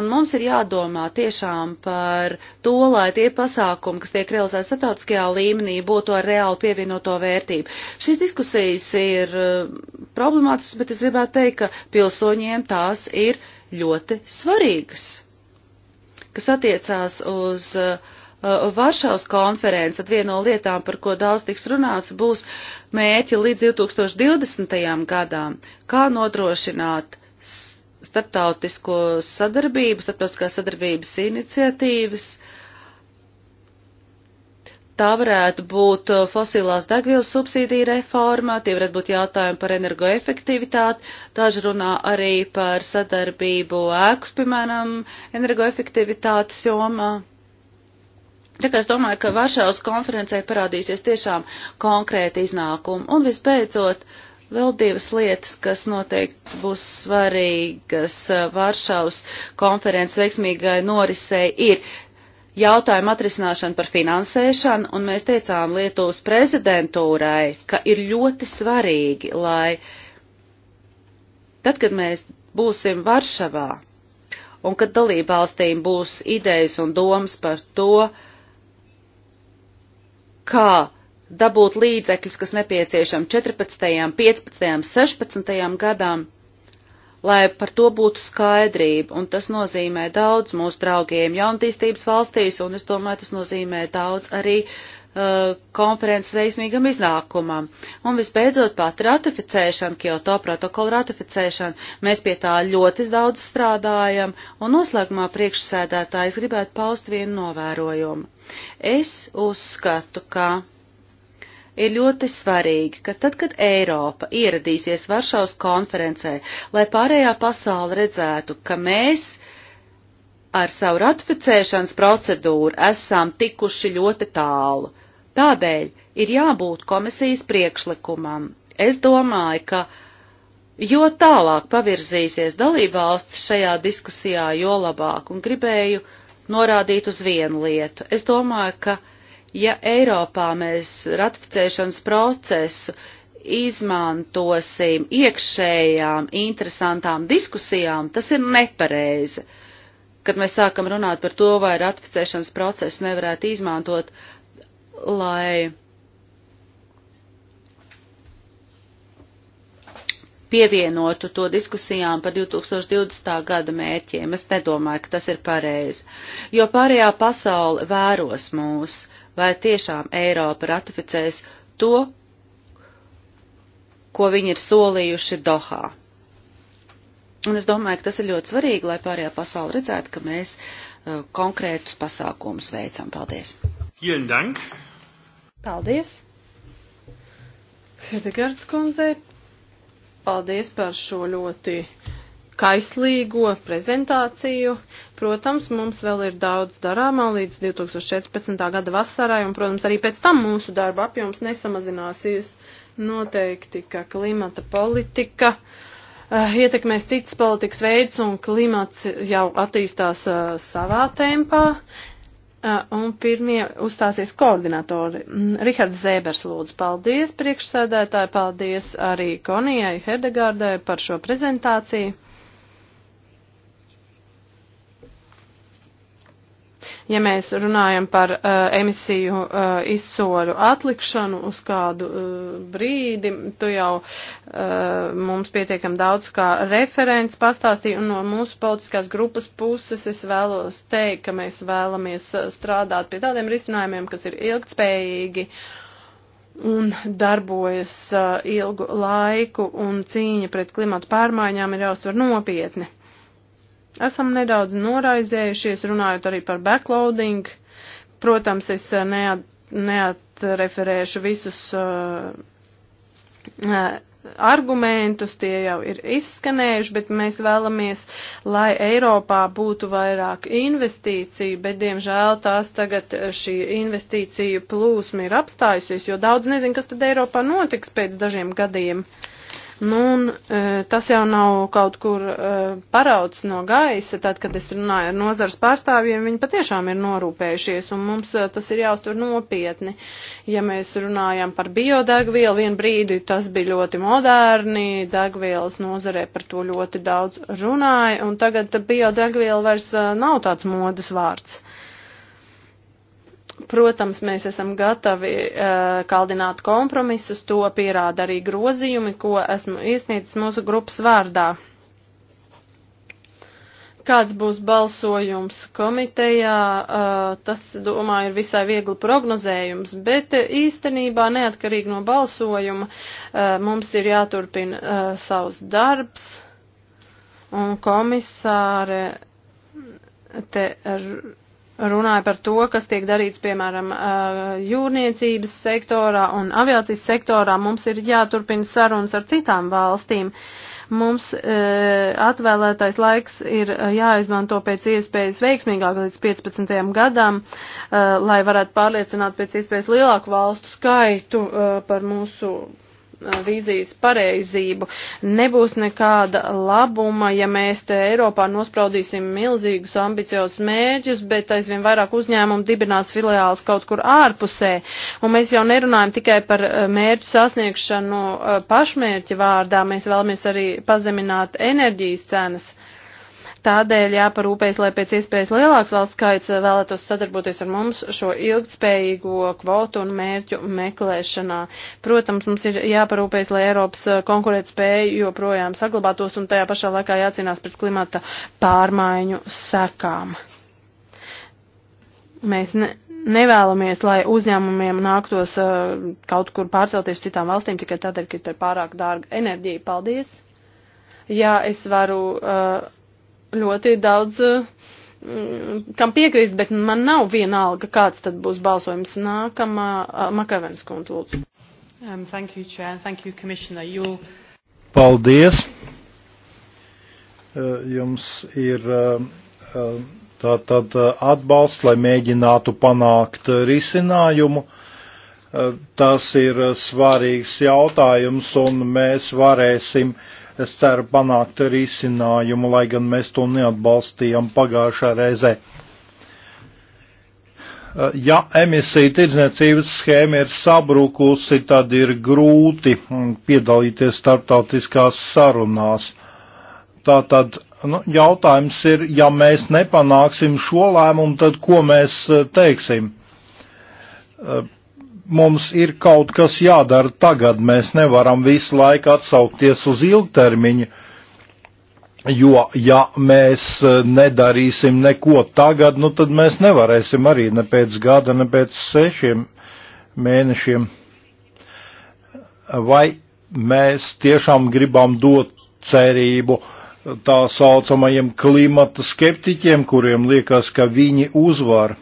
Un mums ir jādomā tiešām par to, lai tie pasākumi, kas tiek realizēti starptautiskajā līmenī, būtu ar reāli pievienoto vērtību. Šīs diskusijas ir eh, problemātiskas, bet es gribētu teikt, ka pilsoņiem tās ir ļoti svarīgas, kas attiecās uz uh, Varšavas konferences, tad viena no lietām, par ko daudz tiks runāts, būs mērķi līdz 2020. gadām, kā nodrošināt starptautisko sadarbību, starptautiskās sadarbības iniciatīvas. Tā varētu būt fosilās degvielas subsīdija reforma, tie varētu būt jautājumi par energoefektivitāti, daži runā arī par sadarbību ēkus, piemēram, energoefektivitātes jomā. Tā kā es domāju, ka Varšavas konferencē parādīsies tiešām konkrēti iznākumi. Un visbeidzot, uh, Vēl divas lietas, kas noteikti būs svarīgas eh, Varšavas konferences veiksmīgai norisei, ir jautājumu atrisināšana par finansēšanu, un mēs teicām Lietuvas prezidentūrai, ka ir ļoti svarīgi, lai tad, kad mēs būsim Varšavā, un kad dalībvalstīm būs idejas un domas par to, kā dabūt līdzekļus, kas nepieciešami 14., 15., 16. gadam, lai par to būtu skaidrība, un tas nozīmē daudz mūsu draugiem jauntīstības valstīs, un es domāju, tas nozīmē daudz arī uh, konferences veiksmīgam iznākumam. Un visbeidzot, pat ratificēšana, Kyoto protokola ratificēšana, mēs pie tā ļoti daudz strādājam, un noslēgumā priekšsēdētājs gribētu paust vienu novērojumu. Es uzskatu, ka ir ļoti svarīgi, ka tad, kad Eiropa ieradīsies Varšavas konferencē, lai pārējā pasaule redzētu, ka mēs ar savu ratificēšanas procedūru esam tikuši ļoti tālu. Tādēļ ir jābūt komisijas priekšlikumam. Es domāju, ka jo tālāk pavirzīsies dalībvalstis šajā diskusijā, jo labāk, un gribēju norādīt uz vienu lietu. Es domāju, ka ja Eiropā mēs ratificēšanas procesu izmantosim iekšējām interesantām diskusijām, tas ir nepareizi. Kad mēs sākam runāt par to, vai ratificēšanas procesu nevarētu izmantot, lai pievienotu to diskusijām par 2020. gada mērķiem. Es nedomāju, ka tas ir pareizi, jo pārējā pasaule vēros mūsu vai tiešām Eiropa ratificēs to, ko viņi ir solījuši Dohā. Un es domāju, ka tas ir ļoti svarīgi, lai pārējā pasaule redzētu, ka mēs uh, konkrētus pasākumus veicam. Paldies! Paldies! Hedegards kundzei, paldies par šo ļoti uh, kaislīgo prezentāciju. Protams, mums vēl ir daudz darāmā līdz 2014. gada vasarai, un, protams, arī pēc tam mūsu darba apjoms nesamazināsies. Noteikti, ka klimata politika uh, ietekmēs citas politikas veids, un klimats jau attīstās uh, savā tempā, uh, un pirmie uzstāsies koordinatori. Mm, Rihards Zēbers lūdzu, paldies priekšsēdētāji, paldies arī Konijai Hedegārdai par šo prezentāciju. Ja mēs runājam par uh, emisiju uh, izsoļu atlikšanu uz kādu uh, brīdi, tu jau uh, mums pietiekam daudz kā referents pastāstīja, un no mūsu politiskās grupas puses es vēlos teikt, ka mēs vēlamies uh, strādāt pie tādiem risinājumiem, kas ir ilgtspējīgi un darbojas uh, ilgu laiku, un cīņa pret klimatu pārmaiņām ir jāuztver nopietni. Esam nedaudz noraizējušies, runājot arī par backloading. Protams, es eh, neat, neatreferēšu visus uh, argumentus, tie jau ir izskanējuši, bet mēs vēlamies, lai Eiropā būtu vairāk investīciju, bet diemžēl tās tagad šī investīciju plūsma ir apstājusies, jo daudz nezin, kas tad Eiropā notiks pēc dažiem gadiem. Uh, Nu, un, e, tas jau nav kaut kur e, parauds no gaisa, tad, kad es runāju ar nozars pārstāvjiem, viņi patiešām ir norūpējušies, un mums e, tas ir jāuztver nopietni. Ja mēs runājam par biodegvielu, vien brīdi tas bija ļoti moderni, degvielas nozarē par to ļoti daudz runāja, un tagad biodegviela vairs e, nav tāds modas vārds. Protams, mēs esam gatavi uh, kaldināt kompromisus, to pierāda arī grozījumi, ko esmu iesniedzis mūsu grupas vārdā. Kāds būs balsojums komitejā, uh, tas, domāju, ir visai viegli prognozējums, bet eh, īstenībā neatkarīgi no balsojuma uh, mums ir jāturpina uh, savs darbs, un komisāre te. Ar, runāja par to, kas tiek darīts, piemēram, jūrniecības sektorā un aviācijas sektorā. Mums ir jāturpina sarunas ar citām valstīm. Mums e, atvēlētais laiks ir jāizmanto pēc iespējas veiksmīgāk līdz 15. gadam, e, lai varētu pārliecināt pēc iespējas lielāku valstu skaitu e, par mūsu vīzijas pareizību. Nebūs nekāda labuma, ja mēs te Eiropā nospraudīsim milzīgus ambiciozus mērķus, bet aizvien vairāk uzņēmumu dibinās filiāls kaut kur ārpusē. Un mēs jau nerunājam tikai par eh, mērķu sasniegšanu eh, pašmērķa vārdā, mēs vēlamies arī pazemināt enerģijas cenas. Tādēļ jāparūpējas, lai pēc iespējas lielāks valsts skaits vēlētos sadarboties ar mums šo ilgtspējīgo kvotu un mērķu meklēšanā. Protams, mums ir jāparūpējas, lai Eiropas konkurētspēja joprojām saglabātos un tajā pašā laikā jācīnās pret klimata pārmaiņu sekām. Mēs ne, nevēlamies, lai uzņēmumiem nāktos uh, kaut kur pārcelties citām valstīm tikai tādēļ, ka ir pārāk dārga enerģija. Paldies! Jā, es varu uh, ļoti daudz, mm, kam piekrīst, bet man nav vienalga, kāds tad būs balsojums nākamā Makavens kundze lūdzu. Um, thank you, Chair. Thank you, Commissioner. You... Paldies. Uh, jums ir uh, uh, tātad atbalsts, lai mēģinātu panākt risinājumu. Tas ir svarīgs jautājums, un mēs varēsim uh, Es ceru panākt risinājumu, lai gan mēs to neatbalstījām pagājušā reizē. Eh, ja emisija tirdzniecības schēma ir sabrukusi, tad ir grūti mm, piedalīties starptautiskās sarunās. Tātad nu, jautājums ir, ja mēs nepanāksim šo lēmumu, tad ko mēs eh, teiksim? Eh, mums ir kaut kas jādara tagad. Mēs nevaram visu laiku atsaukties uz ilgtermiņu, jo ja mēs e, nedarīsim neko tagad, nu tad mēs nevarēsim arī ne pēc gada, ne pēc sešiem mēnešiem. Vai mēs tiešām gribam dot cerību tā saucamajiem klimata skeptiķiem, kuriem liekas, ka viņi uzvar?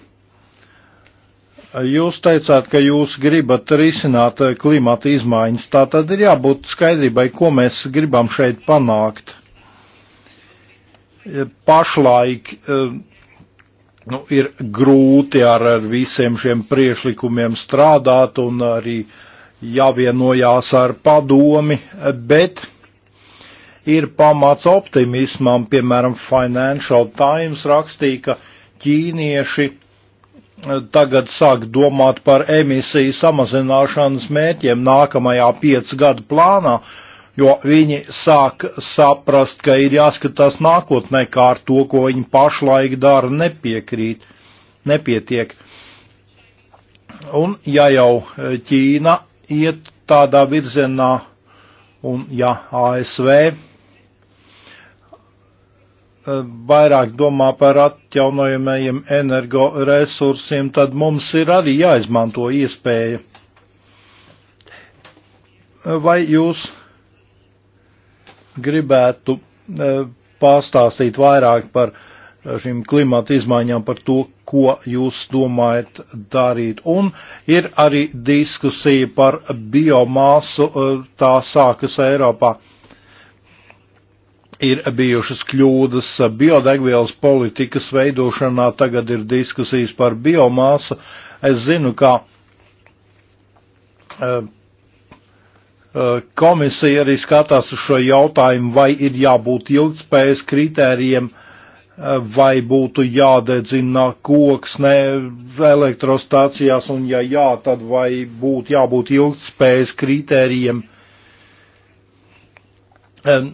Jūs teicāt, ka jūs gribat risināt klimata izmaiņas. Tā tad ir jābūt skaidrībai, ko mēs gribam šeit panākt. Pašlaik eh, nu, ir grūti ar, ar visiem šiem priešlikumiem strādāt un arī jāvienojās ar padomi, bet ir pamats optimismam. Piemēram, Financial Times rakstīja, ka ķīnieši tagad sāk domāt par emisiju samazināšanas mēķiem nākamajā piecu gadu plānā, jo viņi sāk saprast, ka ir jāskatās nākotnē, kā ar to, ko viņi pašlaik dara, nepiekrīt, nepietiek. Un ja jau Ķīna iet tādā virzienā, un ja ASV vairāk domā par atjaunojumiem energoresursiem, tad mums ir arī jāizmanto iespēja. Vai jūs gribētu e, pastāstīt vairāk par šīm klimata izmaiņām, par to, ko jūs domājat darīt. Un ir arī diskusija par biomasu, e, tā sākas Eiropā. Uh, ir bijušas kļūdas biodegvielas politikas veidošanā, tagad ir diskusijas par biomāsu. Es zinu, ka eh, eh, komisija arī skatās uz šo jautājumu, vai ir jābūt ilgspējas kritērijiem, eh, vai būtu jādedzina koks ne elektrostācijās, un ja jā, tad vai būtu jābūt ilgspējas kritērijiem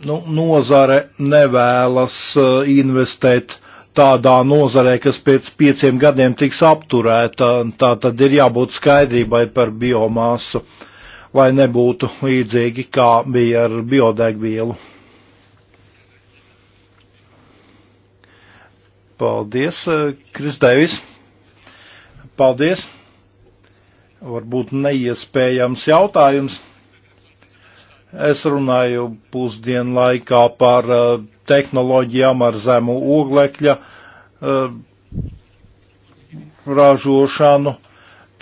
nu, nozare nevēlas e, investēt tādā nozarē, kas pēc pieciem gadiem tiks apturēta. Tā tad ir jābūt skaidrībai par biomasu, lai nebūtu līdzīgi kā bija ar biodegvielu. Paldies, e, Kristēvis. Paldies. Varbūt neiespējams jautājums. Es runāju pusdienu laikā par uh, tehnoloģijām ar zemu oglekļa uh, ražošanu.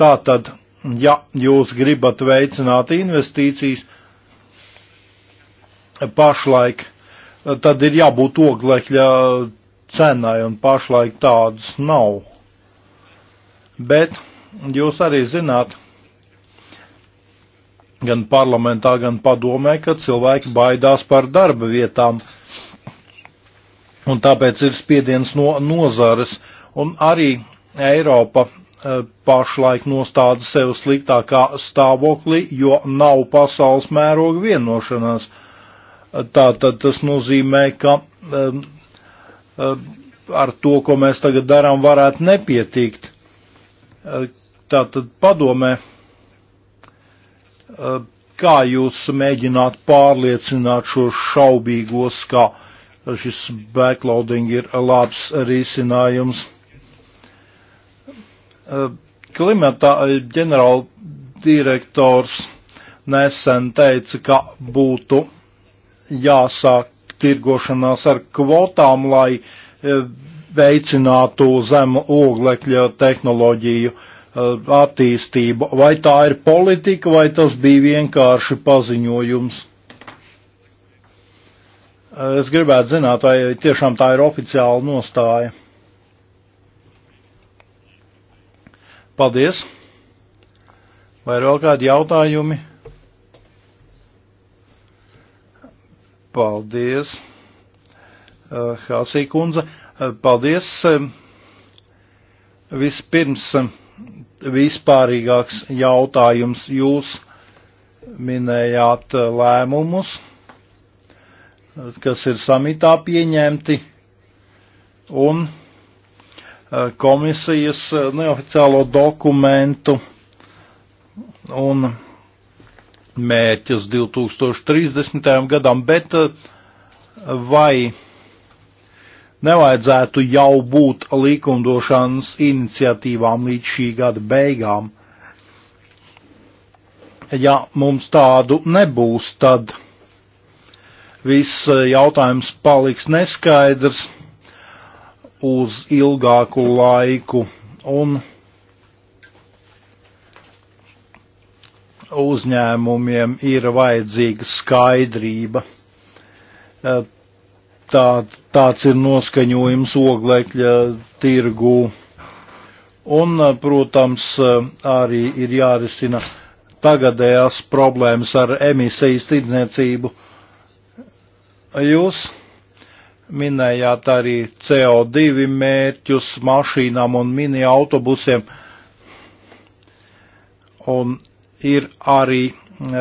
Tātad, ja jūs gribat veicināt investīcijas pašlaik, tad ir jābūt oglekļa cenai, un pašlaik tādas nav. Bet jūs arī zināt, gan parlamentā, gan padomē, ka cilvēki baidās par darba vietām. Un tāpēc ir spiediens no nozares. Un arī Eiropa e, pašlaik nostāda sevi sliktākā stāvoklī, jo nav pasaules mēroga vienošanās. Tātad tas nozīmē, ka e, e, ar to, ko mēs tagad darām, varētu nepietikt. Tātad padomē Eh, kā jūs mēģināt pārliecināt šos šaubīgos, ka šis backloading ir labs risinājums? Eh, klimata ģenerāla direktors nesen teica, ka būtu jāsāk tirgošanās ar kvotām, lai eh, veicinātu zemu oglekļa tehnoloģiju Uh, attīstība. Vai tā ir politika, vai tas bija vienkārši paziņojums? Uh, es gribētu zināt, vai tiešām tā ir oficiāla nostāja. Paldies! Vai ir vēl kādi jautājumi? Paldies, uh, Hāsī kundze. Paldies. Um, vispirms um, vispārīgāks jautājums. Jūs minējāt eh, lēmumus, eh, kas ir samitā pieņemti, un eh, komisijas neoficiālo dokumentu un mērķus 2030. gadam, bet vai nevajadzētu jau būt likumdošanas iniciatīvām līdz šī gada beigām. Ja mums tādu nebūs, tad viss jautājums paliks neskaidrs uz ilgāku laiku un uzņēmumiem ir vajadzīga skaidrība tā, tāds ir noskaņojums oglekļa tirgū. Un, protams, arī ir jārisina tagadējās problēmas ar emisijas tirdzniecību. Jūs minējāt arī CO2 mērķus mašīnām un mini autobusiem. Un ir arī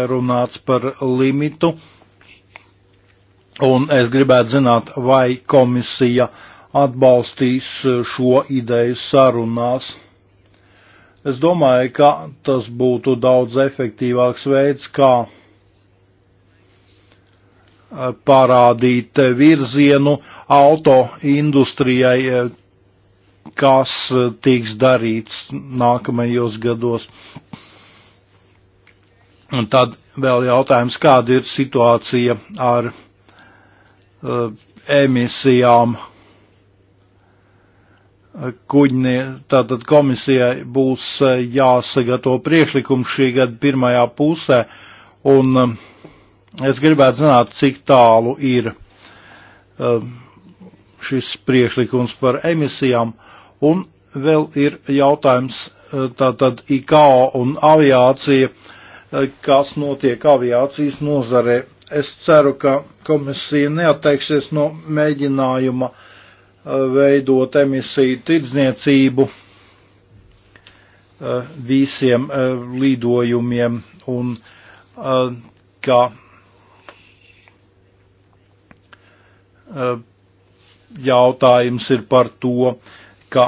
runāts par limitu. Uh, Un es gribētu zināt, vai komisija atbalstīs eh, šo ideju sarunās. Es domāju, ka tas būtu daudz efektīvāks veids, kā eh, parādīt virzienu auto industrijai, eh, kas tiks darīts nākamajos gados. Un tad vēl jautājums, kāda ir situācija ar Uh, emisijām. Uh, Kuģnie, tātad komisijai būs uh, jāsagato priekšlikums šī gada pirmajā pusē, un um, es gribētu zināt, cik tālu ir um, šis priekšlikums par emisijām, un vēl ir jautājums tātad IKO un aviācija, kas notiek aviācijas nozare Es ceru, ka komisija neatteiksies no mēģinājuma uh, veidot emisiju tirdzniecību uh, visiem uh, lidojumiem un ka jautājums ir par to, ka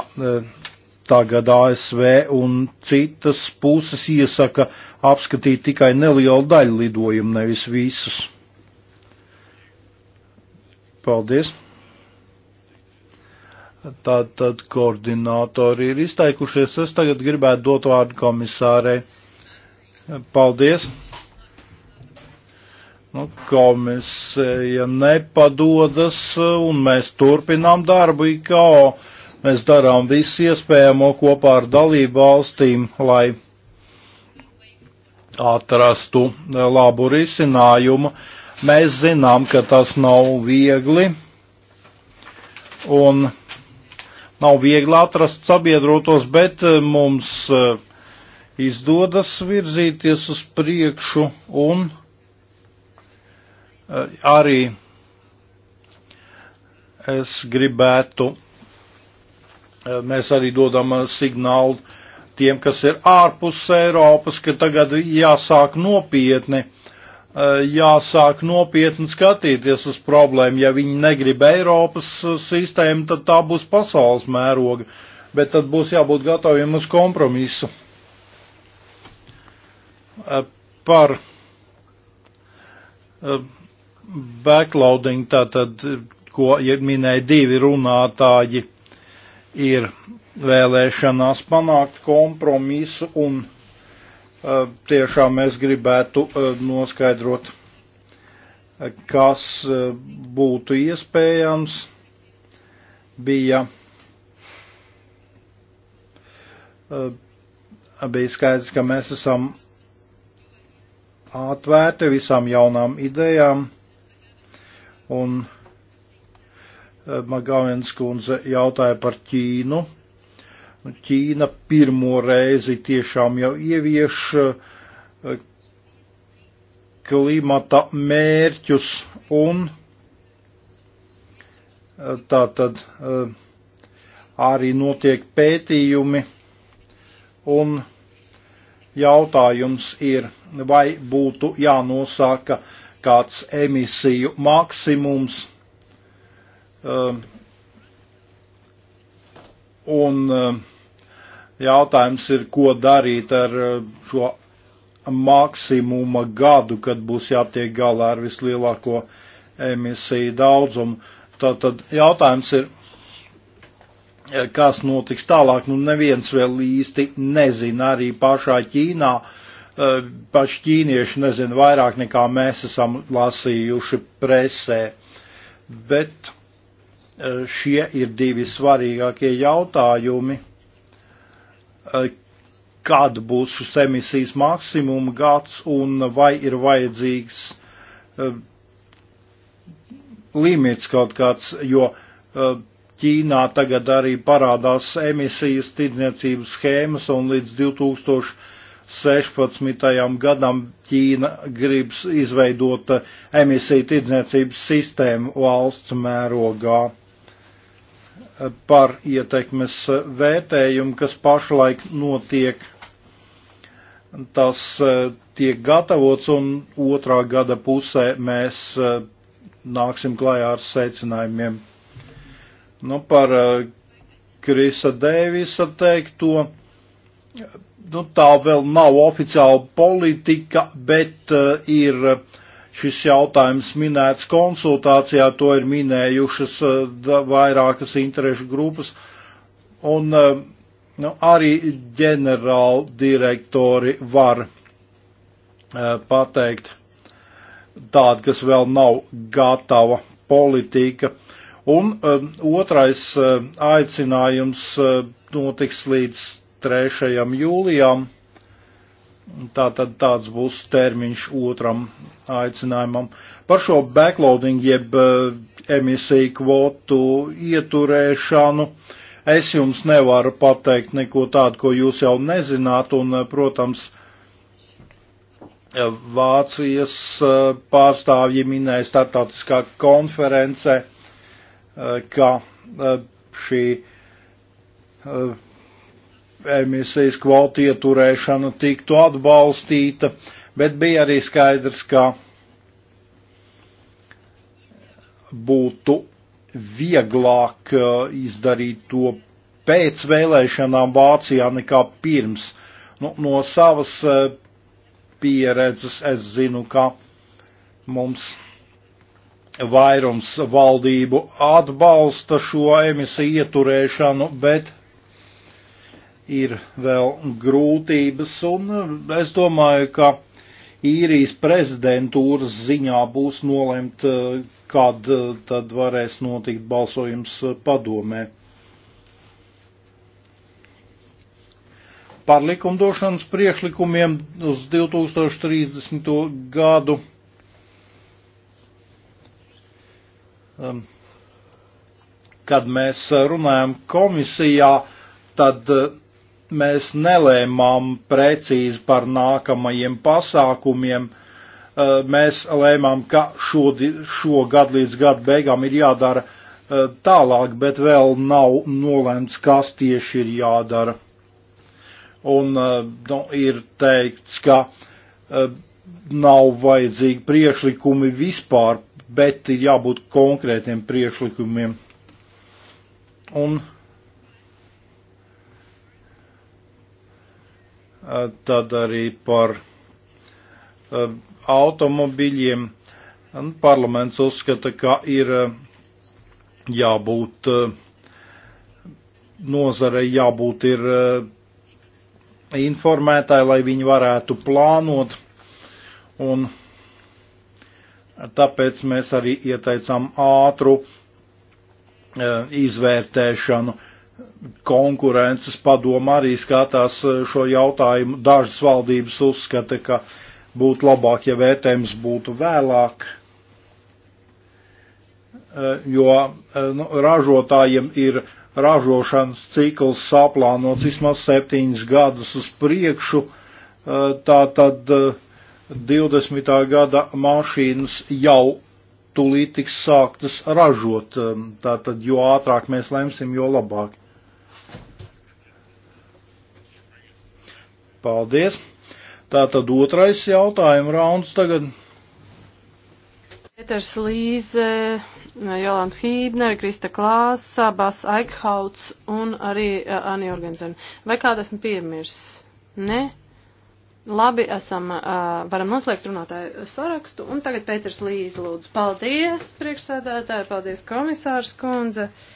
tagad ASV un citas puses iesaka apskatīt tikai nelielu daļu lidojumu, nevis visus. Paldies! Tātad koordinātori ir izteikušies. Es tagad gribētu dot vārdu komisārei. Paldies! Nu, komisija nepadodas un mēs turpinām darbu IKO. Mēs darām visu iespējamo kopā ar dalību valstīm, lai atrastu labu risinājumu. Uh, Mēs zinām, ka tas nav viegli un nav viegli atrast sabiedrotos, bet eh, mums eh, izdodas virzīties uz priekšu un eh, arī es gribētu, mēs arī dodam signālu tiem, kas ir ārpus Eiropas, ka tagad jāsāk nopietni Eh, jāsāk nopietni skatīties uz problēmu. Ja viņi negrib Eiropas eh, sistēmu, tad tā būs pasaules mēroga, bet tad būs jābūt gataviem uz kompromisu. Eh, par backloading, tātad, ko minēja divi runātāji, ir vēlēšanās panākt kompromisu un Uh, tiešām mēs gribētu uh, noskaidrot, kas uh, būtu iespējams. Bija, bija skaidrs, ka mēs esam atvērti visām jaunām idejām, un Magāvienas kundze jautāja par Ķīnu Ķīna pirmo reizi tiešām jau ievieš eh, klimata mērķus un eh, tā tad eh, arī notiek pētījumi un jautājums ir, vai būtu jānosaka kāds emisiju maksimums un jautājums ir, ko darīt ar eh, šo maksimuma gadu, kad būs jātiek galā ar vislielāko emisiju daudzumu. Tad, tad jautājums ir, eh, kas notiks tālāk. Nu, neviens vēl īsti nezina. Arī pašā Ķīnā eh, paši ķīnieši nezina vairāk nekā mēs esam lasījuši presē. Bet šie ir divi svarīgākie jautājumi Eh, kad būs šis emisijas maksimuma gads un vai ir vajadzīgs eh, limits kaut kāds, jo eh, Ķīnā tagad arī parādās emisijas tirdzniecības schēmas un līdz 2000. 16. gadam Ķīna gribas izveidot emisiju tirdzniecības sistēmu valsts mērogā par ietekmes vērtējumu, kas pašlaik notiek. Tas eh, tiek gatavots un otrā gada pusē mēs eh, nāksim klājā ar secinājumiem. Nu, par eh, Krisa Dēvisa teikto, nu, tā vēl nav oficiāla politika, bet ir uh, Šis jautājums minēts konsultācijā, to ir minējušas eh, vairākas interešu grupas, un eh, nu, arī ģenerāli direktori var eh, pateikt tādu, kas vēl nav gatava politika. Un um, otrais uh, aicinājums uh, notiks līdz 3. jūlijam. Tā tad tāds būs termiņš otram aicinājumam. Par šo backloading jeb eh, emisiju kvotu ieturēšanu es jums nevaru pateikt neko tādu, ko jūs jau nezināt, un, eh, protams, Vācijas eh, pārstāvji minēja startautiskā konference, ka šī emisijas kvotu ieturēšana tiktu atbalstīta, bet bija arī skaidrs, ka būtu vieglāk uh, izdarīt to pēc vēlēšanām Vācijā nekā pirms. Nu, no savas uh, pieredzes es zinu, ka mums vairums valdību atbalsta šo emisiju ieturēšanu, bet ir vēl grūtības, un es domāju, ka īrijas prezidentūras ziņā būs nolemt, kad tad varēs notikt balsojums padomē. Par likumdošanas priekšlikumiem uz 2030. gadu. Um, kad mēs runājam komisijā, tad mēs nelēmām precīzi par nākamajiem pasākumiem. Eh, mēs lēmām, ka šogad līdz gada beigām ir jādara eh, tālāk, bet vēl nav nolēmts, kas tieši ir jādara. Un eh, nu, ir teikts, ka nav vajadzīgi priekšlikumi vispār, bet ir jābūt konkrētiem priekšlikumiem. Un tad arī par eh, automobiļiem. Parlaments uzskata, ka ir eh, jābūt eh, nozarei, jābūt ir informētāji, lai viņi varētu plānot. Un tāpēc mēs arī ieteicam ātru izvērtēšanu konkurences padoma arī skatās eh, šo jautājumu. Dažas valdības uzskata, ka būtu labāk, ja vērtējums būtu vēlāk, eh, jo eh, nu, ražotājiem ir ražošanas cikls saplānots vismaz septiņus gadus uz priekšu, tā tad 20. gada mašīnas jau tūlīt tiks sāktas ražot, tā tad jo ātrāk mēs lemsim, jo labāk. Paldies. Tātad otrais jautājuma rauns tagad. Pēters Līze, Jolanta Hībner, Krista Klāsa, Bas Aikhauts un arī uh, eh, Ani Jorgensen. Vai kādu esmu piemirsis? Ne? Labi, esam, uh, varam noslēgt runātāju sarakstu. Un tagad Pēters Līze, lūdzu. Paldies, priekšsēdētāji, paldies, komisārs kundze. Uh,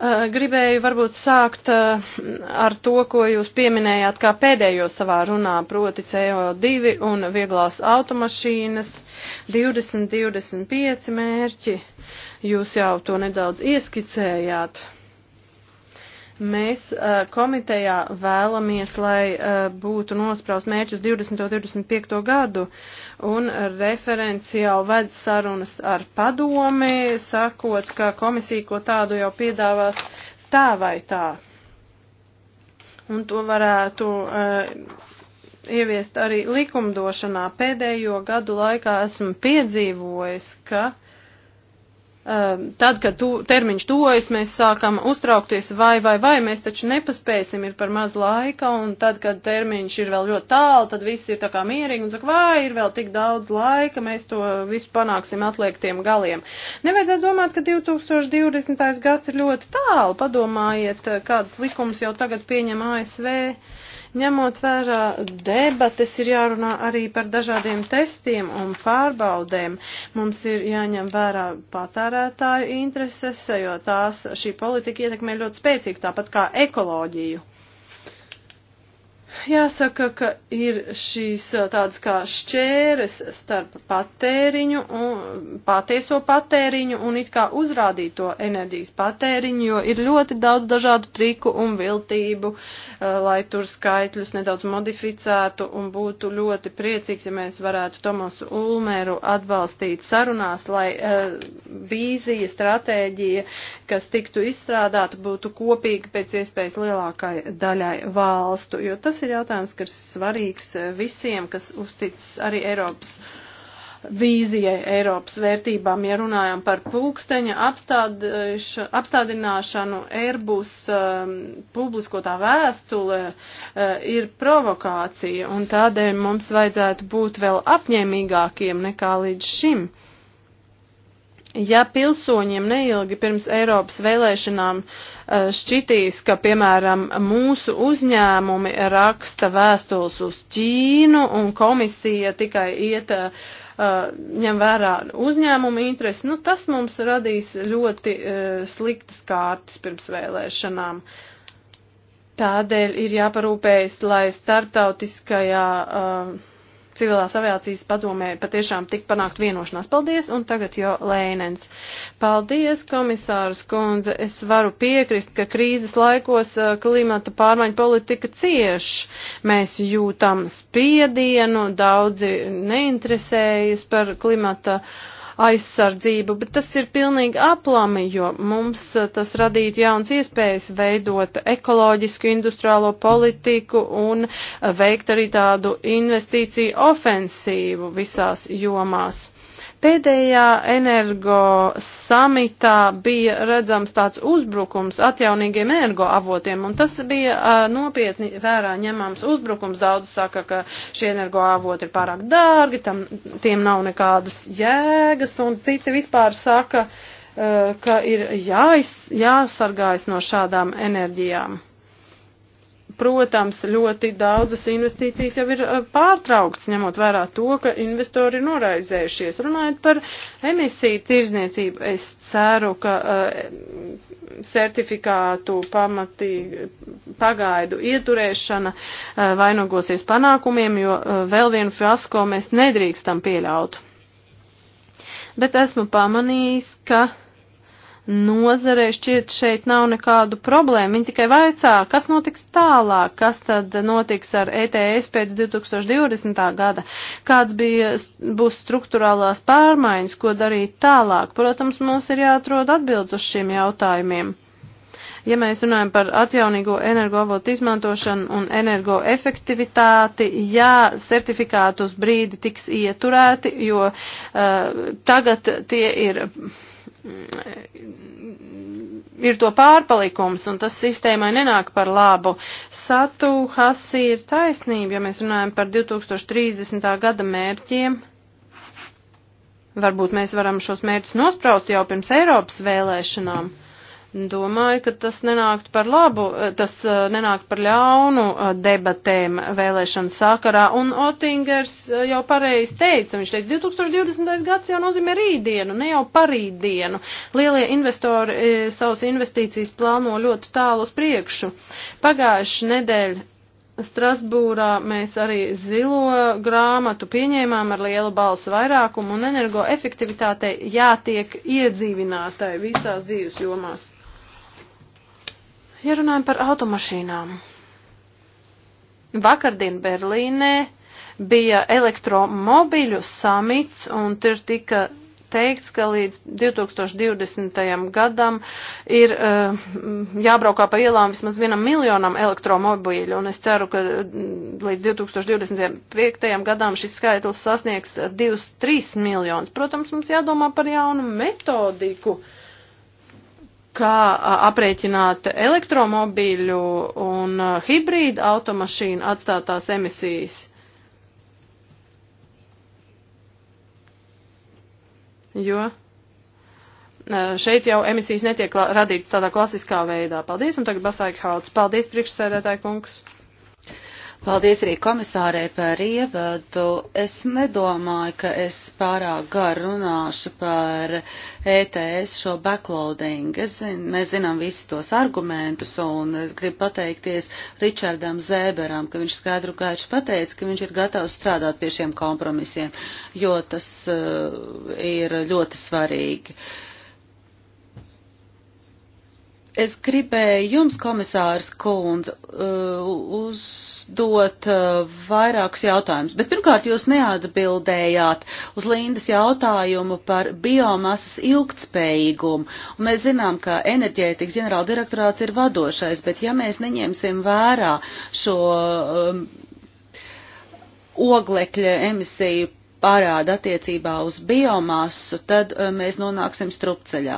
Eh, gribēju varbūt sākt eh, ar to, ko jūs pieminējāt kā pēdējo savā runā, proti CO2 un vieglās automašīnas 2025 mērķi. Jūs jau to nedaudz ieskicējāt. Mēs uh, komitejā vēlamies, lai uh, būtu nospraust mērķus 20. un 25. gadu, un referents jau ved sarunas ar padomi, sakot, ka komisija ko tādu jau piedāvās tā vai tā. Un to varētu uh, ieviest arī likumdošanā. Pēdējo gadu laikā esmu piedzīvojis, ka uh, Ehm, tad, kad tu, termiņš tojas, mēs sākam uztraukties, vai, vai, vai, mēs taču nepaspēsim, ir par maz laika, un tad, kad termiņš ir vēl ļoti tālu, tad viss ir tā kā mierīgi un saka, vai, ir vēl tik daudz laika, mēs to visu panāksim atliektiem galiem. Nevajadzētu domāt, ka 2020. gads ir ļoti tālu, padomājiet, kādas likums jau tagad pieņem ASV. Uh, Ņemot vērā debates, ir jārunā arī par dažādiem testiem un pārbaudēm. Mums ir jāņem vērā patērētāju intereses, jo tās šī politika ietekmē ļoti spēcīgi, tāpat kā ekoloģiju. Jāsaka, ka ir šīs eh, tādas kā šķēres starp patēriņu un patieso patēriņu un it kā uzrādīto enerģijas patēriņu, jo ir ļoti daudz dažādu triku un viltību, eh, lai tur skaitļus nedaudz modificētu un būtu ļoti priecīgs, ja mēs varētu Tomasu Ulmeru atbalstīt sarunās, lai eh, vīzija, stratēģija, kas tiktu izstrādāta, būtu kopīga pēc iespējas lielākai daļai valstu, jo tas ir ir jautājums, kas ir svarīgs eh, visiem, kas uzticis arī Eiropas vīzijai, Eiropas vērtībām. Ja runājam par pulksteņa apstādināšanu, Airbus um, ehm, publiskotā vēstule uh, ir provokācija, un tādēļ mums vajadzētu būt vēl apņēmīgākiem nekā līdz šim. Ja pilsoņiem neilgi pirms Eiropas vēlēšanām uh, Eh, šķitīs, ka, piemēram, mūsu uzņēmumi raksta vēstules uz Ķīnu un komisija tikai iet eh, ņem vērā uzņēmumu interesi, nu tas mums radīs ļoti uh, sliktas kārtas pirms vēlēšanām. Tādēļ ir jāparūpējas, lai starptautiskajā uh, civilās aviācijas padomē patiešām tik panākt vienošanās. Paldies, un tagad jau Lēnens. Paldies, komisārs kundze. Es varu piekrist, ka krīzes laikos eh, klimata pārmaiņa politika cieš. Mēs jūtam spiedienu, daudzi neinteresējas par klimata pārmaiņu aizsardzību, bet tas ir pilnīgi aplami, jo mums eh, tas radītu jauns iespējas veidot ekoloģisku industriālo politiku un eh, veikt arī tādu investīciju ofensīvu visās jomās. Pēdējā energo samitā bija redzams tāds uzbrukums atjaunīgiem energoavotiem, un tas bija uh, nopietni vērā ņemams uzbrukums. Daudz saka, ka šie energoavoti ir pārāk dārgi, tam, tiem nav nekādas jēgas, un citi vispār saka, uh, ka ir jāiz, jāsargājas no šādām enerģijām. Protams, ļoti daudzas investīcijas jau ir eh, pārtrauktas, ņemot vērā to, ka investori ir noraizējušies. Runājot par emisiju tirzniecību, es ceru, ka uh, certifikātu pamatī pagaidu ieturēšana uh, eh, vainogosies panākumiem, jo uh, vēl vienu fiasko mēs nedrīkstam pieļaut. Bet esmu pamanījis, ka. Uh, nozarē šķiet šeit nav nekādu problēmu. Viņi tikai vaicā, kas notiks tālāk, kas tad notiks ar ETS pēc 2020. gada, kāds bija, būs struktūrālās pārmaiņas, ko darīt tālāk. Protams, mums ir jāatrod atbildes uz šiem jautājumiem. Ja mēs runājam par atjaunīgo energoavotu izmantošanu un energoefektivitāti, jā, certifikāti uz brīdi tiks ieturēti, jo uh, tagad tie ir Mm, ir to pārpalikums, un tas sistēmai nenāk par labu. Satu Hasi ir taisnība, ja mēs runājam par 2030. gada mērķiem. Varbūt mēs varam šos mērķus nospraust jau pirms Eiropas vēlēšanām. Mm. Domāju, ka tas nenākt par labu, eh, tas eh, nenākt par ļaunu eh, debatēm vēlēšanu sakarā, un Otingers jau pareizi teica, viņš teica, 2020. gads jau nozīmē rītdienu, ne jau parītdienu. Lielie investori savus investīcijas plāno ļoti tālu uz priekšu. Pagājuši nedēļ Strasbūrā mēs arī zilo grāmatu pieņēmām ar lielu balsu vairākumu un energoefektivitātei jātiek iedzīvinātai visās dzīves jomās. Ja runājam par automašīnām. Vakardien Berlīnē bija elektromobīļu samits un tur tika teikts, ka līdz 2020. gadam ir uh, jābraukā pa ielām vismaz vienam miljonam elektromobīļu, un es ceru, ka mm, līdz 2025. gadam šis skaitlis sasniegs 2-3 miljonus. Protams, mums jādomā par jaunu metodiku. Uh, kā aprēķināt elektromobīļu un hibrīdu automašīnu atstātās emisijas. Jo šeit jau emisijas netiek radītas tādā klasiskā veidā. Paldies, un tagad Basaika Hauts. Paldies, priekšsēdētāji kungs. Paldies arī komisārei par ievadu. Es nedomāju, ka es pārāk gar runāšu par ETS šo backloading. Es zin, mēs zinām visus tos argumentus, un es gribu pateikties Ričardam Zēberam, ka viņš skaidru gaišu pateica, ka viņš ir gatavs strādāt pie šiem kompromisiem, jo tas uh, ir ļoti svarīgi. Uh, Es gribēju jums, komisārs Kūns, uh, uzdot uh, vairākus jautājumus, bet pirmkārt jūs neatbildējāt uz Lindas jautājumu par biomasas ilgtspējīgumu. Un mēs zinām, ka enerģētikas ģenerāla direktorāts ir vadošais, bet ja mēs neņemsim vērā šo um, oglekļa emisiju parāda attiecībā uz biomasu, tad eh, mēs nonāksim strupceļā.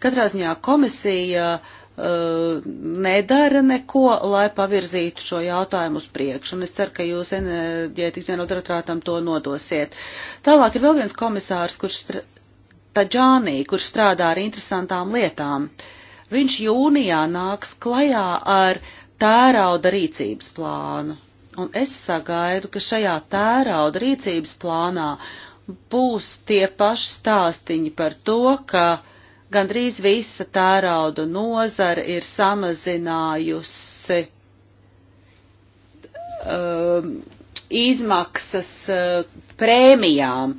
Katrā ziņā komisija uh, nedara neko, lai pavirzītu šo jautājumu uz priekšu, un es ceru, ka jūs enerģētikas vienotratrātam to nodosiet. Tālāk ir vēl viens komisārs, kurš Taģānī, kurš strādā ar interesantām lietām. Viņš jūnijā nāks klajā ar tērauda rīcības plānu. Un es sagaidu, ka šajā tērauda rīcības plānā būs tie paši stāstiņi par to, ka gandrīz visa tērauda nozara ir samazinājusi um, izmaksas uh, prēmijām,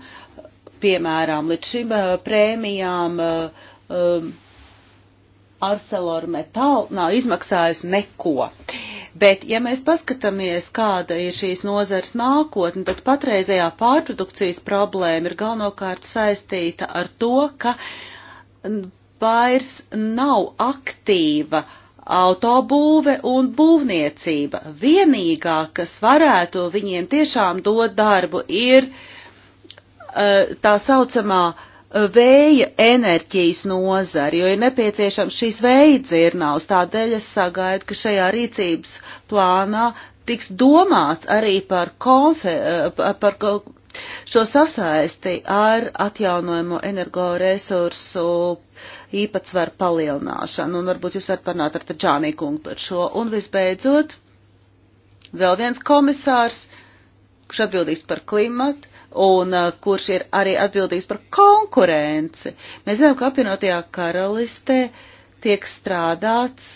piemēram, līdz šim uh, prēmijām uh, um, ArcelorMetal nav izmaksājusi neko. Uh, Bet, ja mēs paskatāmies, kāda ir šīs nozars nākotne, tad patreizējā pārprodukcijas problēma ir galvenokārt saistīta ar to, ka vairs nav aktīva autobūve un būvniecība. Vienīgā, kas varētu viņiem tiešām dot darbu, ir uh, tā saucamā uh, vēja enerģijas nozari, jo ir nepieciešams šīs vēja dzirnavas. Tādēļ es sagaidu, ka šajā rīcības plānā tiks domāts arī par, konfe, eh, par šo sasaisti ar atjaunojumu energoresursu īpatsvaru palielināšanu. Un varbūt jūs varat panākt ar Džānī kungu par šo. Un visbeidzot, vēl viens komisārs, kurš atbildīs par klimatu un uh, kurš ir arī atbildīgs par konkurenci. Mēs zinām, ka apvienotajā karalistē tiek strādāts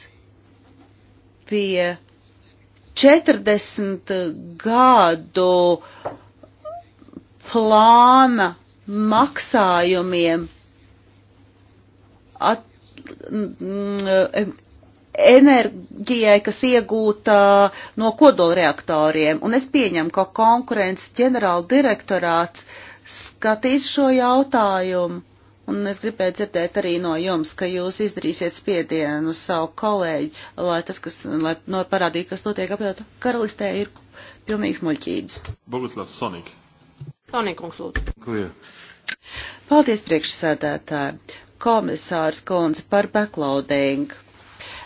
pie 40 gadu plāna maksājumiem at, m, m, enerģijai, kas iegūta no kodolreaktoriem. Un es pieņemu, ka konkurences ģenerāla direktorāts skatīs šo jautājumu. Un es gribēju dzirdēt arī no jums, ka jūs izdarīsiet spiedienu uz savu kolēģi, lai tas, kas, lai no parādītu, kas notiek apkārt karalistē, ir pilnīgs muļķības. Boguslavs Sonik. Sonik, kungs, lūdzu. Klīja. Paldies, priekšsēdētāji. Komisārs Konze par backloading.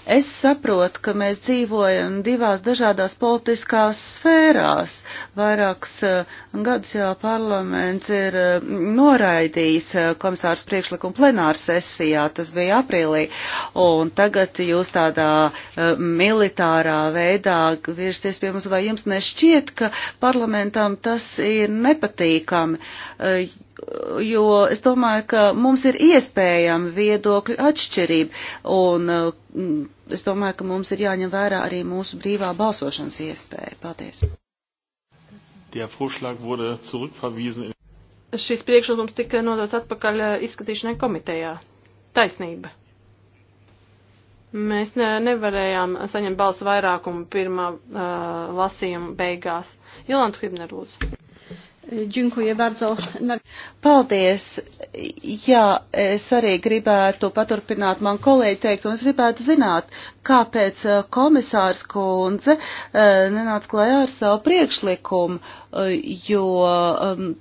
Es saprotu, ka mēs dzīvojam divās dažādās politiskās sfērās. Vairākus eh, gadus jau parlaments ir eh, noraidījis eh, komisārs priekšlikumu plenāru sesijā, tas bija aprīlī, un tagad jūs tādā militārā veidā virsties pie mums, vai jums nešķiet, ka parlamentam tas ir nepatīkami? jo es domāju, ka mums ir iespējama viedokļa atšķirība, un mm, es domāju, ka mums ir jāņem vērā arī mūsu brīvā balsošanas iespēja. Paldies! Der Vorschlag wurde zurückverwiesen. Šis priekšlikums tika nodots atpakaļ eh, izskatīšanai komitejā. Taisnība. Mēs ne, nevarējām saņemt balsu vairākumu pirmā uh, lasījuma beigās. Jolanta Hibner, lūdzu. Dziękuję bardzo. Paldies. Jā, es arī gribētu paturpināt man kolēģi teikt, un es gribētu zināt, kāpēc eh, komisārs kundze eh, nenāca klajā ar savu priekšlikumu, eh, jo ehm,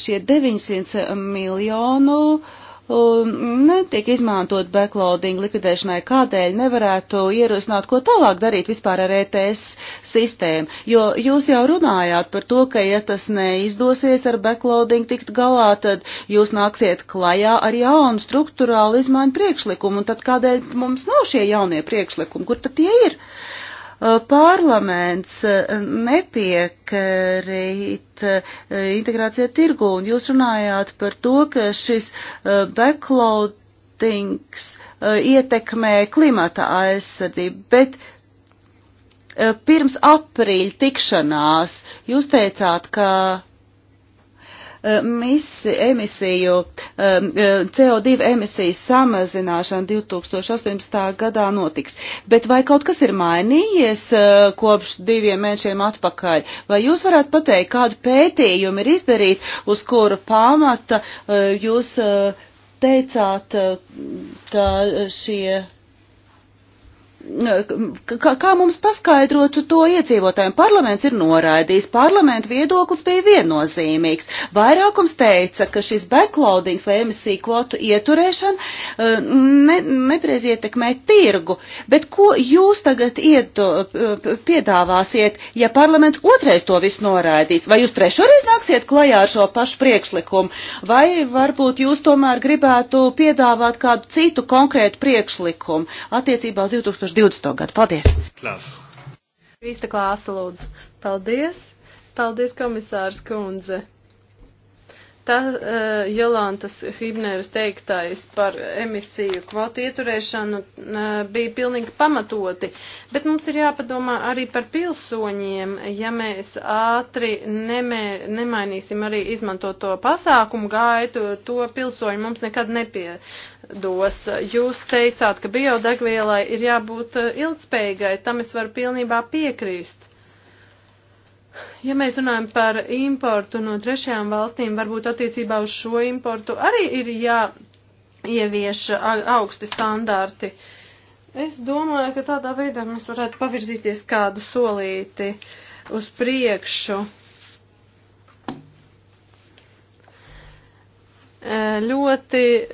šie 900 miljonu uh, netiek izmantot backloading likvidēšanai, kādēļ nevarētu ierosināt, ko tālāk darīt vispār ar ETS sistēmu. Jo jūs jau runājāt par to, ka ja tas neizdosies ar backloading tikt galā, tad jūs nāksiet klajā ar jaunu struktūrālu izmaiņu priekšlikumu. Un tad kādēļ mums nav šie jaunie priekšlikumi? Kur tad tie ir? Uh, Uh, parlaments uh, nepiekrīt uh, integrācijai tirgu, un jūs runājāt par to, ka šis backloadings ietekmē klimata aizsardzību, bet pirms aprīļa tikšanās jūs teicāt, ka Eh, misi, emisiju, eh, eh, CO2 emisiju samazināšana 2018. gadā notiks. Bet vai kaut kas ir mainījies kopš diviem mēnešiem atpakaļ? Vai jūs varētu pateikt, kādu pētījumu ir izdarīt, uz kuru pamata jūs teicāt, ka šie kā, kā mums paskaidrotu to iedzīvotājiem? Parlaments ir noraidījis, parlamenta viedoklis bija viennozīmīgs. Vairākums teica, ka šis backloadings vai emisiju kvotu ieturēšana eh, ne, nepreiz ietekmē tirgu, bet ko jūs tagad ieto, eh, piedāvāsiet, ja parlaments otrais to visu noraidīs? Vai jūs trešoreiz nāksiet klajā ar šo pašu priekšlikumu? Vai varbūt jūs tomēr gribētu piedāvāt kādu citu konkrētu priekšlikumu attiecībā uz 2000? 2020. gadu. Paldies! Klās. Rīsta klāsa, lūdzu. Paldies! Paldies, komisārs Kundze! tā, uh, Jolantas Hibneras teiktais par emisiju kvotu ieturēšanu uh, bija pilnīgi pamatoti, bet mums ir jāpadomā arī par pilsoņiem, ja mēs ātri nemē, nemainīsim arī izmantoto pasākumu gaitu, to pilsoņi mums nekad nepiedos. Jūs teicāt, ka biodegvielai ir jābūt e, ilgspējīgai, tam es varu pilnībā piekrīst ja mēs runājam par importu no trešajām valstīm, varbūt attiecībā uz šo importu arī ir jāievieš augsti standarti. Es domāju, ka tādā veidā mēs varētu pavirzīties kādu solīti uz priekšu. E, ļoti e,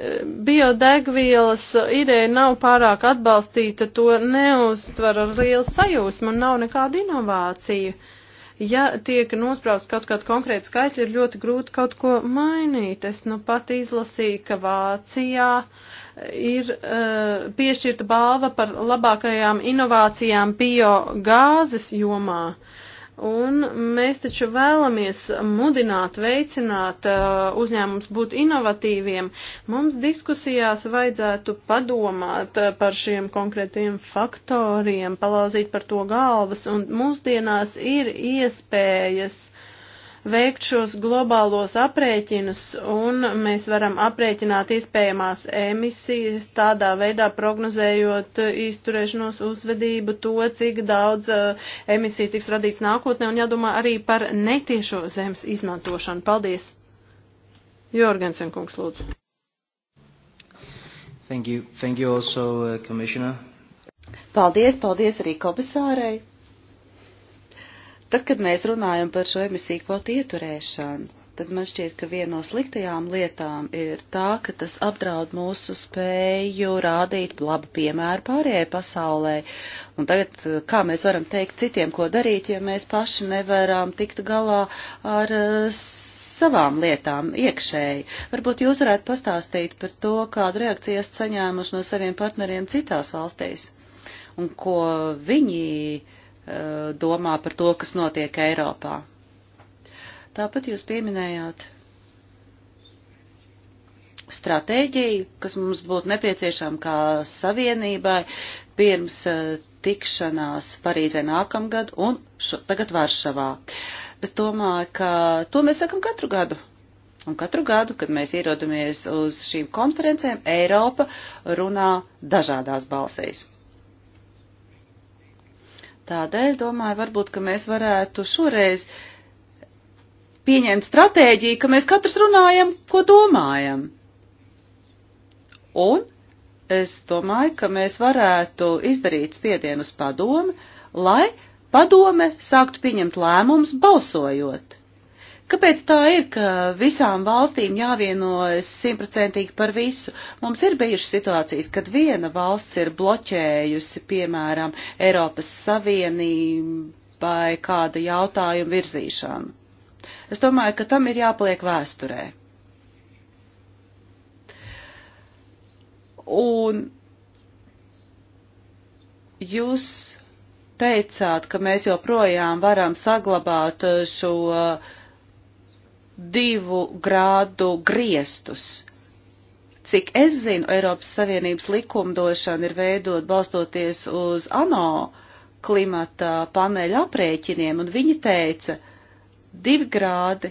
biodegvielas ideja nav pārāk atbalstīta, to neuztver ar lielu sajūsmu un nav nekāda inovācija. Uh, ja tiek nospraust kaut kāda konkrēta skaitļa, ir ļoti grūti kaut ko mainīt. Es nu pat izlasīju, ka Vācijā ir uh, piešķirta balva par labākajām inovācijām biogāzes jomā. Uh, Un mēs taču vēlamies mudināt, veicināt uh, uzņēmums būt inovatīviem. Mums diskusijās vajadzētu padomāt uh, par šiem konkrētiem faktoriem, palauzīt par to galvas, un mūsdienās ir iespējas veikt šos globālos aprēķinus, un mēs varam aprēķināt iespējamās emisijas, tādā veidā prognozējot izturēšanos uzvedību, to, cik daudz uh, emisiju tiks radīts nākotnē, un jādomā arī par netiešo zemes izmantošanu. Paldies! Jorgensen kungs, lūdzu. Thank you. Thank you also, uh, Commissioner. Paldies, paldies arī komisārei. Tad, kad mēs runājam par šo emisiju kvotu ieturēšanu, tad man šķiet, ka viena no sliktajām lietām ir tā, ka tas apdraud mūsu spēju rādīt labu piemēru pārējai pasaulē. Un tagad, kā mēs varam teikt citiem, ko darīt, ja mēs paši nevaram tikt galā ar eh, savām lietām iekšēji. Varbūt jūs varētu pastāstīt par to, kādu reakciju esat saņēmuši no saviem partneriem citās valstīs un ko viņi Eh, domā par to, kas notiek Eiropā. Tāpat jūs pieminējāt stratēģiju, kas mums būtu nepieciešama kā savienībai pirms eh, tikšanās Parīzē nākamgad un šo, tagad Varšavā. Es domāju, ka to mēs sakam katru gadu. Un katru gadu, kad mēs ierodamies uz šīm konferencēm, Eiropa runā dažādās balsīs. Tādēļ domāju, varbūt, ka mēs varētu šoreiz pieņemt stratēģiju, ka mēs katrs runājam, ko domājam. Un es domāju, ka mēs varētu izdarīt spiedienu uz padomi, lai padome sāktu pieņemt lēmumus balsojot. Kāpēc tā ir, ka visām valstīm jāvienojas simtprocentīgi par visu? Mums ir bijušas situācijas, kad viena valsts ir bloķējusi, piemēram, Eiropas Savienībai kāda jautājuma virzīšanu. Es domāju, ka tam ir jāpaliek vēsturē. Un jūs teicāt, ka mēs joprojām varam saglabāt šo uh, divu grādu griestus. Cik es zinu, Eiropas Savienības likumdošana ir veidot balstoties uz ANO klimata paneļa aprēķiniem, un viņi teica, divi grādi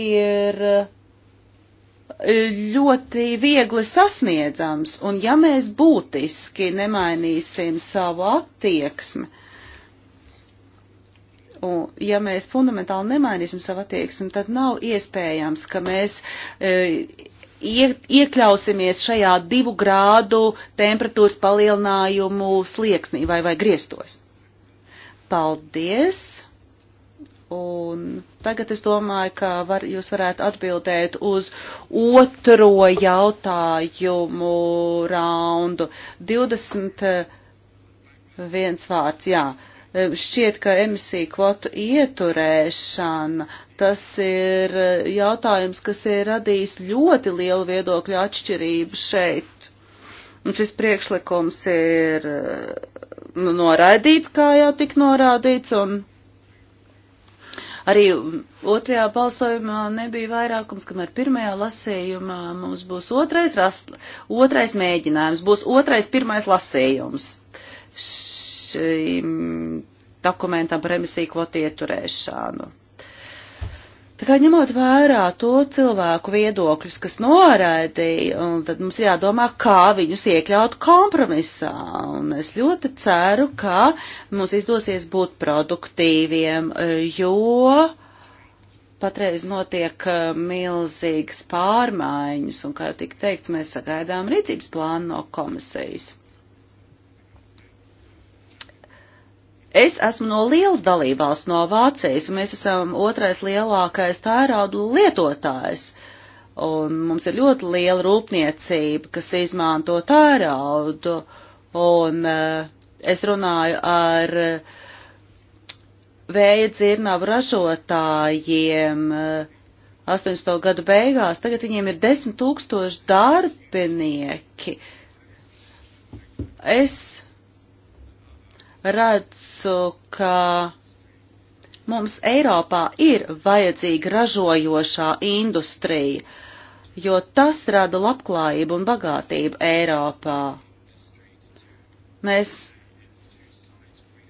ir ļoti viegli sasniedzams, un ja mēs būtiski nemainīsim savu attieksmi, Un, ja mēs fundamentāli nemainīsim savu attieksmi, tad nav iespējams, ka mēs e, iekļausimies šajā divu grādu temperatūras palielinājumu slieksnī vai, vai griestos. Paldies! Un tagad es domāju, ka var, jūs varētu atbildēt uz otro jautājumu raundu. 21 e, vārds, jā. Uh, Šķiet, ka emisiju kvotu ieturēšana, tas ir eh, jautājums, kas ir radījis ļoti lielu viedokļu atšķirību šeit. Un šis priekšlikums ir eh, nu, noraidīts, kā jau tik norādīts, un arī otrajā balsojumā nebija vairākums, kamēr pirmajā lasējumā mums būs otrais, rast, otrais mēģinājums, būs otrais pirmais lasējums. Š šim dokumentam par emisiju kvotu ieturēšanu. Tā kā ņemot vērā to cilvēku viedokļus, kas noraidīja, un tad mums jādomā, kā viņus iekļaut kompromisā. Un es ļoti ceru, ka mums izdosies būt produktīviem, jo patreiz notiek eh, milzīgas pārmaiņas, un, kā jau tika teikts, mēs sagaidām rīcības plānu no komisijas. Es esmu no liels dalībvalsts, no Vācijas, un mēs esam otrais lielākais tērauda lietotājs. Un mums ir ļoti liela rūpniecība, kas izmanto tēraudu. Un uh, es runāju ar uh, vēja dzirnavu ražotājiem. Uh, eh, 80. gadu beigās, tagad viņiem ir 10 tūkstoši darbinieki. Es redzu, ka mums Eiropā ir vajadzīga ražojošā industrija, jo tas rada labklājību un bagātību Eiropā. Mēs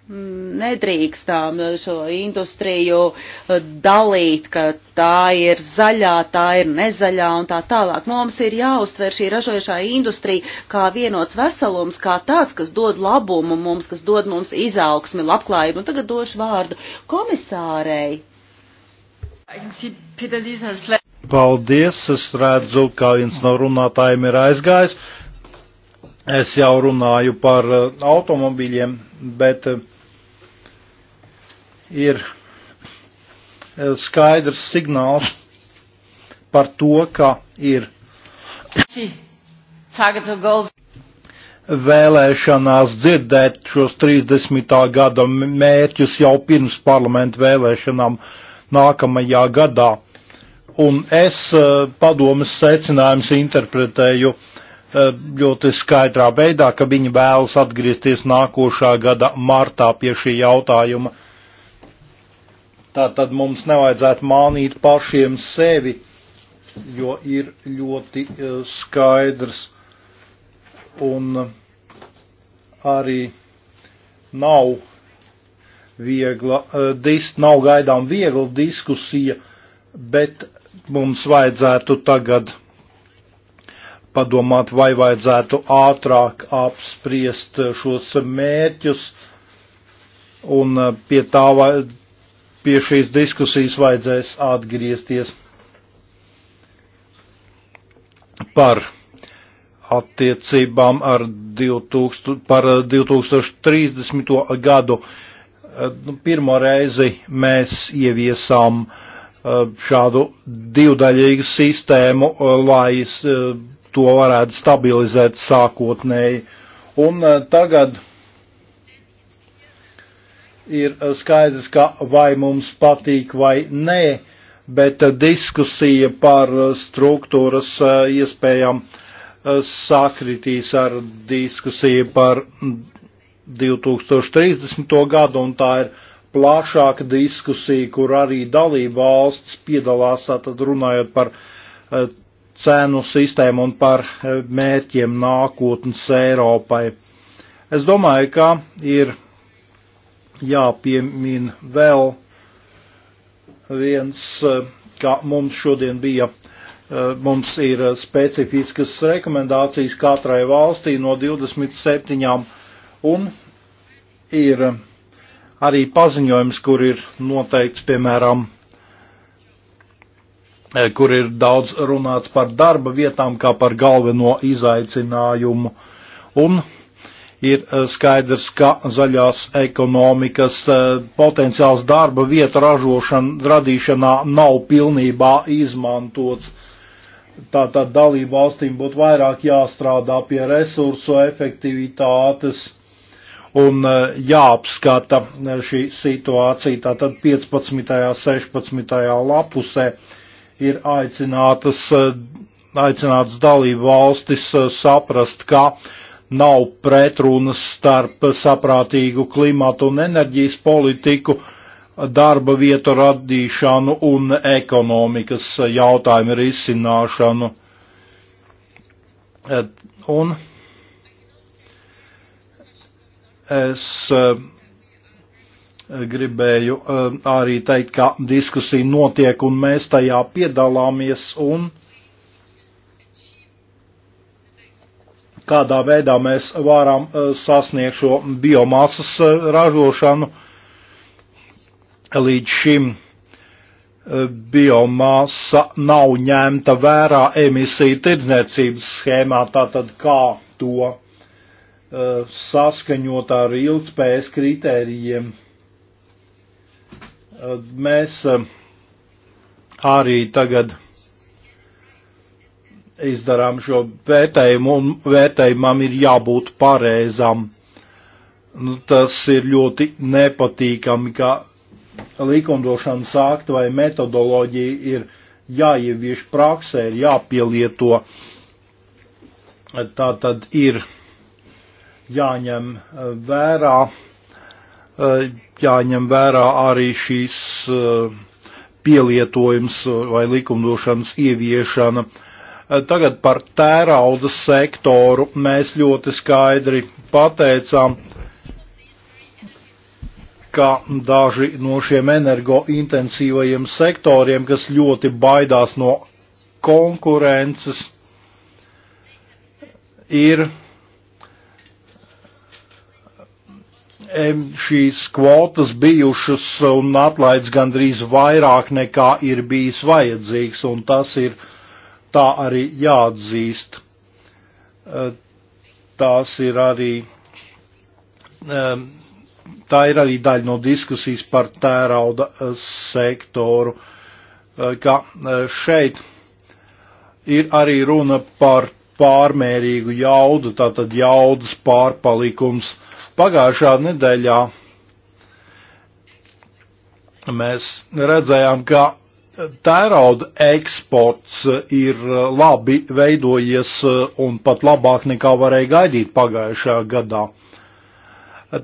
nedrīkstām šo industriju dalīt, ka tā ir zaļā, tā ir nezaļā un tā tālāk. Mums ir jāuztver šī ražojušā industrija kā vienots veselums, kā tāds, kas dod labumu mums, kas dod mums izaugsmi, labklājību. Un tagad došu vārdu komisārei. Paldies, es redzu, ka viens no runātājiem ir aizgājis. Es jau runāju par eh, automobīļiem, bet uh, ir eh, skaidrs signāls par to, ka ir vēlēšanās dzirdēt šos 30. gada mērķus jau pirms parlamentu vēlēšanām nākamajā gadā. Un es eh, padomas secinājums interpretēju eh, ļoti skaidrā veidā, ka viņi vēlas atgriezties nākošā gada martā pie šī jautājuma Tā tad mums nevajadzētu mānīt pašiem sevi, jo ir ļoti eh, skaidrs un arī nav viegla, eh, disk, nav gaidām viegla diskusija, bet mums vajadzētu tagad padomāt, vai vajadzētu ātrāk apspriest šos mērķus, un eh, pie tā pie šīs diskusijas vajadzēs atgriezties par attiecībām ar 2000, par 2030. gadu. Eh, nu, pirmo reizi mēs ieviesām eh, šādu divdaļīgu sistēmu, eh, lai to varētu stabilizēt sākotnēji. Un tagad ir eh, skaidrs, ka vai mums patīk vai nē, bet eh, diskusija par eh, struktūras iespējām sakritīs ar diskusiju par 2030. gadu, un tā ir plašāka diskusija, kur arī dalība valsts piedalās, tad runājot par cenu sistēmu un par mērķiem nākotnes Eiropai. Es domāju, ka ir jāpiemin vēl viens, eh, kā mums šodien bija, eh, mums ir eh, specifiskas rekomendācijas katrai valstī no 27, un ir arī paziņojums, kur ir noteikts, piemēram, kur ir daudz runāts par darba vietām kā par galveno izaicinājumu. Un ir eh, skaidrs, ka zaļās ekonomikas eh, potenciāls darba vieta ražošana, radīšanā nav pilnībā izmantots. Tātad dalību valstīm būtu vairāk jāstrādā pie resursu efektivitātes un eh, jāapskata šī situācija. Tātad 15. un 16. lapusē ir aicinātas, aicināts dalību valstis saprast, ka uh, nav pretrunas starp saprātīgu klimatu un enerģijas politiku, darba vietu radīšanu un ekonomikas jautājumu risināšanu. Un es eh, gribēju eh, arī teikt, ka diskusija notiek un mēs tajā piedalāmies un kādā veidā mēs varam eh, sasniegt šo biomasas eh, ražošanu. Līdz šim eh, biomasa nav ņemta vērā emisiju tirdzniecības schēmā, tātad kā to saskaņot ar ilgspējas kritērijiem. Mēs arī tagad izdarām šo vērtējumu, un vērtējumam ir jābūt pareizam. Nu, tas ir ļoti nepatīkami, ka likumdošanas akti vai metodoloģija ir jāievieš praksē, ir jāpielieto. Tā tad ir jāņem eh, vērā, eh, jāņem vērā arī šīs eh, pielietojums vai likumdošanas ieviešana Eh, tagad par tērauda sektoru mēs ļoti skaidri pateicām, ka daži no šiem energointensīvajiem sektoriem, kas ļoti baidās no konkurences, ir šīs kvotas bijušas un atlaids gandrīz vairāk nekā ir bijis vajadzīgs, un tas ir uh, tā arī jāatzīst. E, tās ir arī, e, tā ir arī daļa no diskusijas par tērauda e, sektoru, ka šeit ir arī runa par pārmērīgu jaudu, tātad jaudas pārpalikums. Pagājušā nedēļā mēs redzējām, ka tērauda eksports eh, ir eh, labi veidojies eh, un pat labāk nekā varēja gaidīt pagājušajā gadā.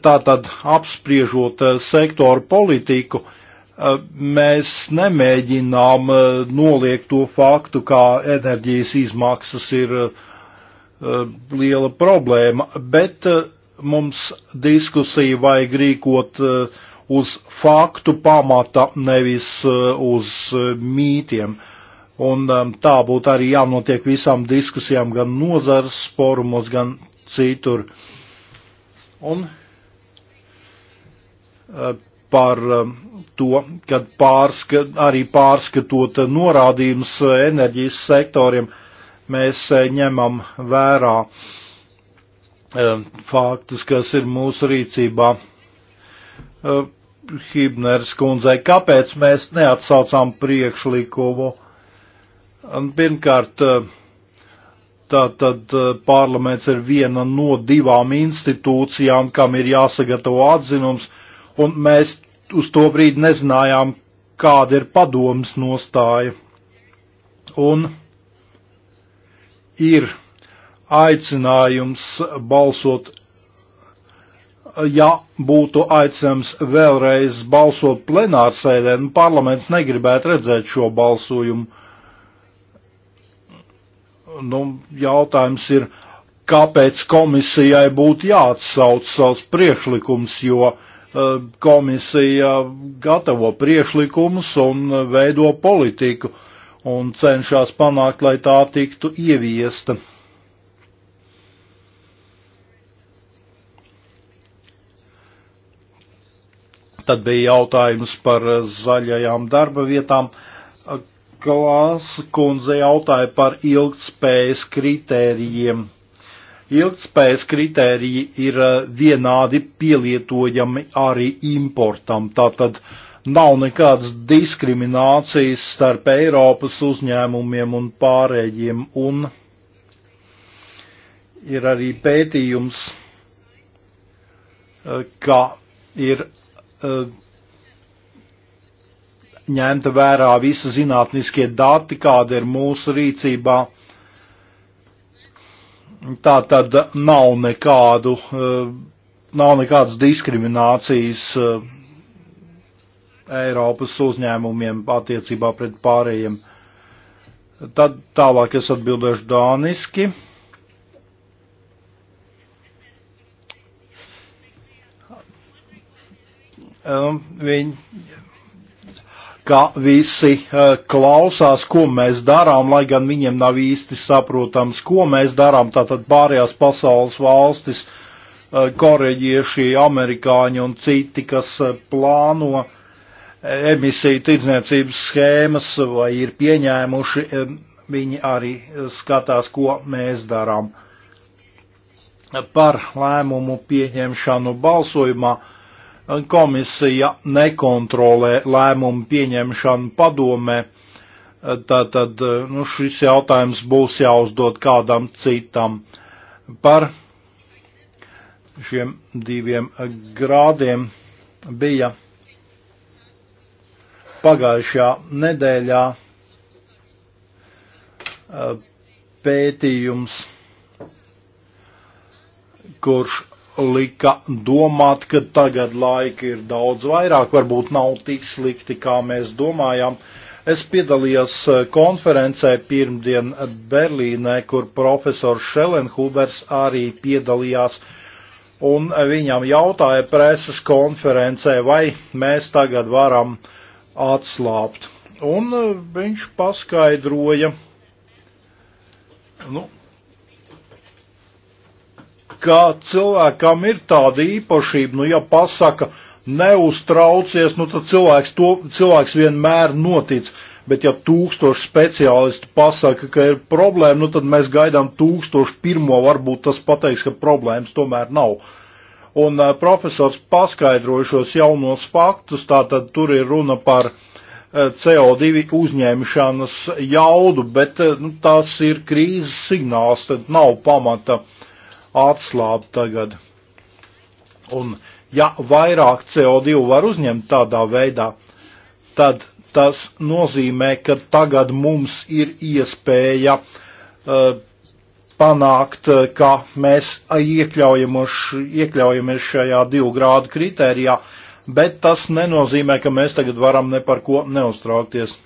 Tātad apspriežot sektoru politiku, mēs nemēģinām noliegt to faktu, kā enerģijas izmaksas ir liela problēma, bet mums diskusija vajag rīkot uh, uz faktu pamata, nevis eh, uz eh, mītiem. Un eh, tā būtu arī jānotiek visām diskusijām gan nozars forumos, gan citur. Un par to, kad pārska, arī pārskatot norādījumus enerģijas sektoriem, mēs ņemam vērā faktus, kas ir mūsu rīcībā. Hibners kundzei, kāpēc mēs neatsaucām priekšlikumu. Pirmkārt, tātad eh, parlaments ir viena no divām institūcijām, kam ir jāsagatavo atzinums, un mēs uz to brīdi nezinājām, kāda ir padomas nostāja. Un ir aicinājums balsot ja būtu aicinājums vēlreiz balsot plenārsēdē, nu, parlaments negribētu redzēt šo balsojumu. Nu, jautājums ir, kāpēc komisijai būtu jāatsauc savus priekšlikums, jo uh, komisija gatavo priekšlikumus un veido politiku un cenšas panākt, lai tā tiktu ieviesta. Tad bija jautājums par eh, zaļajām darba vietām. Klāsa kundze jautāja par ilgtspējas kritērijiem. Ilgtspējas kritēriji ir eh, vienādi pielietojami arī importam. Tātad nav nekādas diskriminācijas starp Eiropas uzņēmumiem un pārējiem. Un ir arī pētījums, eh, ka ir ņemta vērā visi zinātniskie dati, kāda ir mūsu rīcībā. Tā tad nav nekādu, nav nekādas diskriminācijas Eiropas uzņēmumiem attiecībā pret pārējiem. Tad tālāk es atbildēšu dāniski. Um, viņi, ka visi uh, klausās, ko mēs darām, lai gan viņiem nav īsti saprotams, ko mēs darām. Tātad pārējās pasaules valstis, uh, korejieši, amerikāņi un citi, kas uh, plāno emisiju tirdzniecības schēmas vai ir pieņēmuši, um, viņi arī skatās, ko mēs darām. Par lēmumu pieņemšanu balsojumā uh, komisija nekontrolē lēmumu pieņemšanu padomē, tad, tad nu, šis jautājums būs jāuzdod kādam citam par šiem diviem grādiem bija pagājušajā nedēļā pētījums, kurš lika domāt, ka tagad laika ir daudz vairāk, varbūt nav tik slikti, kā mēs domājām. Es piedalījos eh, konferencē pirmdien Berlīnē, kur profesors Šelenhubers arī piedalījās, un viņam jautāja preses konferencē, vai mēs tagad varam atslāpt. Un eh, viņš paskaidroja, nu, ka cilvēkam ir tāda īpašība, nu ja pasaka neuztraucies, nu tad cilvēks, to, cilvēks vienmēr notic. Bet ja tūkstoši speciālisti pasaka, ka ir problēma, nu tad mēs gaidām tūkstoši pirmo, varbūt tas pateiks, ka problēmas tomēr nav. Un uh, profesors paskaidrojušos jaunos faktus, tātad tur ir runa par uh, CO2 uzņemšanas jaudu, bet uh, nu, tas ir krīzes signāls, tad nav pamata uh, atslābt tagad. Un ja vairāk CO2 var uzņemt tādā veidā, tad tas nozīmē, ka tagad mums ir iespēja uh, panākt, uh, ka mēs iekļaujamies šajā divu grādu kritērijā, bet tas nenozīmē, ka mēs tagad varam ne par ko neuztraukties.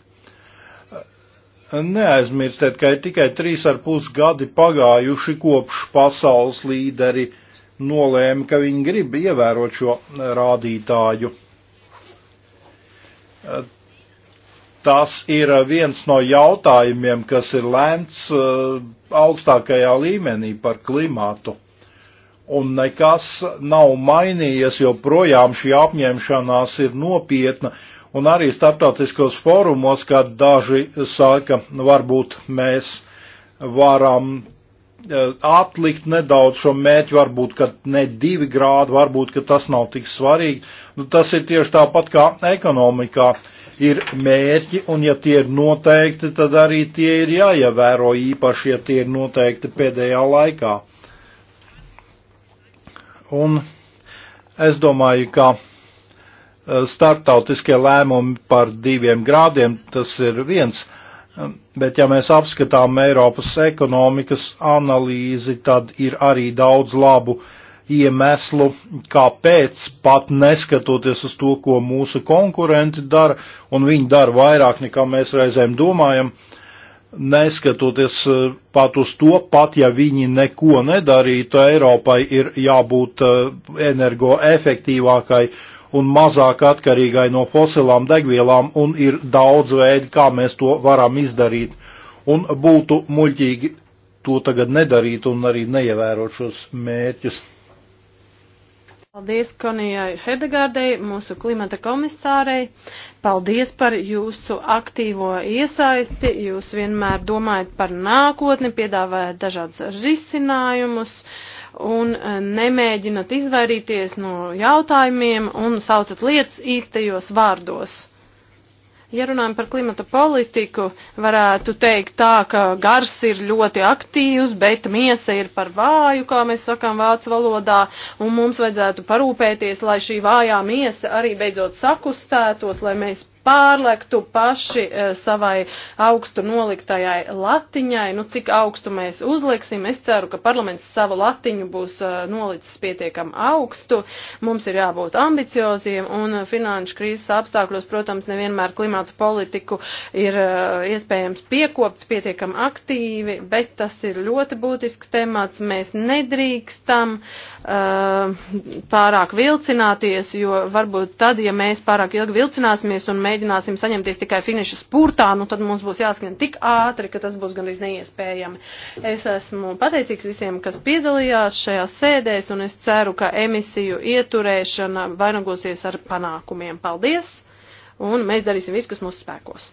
Neaizmirstiet, ka ir tikai trīs ar pus gadi pagājuši kopš pasaules līderi nolēma, ka viņi grib ievērot šo rādītāju. Tas ir viens no jautājumiem, kas ir lēmts eh, augstākajā līmenī par klimātu. Un nekas nav mainījies, jo projām šī apņemšanās ir nopietna Un arī starptautiskos fórumos, kad daži saka, nu, varbūt mēs varam e, atlikt nedaudz šo mērķi, varbūt, ka ne divi grādi, varbūt, ka tas nav tik svarīgi. Nu, tas ir tieši tāpat kā ekonomikā. Ir mērķi, un ja tie ir noteikti, tad arī tie ir jāievēro īpaši, ja tie ir noteikti pēdējā laikā. Un es domāju, ka Eh, startautiskie lēmumi par diviem grādiem, tas ir viens. Eh, bet ja mēs apskatām Eiropas ekonomikas analīzi, tad ir arī daudz labu iemeslu, kāpēc pat neskatoties uz to, ko mūsu konkurenti dara, un viņi dara vairāk nekā mēs reizēm domājam, neskatoties eh, pat uz to, pat ja viņi neko nedarītu, Eiropai ir jābūt energoefektīvākai. efektīvākai un mazāk atkarīgai no fosilām degvielām, un ir daudz veidi, kā mēs to varam izdarīt. Un būtu muļķīgi to tagad nedarīt un arī neievērot šos mērķus. Paldies Konijai Hedegārdei, mūsu klimata komisārei. Paldies par jūsu aktīvo iesaisti. Jūs vienmēr domājat par nākotni, piedāvājat dažādas risinājumus. Uh, un e, nemēģinat izvairīties no jautājumiem un saucat lietas īstajos vārdos. Ja runājam par klimata politiku, varētu teikt tā, ka gars ir ļoti aktīvs, bet miesa ir par vāju, kā mēs sakām vācu valodā, un mums vajadzētu parūpēties, lai šī vājā miesa arī beidzot sakustētos, lai mēs pārlektu paši e, savai augstu noliktajai latiņai. Nu, cik augstu mēs uzliksim, es ceru, ka parlaments savu latiņu būs e, nolicis pietiekam augstu. Mums ir jābūt ambicioziem un finanšu krīzes apstākļos, protams, nevienmēr klimatu politiku ir e, iespējams piekopts pietiekam aktīvi, bet tas ir ļoti būtisks temats. Mēs nedrīkstam uh, Uh, pārāk vilcināties, jo varbūt tad, ja mēs pārāk ilgi vilcināsimies un mēģināsim saņemties tikai finiša spurtā, nu tad mums būs jāskrien tik ātri, ka tas būs gandrīz neiespējami. Es esmu pateicīgs visiem, kas piedalījās šajās sēdēs, un es ceru, ka emisiju ieturēšana vainagosies ar panākumiem. Paldies! Un mēs darīsim visu, kas mūsu spēkos.